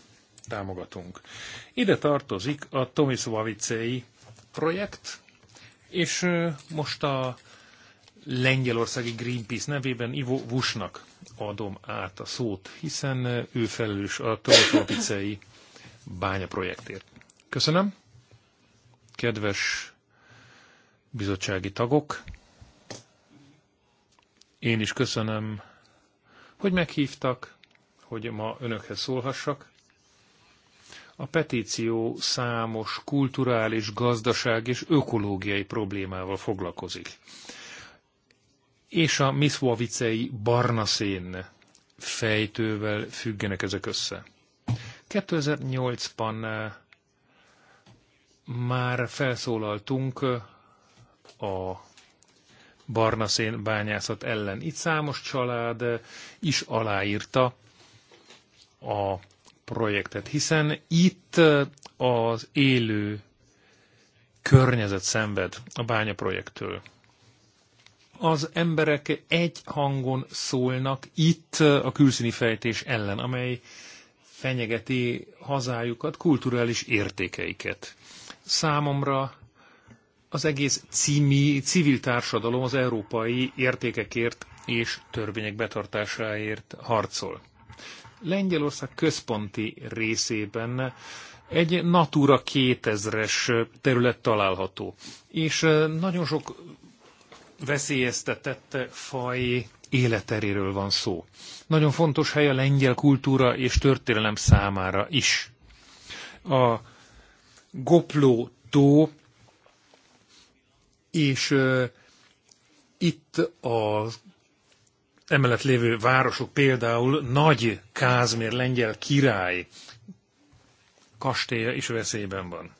támogatunk. Ide tartozik a Tomislavicei projekt, és most a lengyelországi Greenpeace nevében Ivo Vusnak adom át a szót, hiszen ő felelős a Tolopicei bánya projektért. Köszönöm. Kedves bizottsági tagok, én is köszönöm, hogy meghívtak, hogy ma önökhez szólhassak. A petíció számos kulturális, gazdaság és ökológiai problémával foglalkozik és a miszvovicei szén fejtővel függenek ezek össze. 2008-ban eh, már felszólaltunk eh, a szén bányászat ellen. Itt számos család eh, is aláírta a projektet, hiszen itt az élő környezet szenved a bányaprojektől az emberek egy hangon szólnak itt a külszíni fejtés ellen, amely fenyegeti hazájukat, kulturális értékeiket. Számomra az egész cimi, civil társadalom az európai értékekért és törvények betartásáért harcol. Lengyelország központi részében egy Natura 2000-es terület található, és nagyon sok veszélyeztetett faj életeréről van szó. Nagyon fontos hely a lengyel kultúra és történelem számára is. A Gopló tó, és uh, itt az emellett lévő városok például Nagy Kázmér lengyel király kastélya is veszélyben van.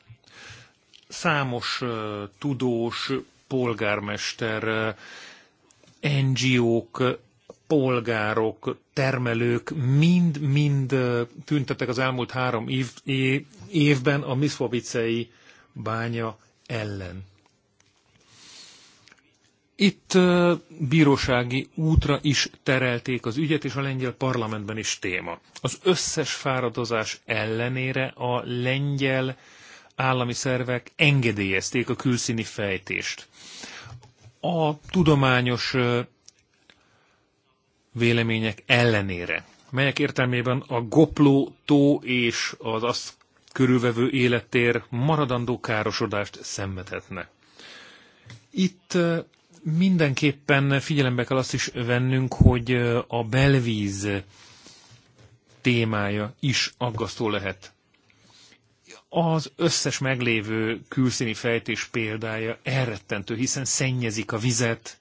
Számos uh, tudós polgármester, NGO-k, polgárok, termelők mind-mind tüntettek az elmúlt három év, évben a Miszfovicei bánya ellen. Itt bírósági útra is terelték az ügyet, és a lengyel parlamentben is téma. Az összes fáradozás ellenére a lengyel állami szervek engedélyezték a külszíni fejtést a tudományos vélemények ellenére, melyek értelmében a Gopló tó és az azt körülvevő élettér maradandó károsodást szenvedhetne. Itt mindenképpen figyelembe kell azt is vennünk, hogy a belvíz témája is aggasztó lehet. Az összes meglévő külszíni fejtés példája elrettentő, hiszen szennyezik a vizet,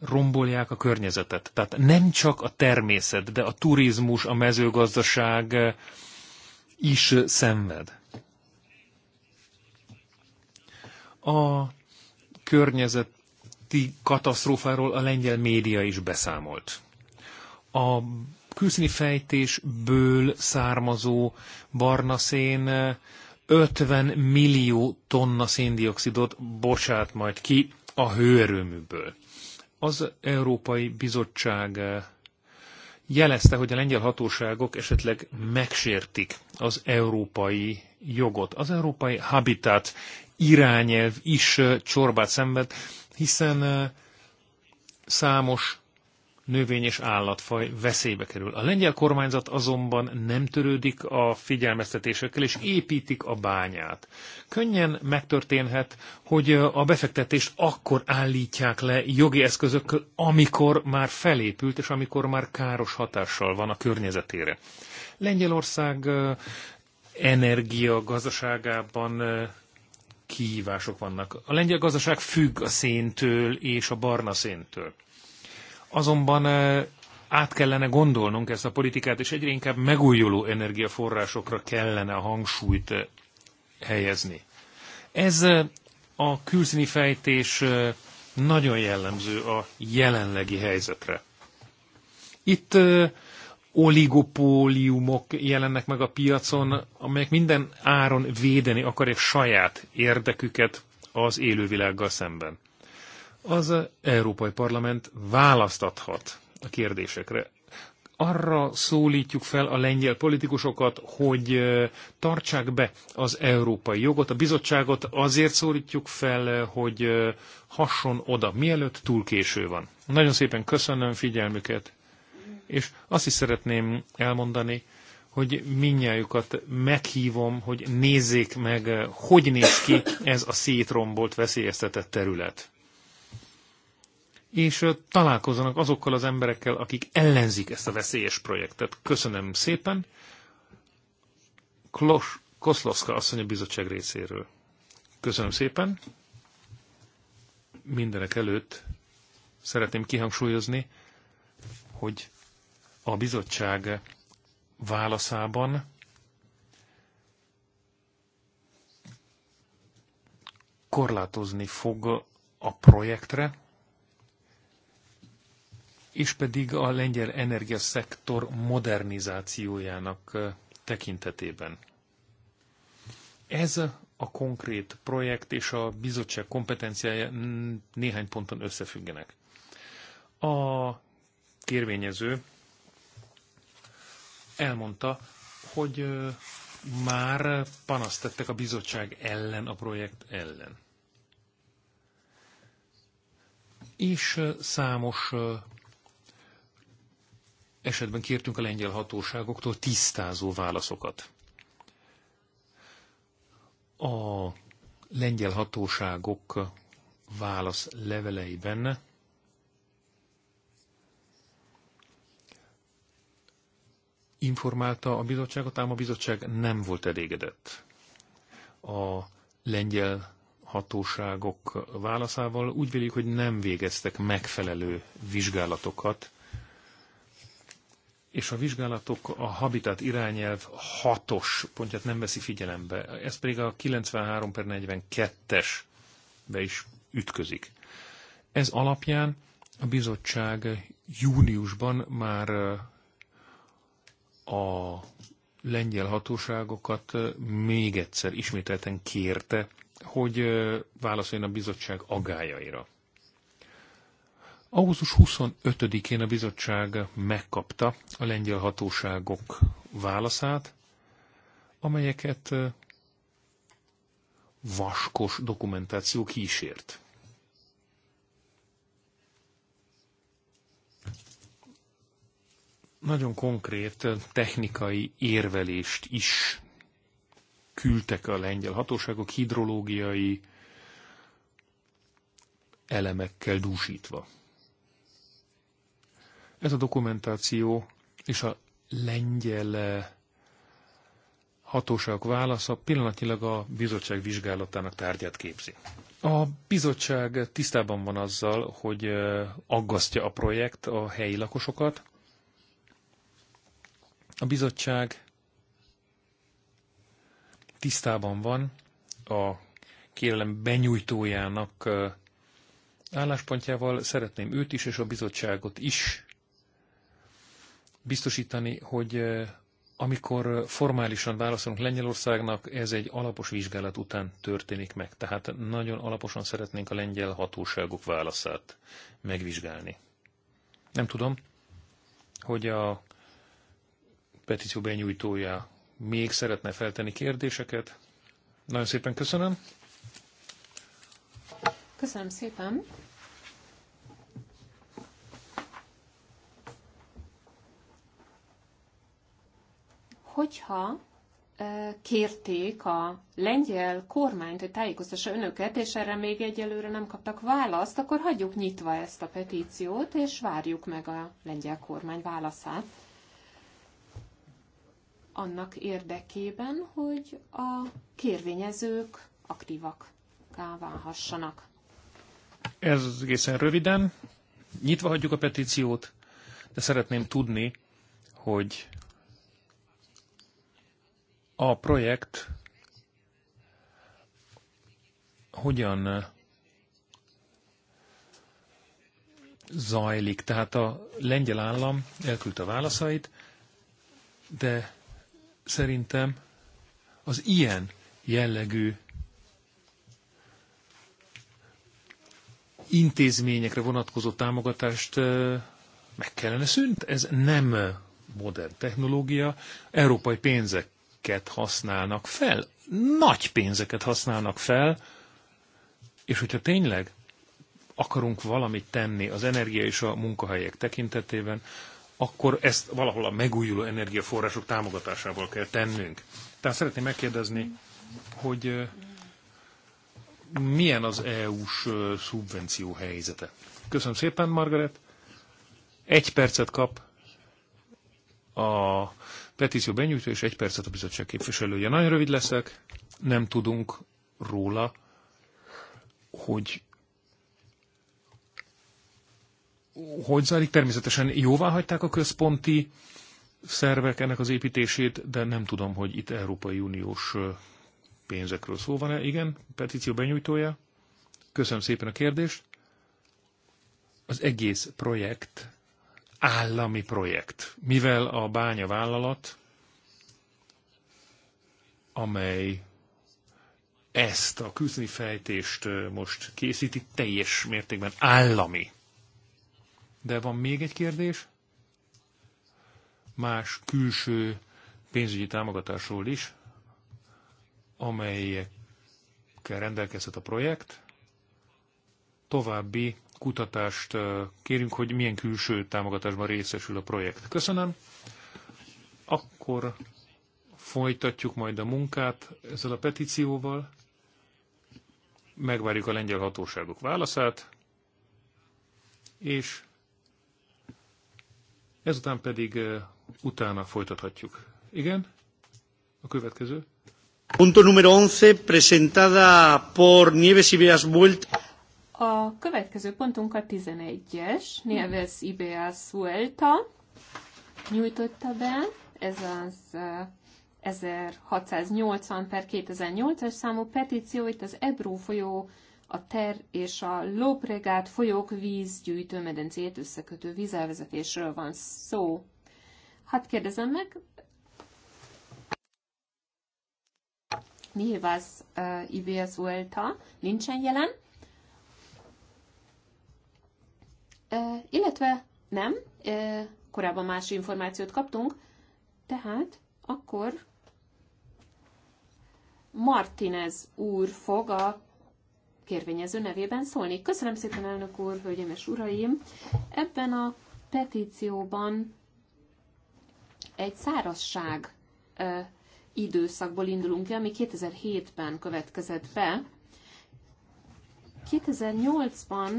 rombolják a környezetet. Tehát nem csak a természet, de a turizmus, a mezőgazdaság eh, is szenved. A környezeti katasztrófáról a lengyel média is beszámolt. A külszíni fejtésből származó szén eh, 50 millió tonna széndiokszidot bocsát majd ki a hőerőműből. Az Európai Bizottság eh, jelezte, hogy a lengyel hatóságok esetleg megsértik az európai jogot. Az európai habitat irányelv is eh, csorbát szenved, hiszen eh, számos növény és állatfaj veszélybe kerül. A lengyel kormányzat azonban nem törődik a figyelmeztetésekkel, és építik a bányát. Könnyen megtörténhet, hogy a befektetést akkor állítják le jogi eszközökkel, amikor már felépült, és amikor már káros hatással van a környezetére. Lengyelország energia gazdaságában kihívások vannak. A lengyel gazdaság függ a széntől és a barna széntől. Azonban eh, át kellene gondolnunk ezt a politikát, és egyre inkább megújuló energiaforrásokra kellene a hangsúlyt eh, helyezni. Ez eh, a külszíni fejtés nagyon jellemző a jelenlegi helyzetre. Itt oligopóliumok jelennek meg a piacon, amelyek minden áron védeni akarják saját érdeküket az élővilággal szemben. Az Európai Parlament választathat a kérdésekre. Arra szólítjuk fel a lengyel politikusokat, hogy tartsák be az európai jogot, a bizottságot azért szólítjuk fel, hogy hasson oda, mielőtt túl késő van. Nagyon szépen köszönöm figyelmüket, és azt is szeretném elmondani, hogy minnyájukat meghívom, hogy nézzék meg, hogy néz ki ez a szétrombolt, veszélyeztetett terület és találkozzanak azokkal az emberekkel, akik ellenzik ezt a veszélyes projektet. Köszönöm szépen. Klos, Koszloszka asszony a bizottság részéről. Köszönöm szépen. Mindenek előtt szeretném kihangsúlyozni, hogy a bizottság válaszában korlátozni fog a projektre, és pedig a lengyel energiaszektor modernizációjának tekintetében. Ez a konkrét projekt és a bizottság kompetenciája néhány ponton összefüggenek. A kérvényező elmondta, hogy már panaszt tettek a bizottság ellen, a projekt ellen. És számos esetben kértünk a lengyel hatóságoktól tisztázó válaszokat. A lengyel hatóságok válasz leveleiben informálta a bizottságot, ám a bizottság nem volt elégedett a lengyel hatóságok válaszával. Úgy vélik, hogy nem végeztek megfelelő vizsgálatokat és a vizsgálatok a Habitat irányelv hatos pontját nem veszi figyelembe. Ez pedig a 93 per 42-es be is ütközik. Ez alapján a bizottság júniusban már a lengyel hatóságokat még egyszer ismételten kérte, hogy válaszoljon a bizottság agájaira. Augusztus 25-én a bizottság megkapta a lengyel hatóságok válaszát, amelyeket vaskos dokumentáció kísért. Nagyon konkrét technikai érvelést is küldtek a lengyel hatóságok hidrológiai elemekkel dúsítva. Ez a dokumentáció és a lengyel eh, hatóság válasza pillanatilag a bizottság vizsgálatának tárgyát képzi. A bizottság tisztában van azzal, hogy eh, aggasztja a projekt a helyi lakosokat. A bizottság tisztában van a kérelem benyújtójának eh, álláspontjával. Szeretném őt is és a bizottságot is biztosítani, hogy amikor formálisan válaszolunk Lengyelországnak, ez egy alapos vizsgálat után történik meg. Tehát nagyon alaposan szeretnénk a lengyel hatóságok válaszát megvizsgálni. Nem tudom, hogy a petíció benyújtója még szeretne feltenni kérdéseket. Nagyon szépen köszönöm. Köszönöm szépen. hogyha kérték a lengyel kormányt, hogy tájékoztassa önöket, és erre még egyelőre nem kaptak választ, akkor hagyjuk nyitva ezt a petíciót, és várjuk meg a lengyel kormány válaszát. Annak érdekében, hogy a kérvényezők aktívak válhassanak. Ez egészen röviden. Nyitva hagyjuk a petíciót, de szeretném tudni, hogy a projekt hogyan eh, zajlik. Tehát a lengyel állam elküldte a válaszait, de szerintem az ilyen jellegű intézményekre vonatkozó támogatást eh, meg kellene szünt. Ez nem modern technológia, európai pénzek pénzeket használnak fel, nagy pénzeket használnak fel, és hogyha tényleg akarunk valamit tenni az energia és a munkahelyek tekintetében, akkor ezt valahol a megújuló energiaforrások támogatásával kell tennünk. Tehát szeretném megkérdezni, hogy milyen az EU-s szubvenció helyzete. Köszönöm szépen, Margaret. Egy percet kap a petíció benyújtó és egy percet a bizottság képviselője. Nagyon rövid leszek, nem tudunk róla, hogy hogy zajlik. Természetesen jóvá hagyták a központi szervek ennek az építését, de nem tudom, hogy itt Európai Uniós pénzekről szó van-e. Igen, petíció benyújtója. Köszönöm szépen a kérdést. Az egész projekt állami projekt, mivel a bányavállalat, amely ezt a küzni fejtést most készíti, teljes mértékben állami. De van még egy kérdés? Más külső pénzügyi támogatásról is, amelyekkel rendelkezhet a projekt, további kutatást kérünk, hogy milyen külső támogatásban részesül a projekt. Köszönöm. Akkor folytatjuk majd a munkát ezzel a petícióval. Megvárjuk a lengyel hatóságok válaszát, és ezután pedig utána folytathatjuk. Igen? A következő. Punto número 11, presentada por Nieves Ibeas Vuelta. A következő pontunk a 11-es, Nieves Ibea Suelta nyújtotta be, ez az 1680 eh, per 2008-as számú petíció, itt az Ebró folyó, a Ter és a Lópregát folyók vízgyűjtő medencét összekötő vízelvezetésről van szó. Hát kérdezem meg, Nieves uh, eh, IBS nincsen jelen, illetve nem, korábban más információt kaptunk, tehát akkor Martinez úr fog a kérvényező nevében szólni. Köszönöm szépen, elnök úr, hölgyeim és uraim! Ebben a petícióban egy szárazság e, időszakból indulunk ki, ami 2007-ben következett be. 2008-ban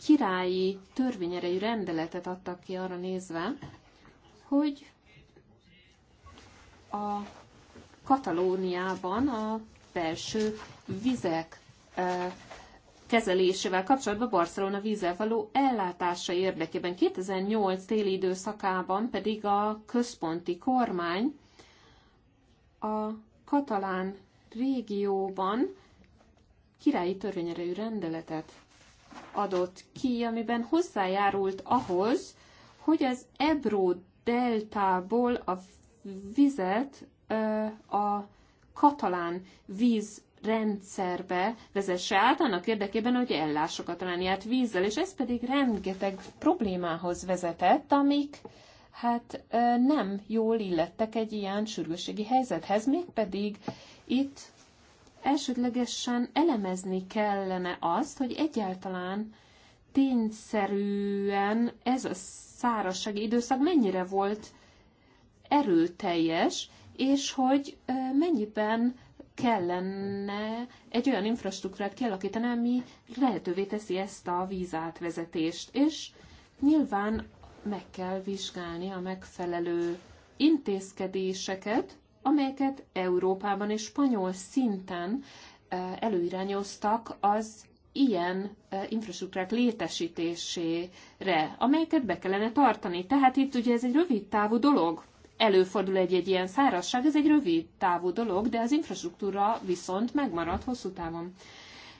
királyi törvényerei rendeletet adtak ki arra nézve, hogy a Katalóniában a belső vizek kezelésével kapcsolatban Barcelona vízzel való ellátása érdekében. 2008 téli időszakában pedig a központi kormány a katalán régióban királyi törvényerejű rendeletet adott ki, amiben hozzájárult ahhoz, hogy az Ebro deltából a vizet a katalán vízrendszerbe vezesse át, annak érdekében, hogy ellássa Katalániát vízzel, és ez pedig rengeteg problémához vezetett, amik hát nem jól illettek egy ilyen sürgőségi helyzethez, mégpedig itt elsődlegesen elemezni kellene azt, hogy egyáltalán tényszerűen ez a szárazsági időszak mennyire volt erőteljes, és hogy mennyiben kellene egy olyan infrastruktúrát kialakítani, ami lehetővé teszi ezt a vízátvezetést. És nyilván meg kell vizsgálni a megfelelő intézkedéseket, amelyeket Európában és spanyol szinten előirányoztak az ilyen infrastruktúrák létesítésére, amelyeket be kellene tartani. Tehát itt ugye ez egy rövid távú dolog. Előfordul egy-egy ilyen szárazság, ez egy rövid távú dolog, de az infrastruktúra viszont megmarad hosszú távon.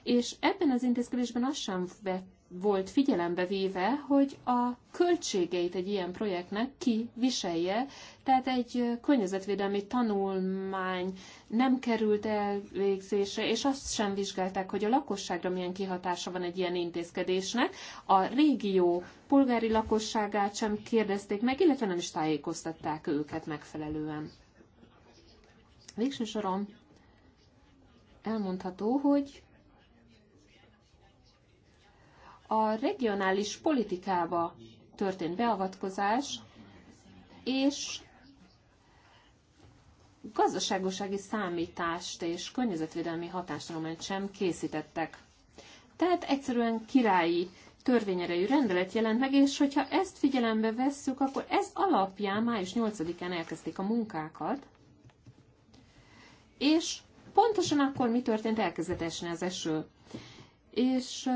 És ebben az intézkedésben azt sem vett volt figyelembe véve, hogy a költségeit egy ilyen projektnek ki viselje, tehát egy környezetvédelmi tanulmány nem került elvégzése, és azt sem vizsgálták, hogy a lakosságra milyen kihatása van egy ilyen intézkedésnek. A régió polgári lakosságát sem kérdezték meg, illetve nem is tájékoztatták őket megfelelően. Végső soron elmondható, hogy a regionális politikába történt beavatkozás, és gazdaságosági számítást és környezetvédelmi hatástanulmányt sem készítettek. Tehát egyszerűen királyi törvényerejű rendelet jelent meg, és hogyha ezt figyelembe vesszük, akkor ez alapján május 8-án elkezdték a munkákat, és pontosan akkor mi történt, elkezdett esni az eső. És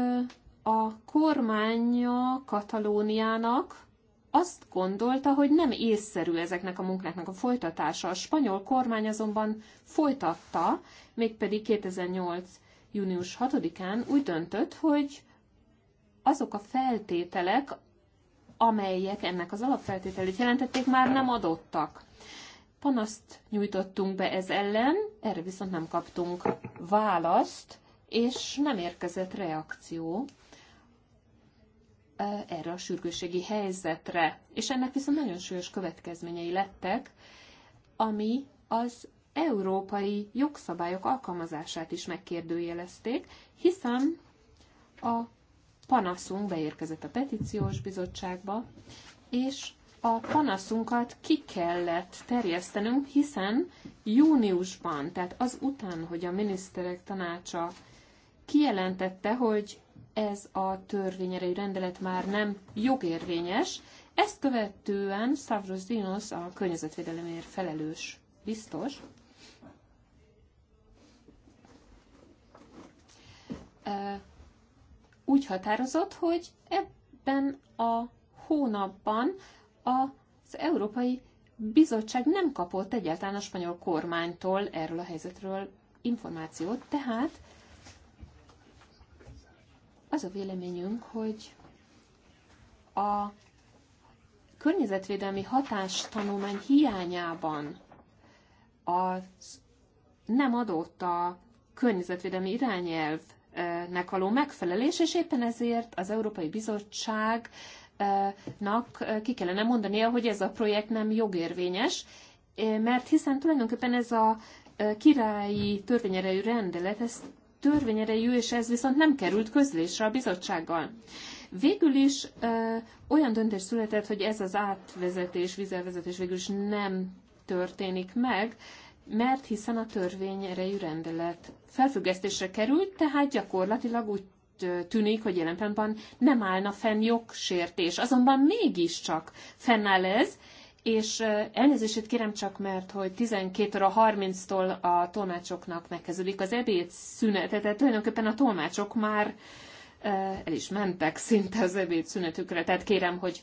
a kormánya Katalóniának azt gondolta, hogy nem észszerű ezeknek a munkáknak a folytatása. A spanyol kormány azonban folytatta, mégpedig 2008. június 6-án úgy döntött, hogy azok a feltételek, amelyek ennek az alapfeltételét jelentették, már nem adottak. Panaszt nyújtottunk be ez ellen, erre viszont nem kaptunk választ, és nem érkezett reakció erre a sürgősségi helyzetre. És ennek viszont nagyon súlyos következményei lettek, ami az európai jogszabályok alkalmazását is megkérdőjelezték, hiszen a panaszunk beérkezett a petíciós bizottságba, és a panaszunkat ki kellett terjesztenünk, hiszen júniusban, tehát az után, hogy a miniszterek tanácsa kijelentette, hogy ez a törvényerei rendelet már nem jogérvényes, ezt követően Stavros Dinos a környezetvédelemért felelős biztos, úgy határozott, hogy ebben a hónapban az Európai Bizottság nem kapott egyáltalán a spanyol kormánytól erről a helyzetről információt, tehát az a véleményünk, hogy a környezetvédelmi hatástanulmány hiányában az nem adott a környezetvédelmi irányelvnek való megfelelés, és éppen ezért az Európai Bizottságnak eh, ki kellene mondania, hogy ez a projekt nem jogérvényes, eh, mert hiszen tulajdonképpen ez a eh, királyi törvényerejű rendelet ezt törvényerejű, és ez viszont nem került közlésre a bizottsággal. Végül is ö, olyan döntés született, hogy ez az átvezetés, vizelvezetés végül is nem történik meg, mert hiszen a törvény erejű rendelet felfüggesztésre került, tehát gyakorlatilag úgy tűnik, hogy jelen pillanatban nem állna fenn jogsértés. Azonban mégiscsak fennáll ez, és elnézését kérem csak, mert hogy 12 óra 30-tól a tolmácsoknak megkezdődik az ebéd szünete, tehát tulajdonképpen a tolmácsok már el is mentek szinte az ebéd szünetükre, tehát kérem, hogy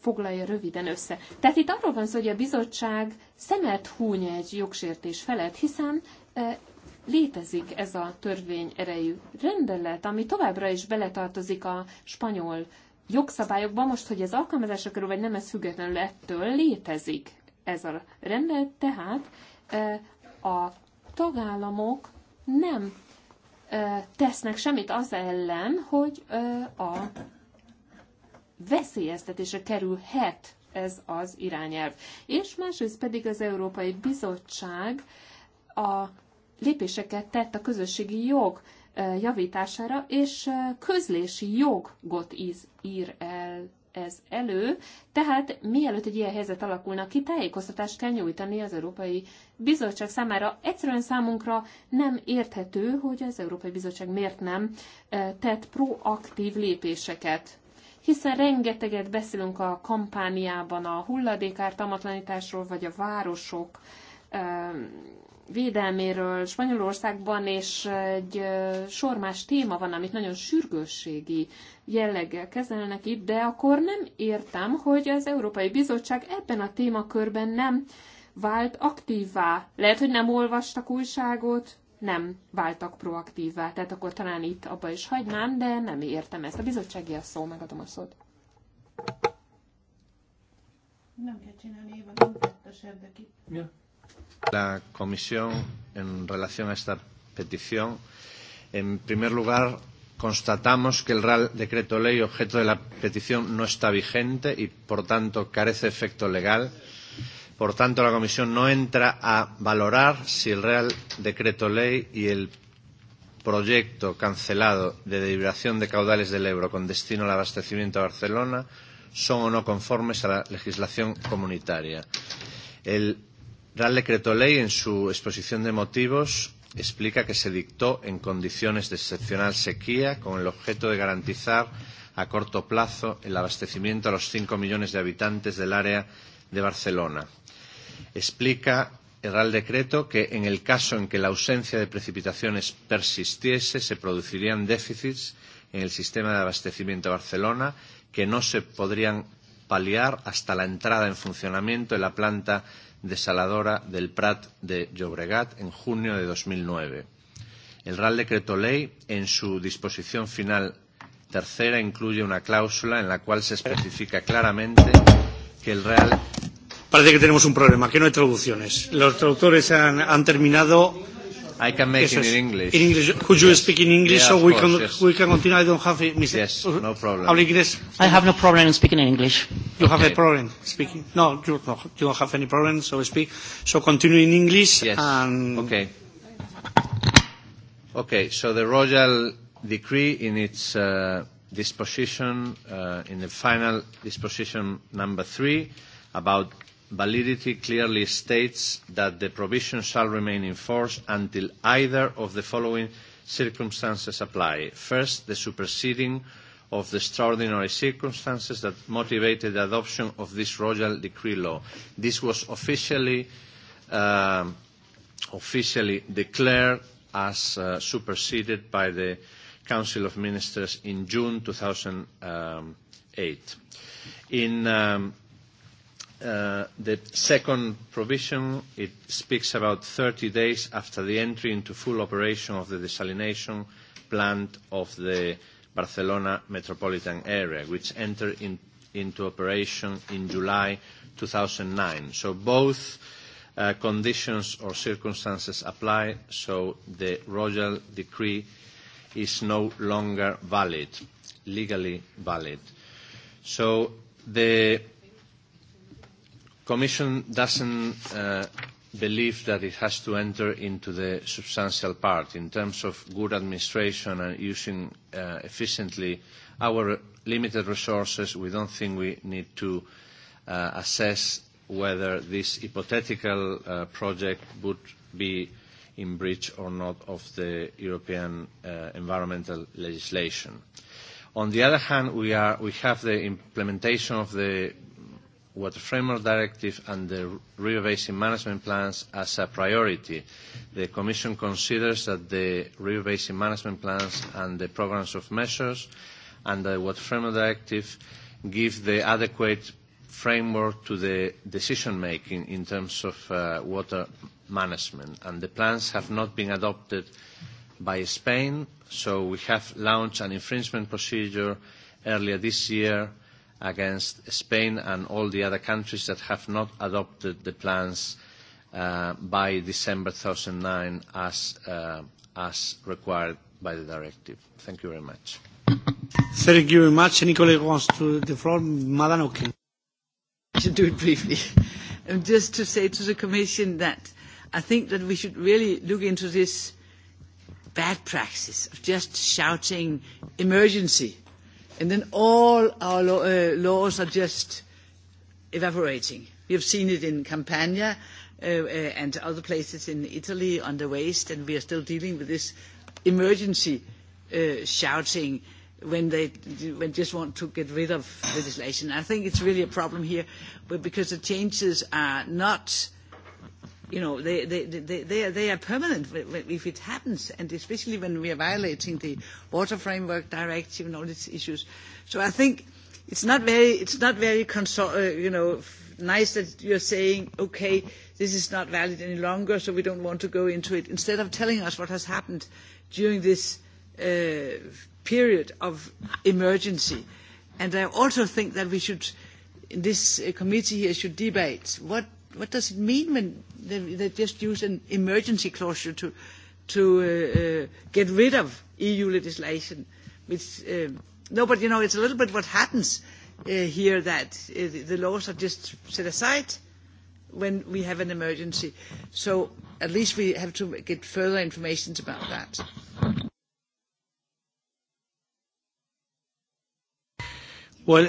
foglalja röviden össze. Tehát itt arról van szó, hogy a bizottság szemet húny egy jogsértés felett, hiszen létezik ez a törvény erejű rendelet, ami továbbra is beletartozik a spanyol jogszabályokban most, hogy ez alkalmazásra kerül, vagy nem, ez függetlenül ettől létezik ez a rendelet, tehát a tagállamok nem tesznek semmit az ellen, hogy a veszélyeztetésre kerülhet ez az irányelv. És másrészt pedig az Európai Bizottság a lépéseket tett a közösségi jog javítására, és közlési jogot íz, ír el ez elő, tehát mielőtt egy ilyen helyzet alakulna ki, tájékoztatást kell nyújtani az Európai Bizottság számára. Egyszerűen számunkra nem érthető, hogy az Európai Bizottság miért nem tett proaktív lépéseket hiszen rengeteget beszélünk a kampániában a hulladékártalmatlanításról, vagy a városok védelméről Spanyolországban, és egy sor más téma van, amit nagyon sürgősségi jelleggel kezelnek itt, de akkor nem értem, hogy az Európai Bizottság ebben a témakörben nem vált aktívvá. Lehet, hogy nem olvastak újságot, nem váltak proaktívvá. Tehát akkor talán itt abba is hagynám, de nem értem ezt. A bizottsági a szó, megadom a szót. Nem kell csinálni, Éva, nem tettes érdekét. Ja la Comisión en relación a esta petición. En primer lugar, constatamos que el Real Decreto Ley objeto de la petición no está vigente y, por tanto, carece de efecto legal. Por tanto, la Comisión no entra a valorar si el Real Decreto Ley y el proyecto cancelado de deliberación de caudales del Ebro con destino al abastecimiento de Barcelona son o no conformes a la legislación comunitaria. El Real Decreto Ley, en su exposición de motivos, explica que se dictó en condiciones de excepcional sequía con el objeto de garantizar a corto plazo el abastecimiento a los 5 millones de habitantes del área de Barcelona. Explica el Real Decreto que en el caso en que la ausencia de precipitaciones persistiese, se producirían déficits en el sistema de abastecimiento de Barcelona que no se podrían paliar hasta la entrada en funcionamiento de la planta desaladora del Prat de Llobregat en junio de 2009. El Real Decreto Ley, en su disposición final tercera, incluye una cláusula en la cual se especifica claramente que el Real. Parece que tenemos un problema, que no hay traducciones. Los traductores han, han terminado I can make yes, it in English. In English. Could you yes. speak in English yeah, so we course, can yes. we can continue? I don't have it. Mr. Yes, no problem. Habla I have no problem in speaking in English. You okay. have a problem speaking? No, you, don't. you don't have any problem. So speak. So continue in English. Yes. And okay. Okay. So the royal decree in its uh, disposition, uh, in the final disposition number three, about validity clearly states that the provision shall remain in force until either of the following circumstances apply. First, the superseding of the extraordinary circumstances that motivated the adoption of this royal decree law. This was officially, uh, officially declared as uh, superseded by the Council of Ministers in June 2008. Um, in um, Uh, the second provision, it speaks about 30 days after the entry into full operation of the desalination plant of the Barcelona metropolitan area, which entered in, into operation in July 2009. So both uh, conditions or circumstances apply, so the royal decree is no longer valid, legally valid. So the Commission doesn't uh, believe that it has to enter into the substantial part in terms of good administration and using uh, efficiently our limited resources. We don't think we need to uh, assess whether this hypothetical uh, project would be in breach or not of the European uh, environmental legislation. On the other hand, we, are, we have the implementation of the Water Framework Directive and the river basin management plans as a priority. The Commission considers that the river basin management plans and the programs of measures under the Water Framework Directive give the adequate framework to the decision-making in terms of uh, water management. And the plans have not been adopted by Spain, so we have launched an infringement procedure earlier this year against Spain and all the other countries that have not adopted the plans uh, by December 2009 as, uh, as required by the directive. Thank you very much. Thank you very much. Nicola wants to the floor. Madam O'Kane. I should do it briefly. Just to say to the Commission that I think that we should really look into this bad practice of just shouting emergency And then all our lo- uh, laws are just evaporating. We have seen it in Campania uh, uh, and other places in Italy under waste, and we are still dealing with this emergency uh, shouting when they when just want to get rid of legislation. I think it's really a problem here because the changes are not you know, they, they, they, they, they are permanent if it happens, and especially when we are violating the Water Framework Directive and all these issues. So I think it's not very, it's not very console, uh, you know, f- nice that you're saying, okay, this is not valid any longer, so we don't want to go into it, instead of telling us what has happened during this uh, period of emergency. And I also think that we should, in this uh, committee here, should debate what what does it mean when they, they just use an emergency clause to, to uh, uh, get rid of EU legislation? Which, uh, no, but you know, it's a little bit what happens uh, here that uh, the laws are just set aside when we have an emergency. So at least we have to get further information about that. Well,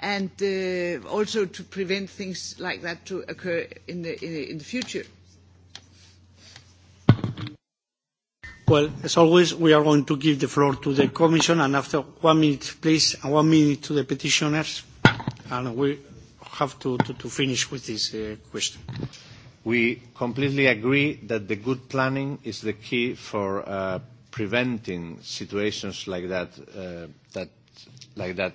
and uh, also to prevent things like that to occur in the, in the, in the future. Well, as always, we are going to give the floor to the Commission, and after one minute, please, and one minute to the petitioners, and we have to, to, to finish with this uh, question. We completely agree that the good planning is the key for uh, preventing situations like that, uh, that, like that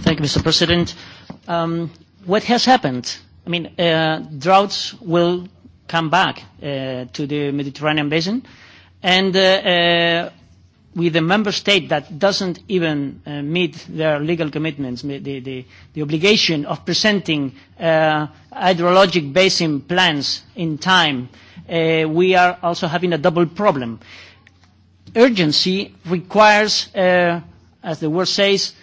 Thank you, Mr. President. Um, what has happened? I mean, uh, droughts will come back uh, to the Mediterranean basin, and uh, uh, with a member state that doesn't even uh, meet their legal commitments, the, the, the obligation of presenting uh, hydrologic basin plans in time, uh, we are also having a double problem. Urgency requires, uh, as the word says, uh,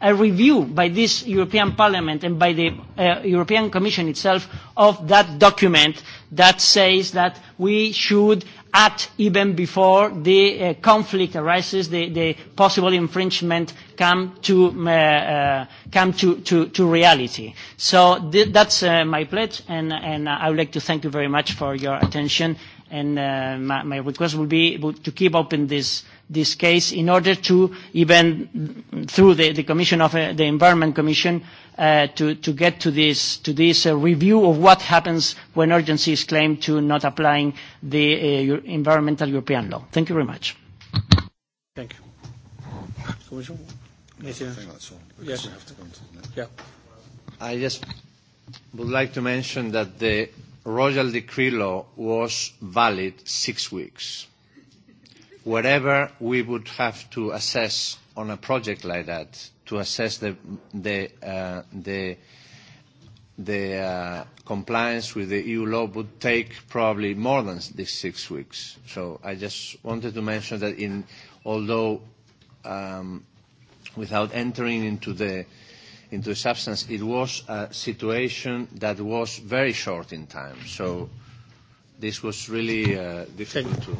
a review by this European Parliament and by the uh, European Commission itself of that document that says that we should act even before the uh, conflict arises, the, the possible infringement come to uh, uh, come to, to, to reality. So th- that's uh, my pledge, and, and I would like to thank you very much for your attention. And uh, my, my request will be to keep open this this case in order to even through the, the commission of uh, the environment commission uh, to, to get to this, to this uh, review of what happens when urgency is claimed to not applying the uh, environmental european law. thank you very much. thank you. I just would like to mention that the Royal Decree Law was valid six weeks Whatever we would have to assess on a project like that, to assess the, the, uh, the, the uh, compliance with the EU law would take probably more than these six weeks. So I just wanted to mention that in, although um, without entering into the into substance, it was a situation that was very short in time. So this was really uh, difficult to...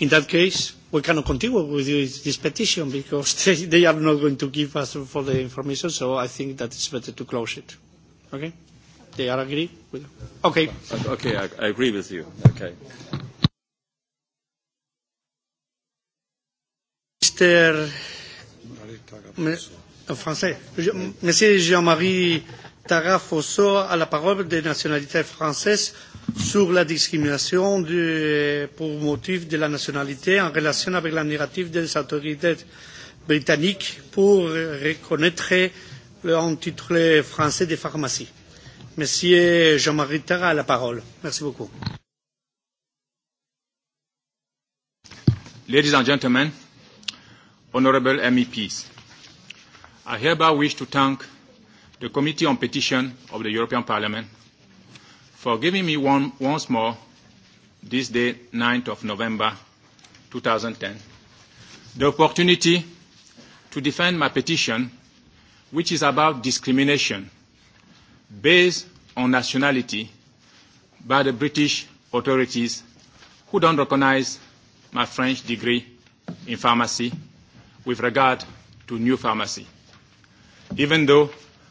In that case, we cannot continue with this petition because they, they are not going to give us for the information, so I think that it's better to close it. Okay? They are agree with... Okay. Okay, I, I agree with you. Okay. Mr. En français. Monsieur Jean-Marie... Tara Fosso a la parole des nationalités françaises sur la discrimination de, pour motif de la nationalité en relation avec la négative des autorités britanniques pour reconnaître l'intitulé français des pharmacies. Monsieur Jean-Marie Tara a la parole. Merci beaucoup. Ladies and gentlemen, honorable MEPs, I hereby wish to thank the Committee on Petition of the European Parliament for giving me one, once more this day, 9th of November 2010, the opportunity to defend my petition, which is about discrimination based on nationality by the British authorities who don't recognize my French degree in pharmacy with regard to new pharmacy, even though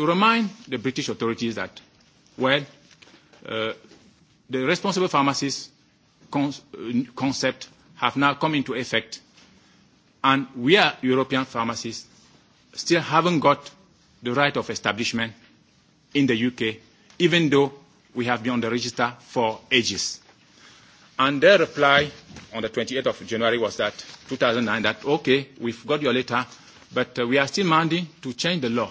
to remind the British authorities that, well, uh, the responsible pharmacies con- uh, concept have now come into effect, and we are European pharmacies still haven't got the right of establishment in the UK, even though we have been on the register for ages. And their reply on the 28th of January was that 2009, that okay, we've got your letter, but uh, we are still demanding to change the law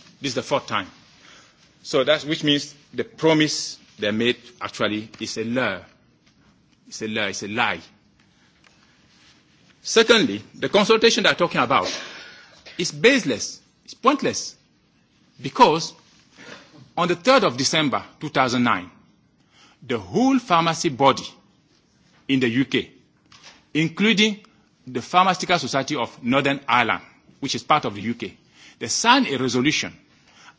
This is the fourth time. So that's which means the promise they made actually is a lie. It's a lie. It's a lie. Secondly, the consultation they're talking about is baseless. It's pointless. Because on the 3rd of December 2009, the whole pharmacy body in the UK, including the Pharmaceutical Society of Northern Ireland, which is part of the UK, they signed a resolution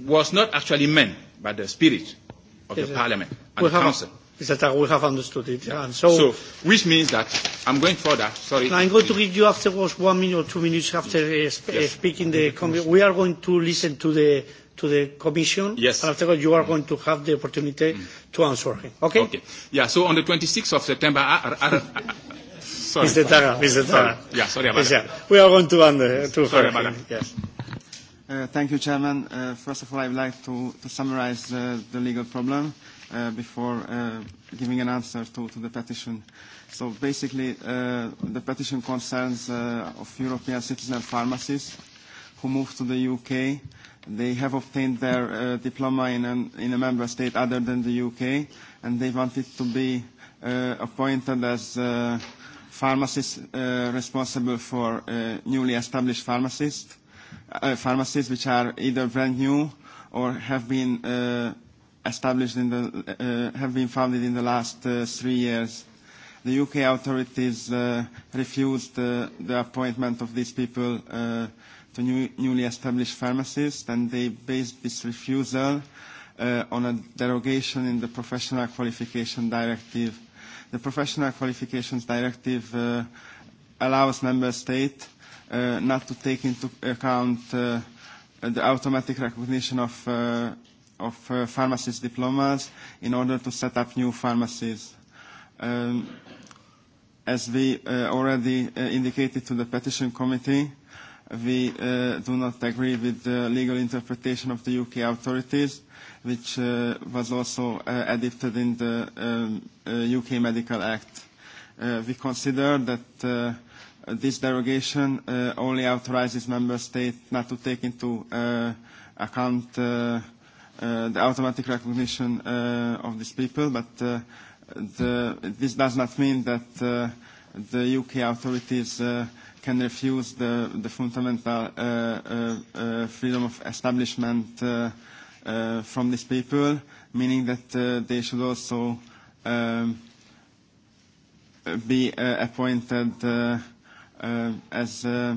was not actually meant by the spirit of yes, the Parliament and the have, Council. That we have understood it. Yeah. And so, so, which means that I'm going further. Sorry. I'm going to give you afterwards one minute or two minutes after uh, sp uh, yes. speaking. The com- we are going to listen to the to the Commission. Yes. And afterwards, you are mm. going to have the opportunity mm. to answer him. Okay. Okay. Yeah. So on the 26th of September. I, I, I, sorry. Mr. Tara, Mr. Tara. Sorry. Yeah, sorry about yes, that. Yeah. We are going to, under, uh, to sorry about him. that. Yes. Uh, thank you, Chairman. Uh, first of all, I would like to, to summarize uh, the legal problem uh, before uh, giving an answer to, to the petition. So basically, uh, the petition concerns uh, of European citizen pharmacists who moved to the UK. They have obtained their uh, diploma in, an, in a member state other than the UK, and they wanted to be uh, appointed as uh, pharmacists uh, responsible for uh, newly established pharmacists pharmacies which are either brand new or have been uh, established in the, uh, have been founded in the last uh, three years. The UK authorities uh, refused uh, the appointment of these people uh, to new, newly established pharmacies, and they based this refusal uh, on a derogation in the Professional Qualification Directive. The Professional Qualifications Directive uh, allows member states uh, not to take into account uh, the automatic recognition of, uh, of uh, pharmacist diplomas in order to set up new pharmacies. Um, as we uh, already uh, indicated to the petition committee, we uh, do not agree with the legal interpretation of the UK authorities, which uh, was also uh, adopted in the um, uh, UK Medical Act. Uh, we consider that uh, this derogation uh, only authorizes member states not to take into uh, account uh, uh, the automatic recognition uh, of these people, but uh, the, this does not mean that uh, the UK authorities uh, can refuse the, the fundamental uh, uh, uh, freedom of establishment uh, uh, from these people, meaning that uh, they should also um, be uh, appointed uh, uh, as uh,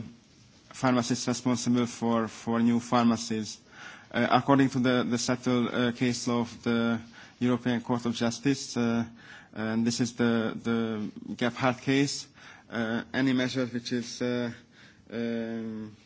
pharmacists responsible for, for new pharmacies. Uh, according to the, the settled uh, case law of the European Court of Justice, uh, and this is the, the Gephardt case, uh, any measure which is uh, um, uh,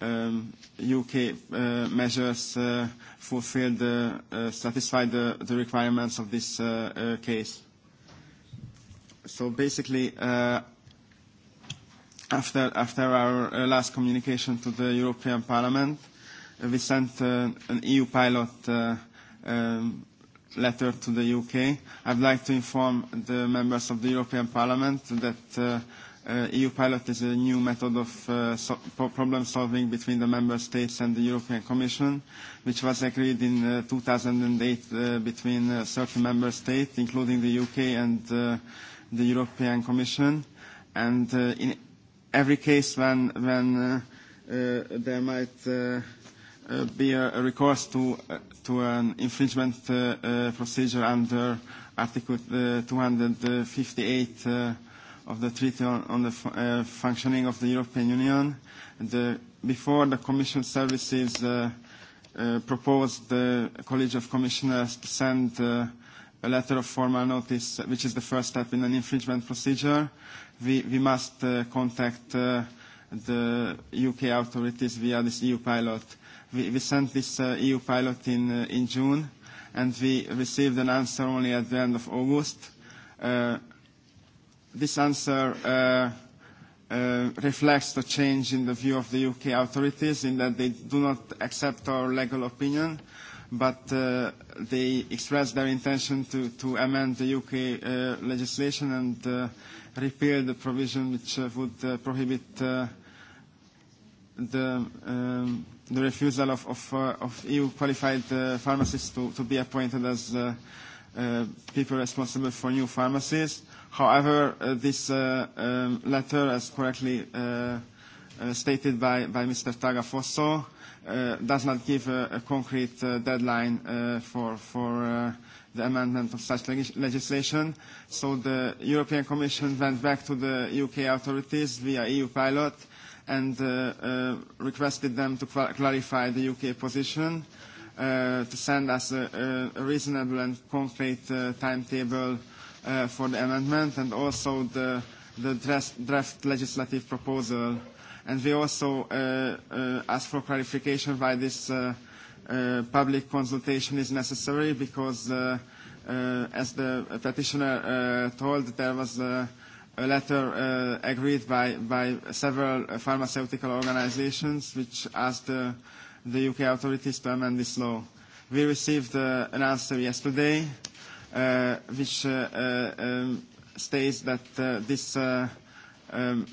UK um, uh, measures uh, fulfilled, uh, uh, satisfied the, the requirements of this uh, uh, case. So basically, uh, after, after our uh, last communication to the European Parliament, uh, we sent uh, an EU pilot uh, um, letter to the UK. I'd like to inform the members of the European Parliament that uh, uh, EU pilot is a new method of uh, so problem solving between the member states and the European Commission, which was agreed in uh, 2008 uh, between uh, 30 member states, including the UK and uh, the European Commission. And uh, in every case when, when uh, uh, there might uh, uh, be a, a recourse to, uh, to an infringement uh, uh, procedure under Article uh, 258 uh, of the Treaty on, on the uh, Functioning of the European Union. The, before the Commission services uh, uh, proposed the College of Commissioners to send uh, a letter of formal notice, which is the first step in an infringement procedure. We, we must uh, contact uh, the UK authorities via this EU pilot. We, we sent this uh, EU pilot in, uh, in June, and we received an answer only at the end of August. Uh, this answer uh, uh, reflects the change in the view of the UK authorities in that they do not accept our legal opinion, but uh, they express their intention to, to amend the UK uh, legislation and uh, repeal the provision which uh, would uh, prohibit uh, the, um, the refusal of, of, uh, of EU qualified uh, pharmacists to, to be appointed as uh, uh, people responsible for new pharmacies. Uh, However, uh, this uh, um, letter, as correctly uh, uh, stated by, by Mr. Tagafosso, uh, does not give a, a concrete uh, deadline uh, for, for uh, the amendment of such leg legislation. So the European Commission went back to the UK authorities via EU pilot and uh, uh, requested them to cl clarify the UK position, uh, to send us a, a, a reasonable and concrete uh, timetable uh, uh, for the amendment and also the, the draft, draft legislative proposal. And we also uh, uh, ask for clarification why this uh, uh, public consultation is necessary because uh, uh, as the petitioner uh, told, there was a letter uh, agreed by, by several pharmaceutical organizations which asked uh, the UK authorities to amend this law. We received uh, an answer yesterday uh, which uh, uh, um, states that uh, this uh, um,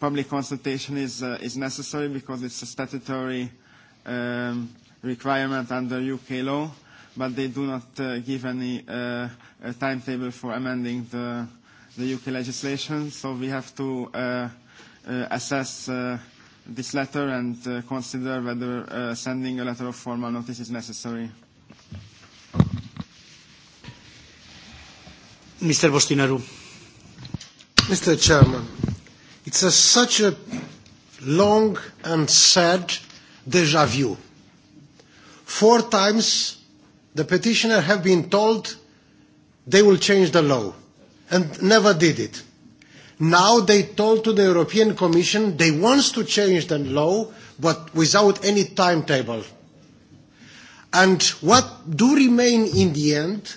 public consultation is, uh, is necessary because it's a statutory um, requirement under UK law, but they do not uh, give any uh, timetable for amending the, the UK legislation, so we have to uh, uh, assess uh, this letter and uh, consider whether uh, sending a letter of formal notice is necessary. Mr. Bostinaru. Mr. Chairman, it's a, such a long and sad deja vu. Four times the petitioner have been told they will change the law and never did it. Now they told to the European Commission they want to change the law but without any timetable. And what do remain in the end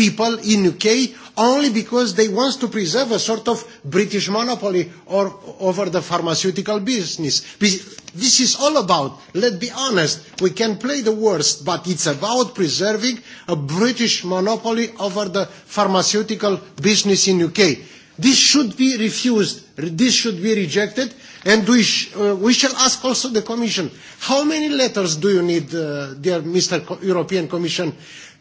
people in UK only because they want to preserve a sort of British monopoly or, over the pharmaceutical business. This is all about, let's be honest, we can play the worst, but it's about preserving a British monopoly over the pharmaceutical business in UK. This should be refused, this should be rejected, and we, sh uh, we shall ask also the Commission, how many letters do you need, uh, dear Mr. Co European Commission,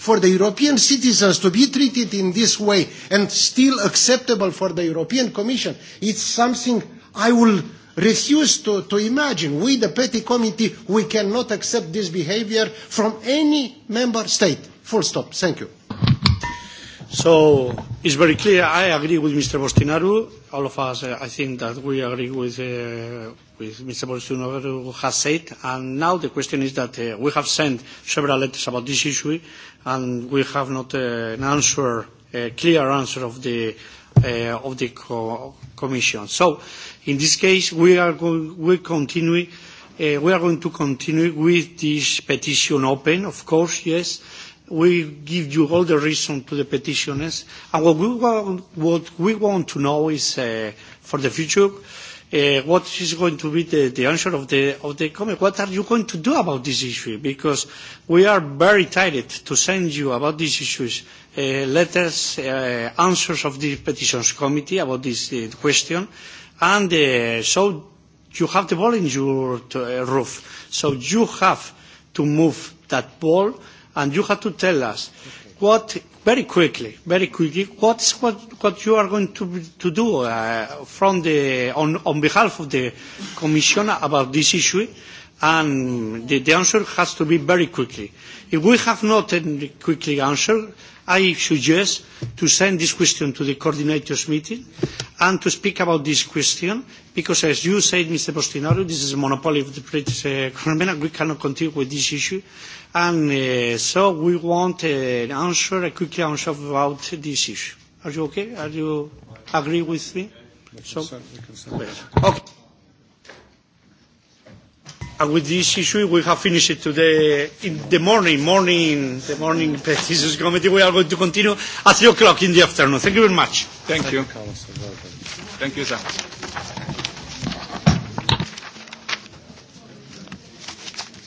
for the European citizens to be treated in this way and still acceptable for the European Commission, it's something I will refuse to, to imagine. We, the Petty Committee, we cannot accept this behavior from any member state. Full stop. Thank you. So it's very clear. I agree with Mr. Bostinaru. All of us, uh, I think that we agree with, uh, with Mr. Bostinaru has said. And now the question is that uh, we have sent several letters about this issue and we have not uh, an answer, a clear answer of the, uh, of the co Commission. So, in this case, we are going, we continue, uh, we are going to continue with this petition open, of course, yes. We give you all the reason to the petitioners. And what we want, what we want to know is, uh, for the future, uh, what is going to be the, the answer of the, of the comment? What are you going to do about this issue? Because we are very tired to send you about these issues uh, letters, uh, answers of the petitions committee about this uh, question. And uh, so you have the ball in your uh, roof. So you have to move that ball and you have to tell us okay. what very quickly, very quickly, what's what, what you are going to, to do uh, from the, on, on behalf of the Commission about this issue? And the, the answer has to be very quickly. If we have not a quickly answer, I suggest to send this question to the coordinators meeting and to speak about this question because as you said, Mr. Postinario, this is a monopoly of the British uh, government and we cannot continue with this issue And uh, so we want uh, an answer, a quick answer about this issue. Are you okay? Are you agree with me? So, okay. And with this issue, we have finished it today in the morning, morning, the morning petitions committee. We are going to continue at 3 o'clock in the afternoon. Thank you very much. Thank you. Thank you, sir.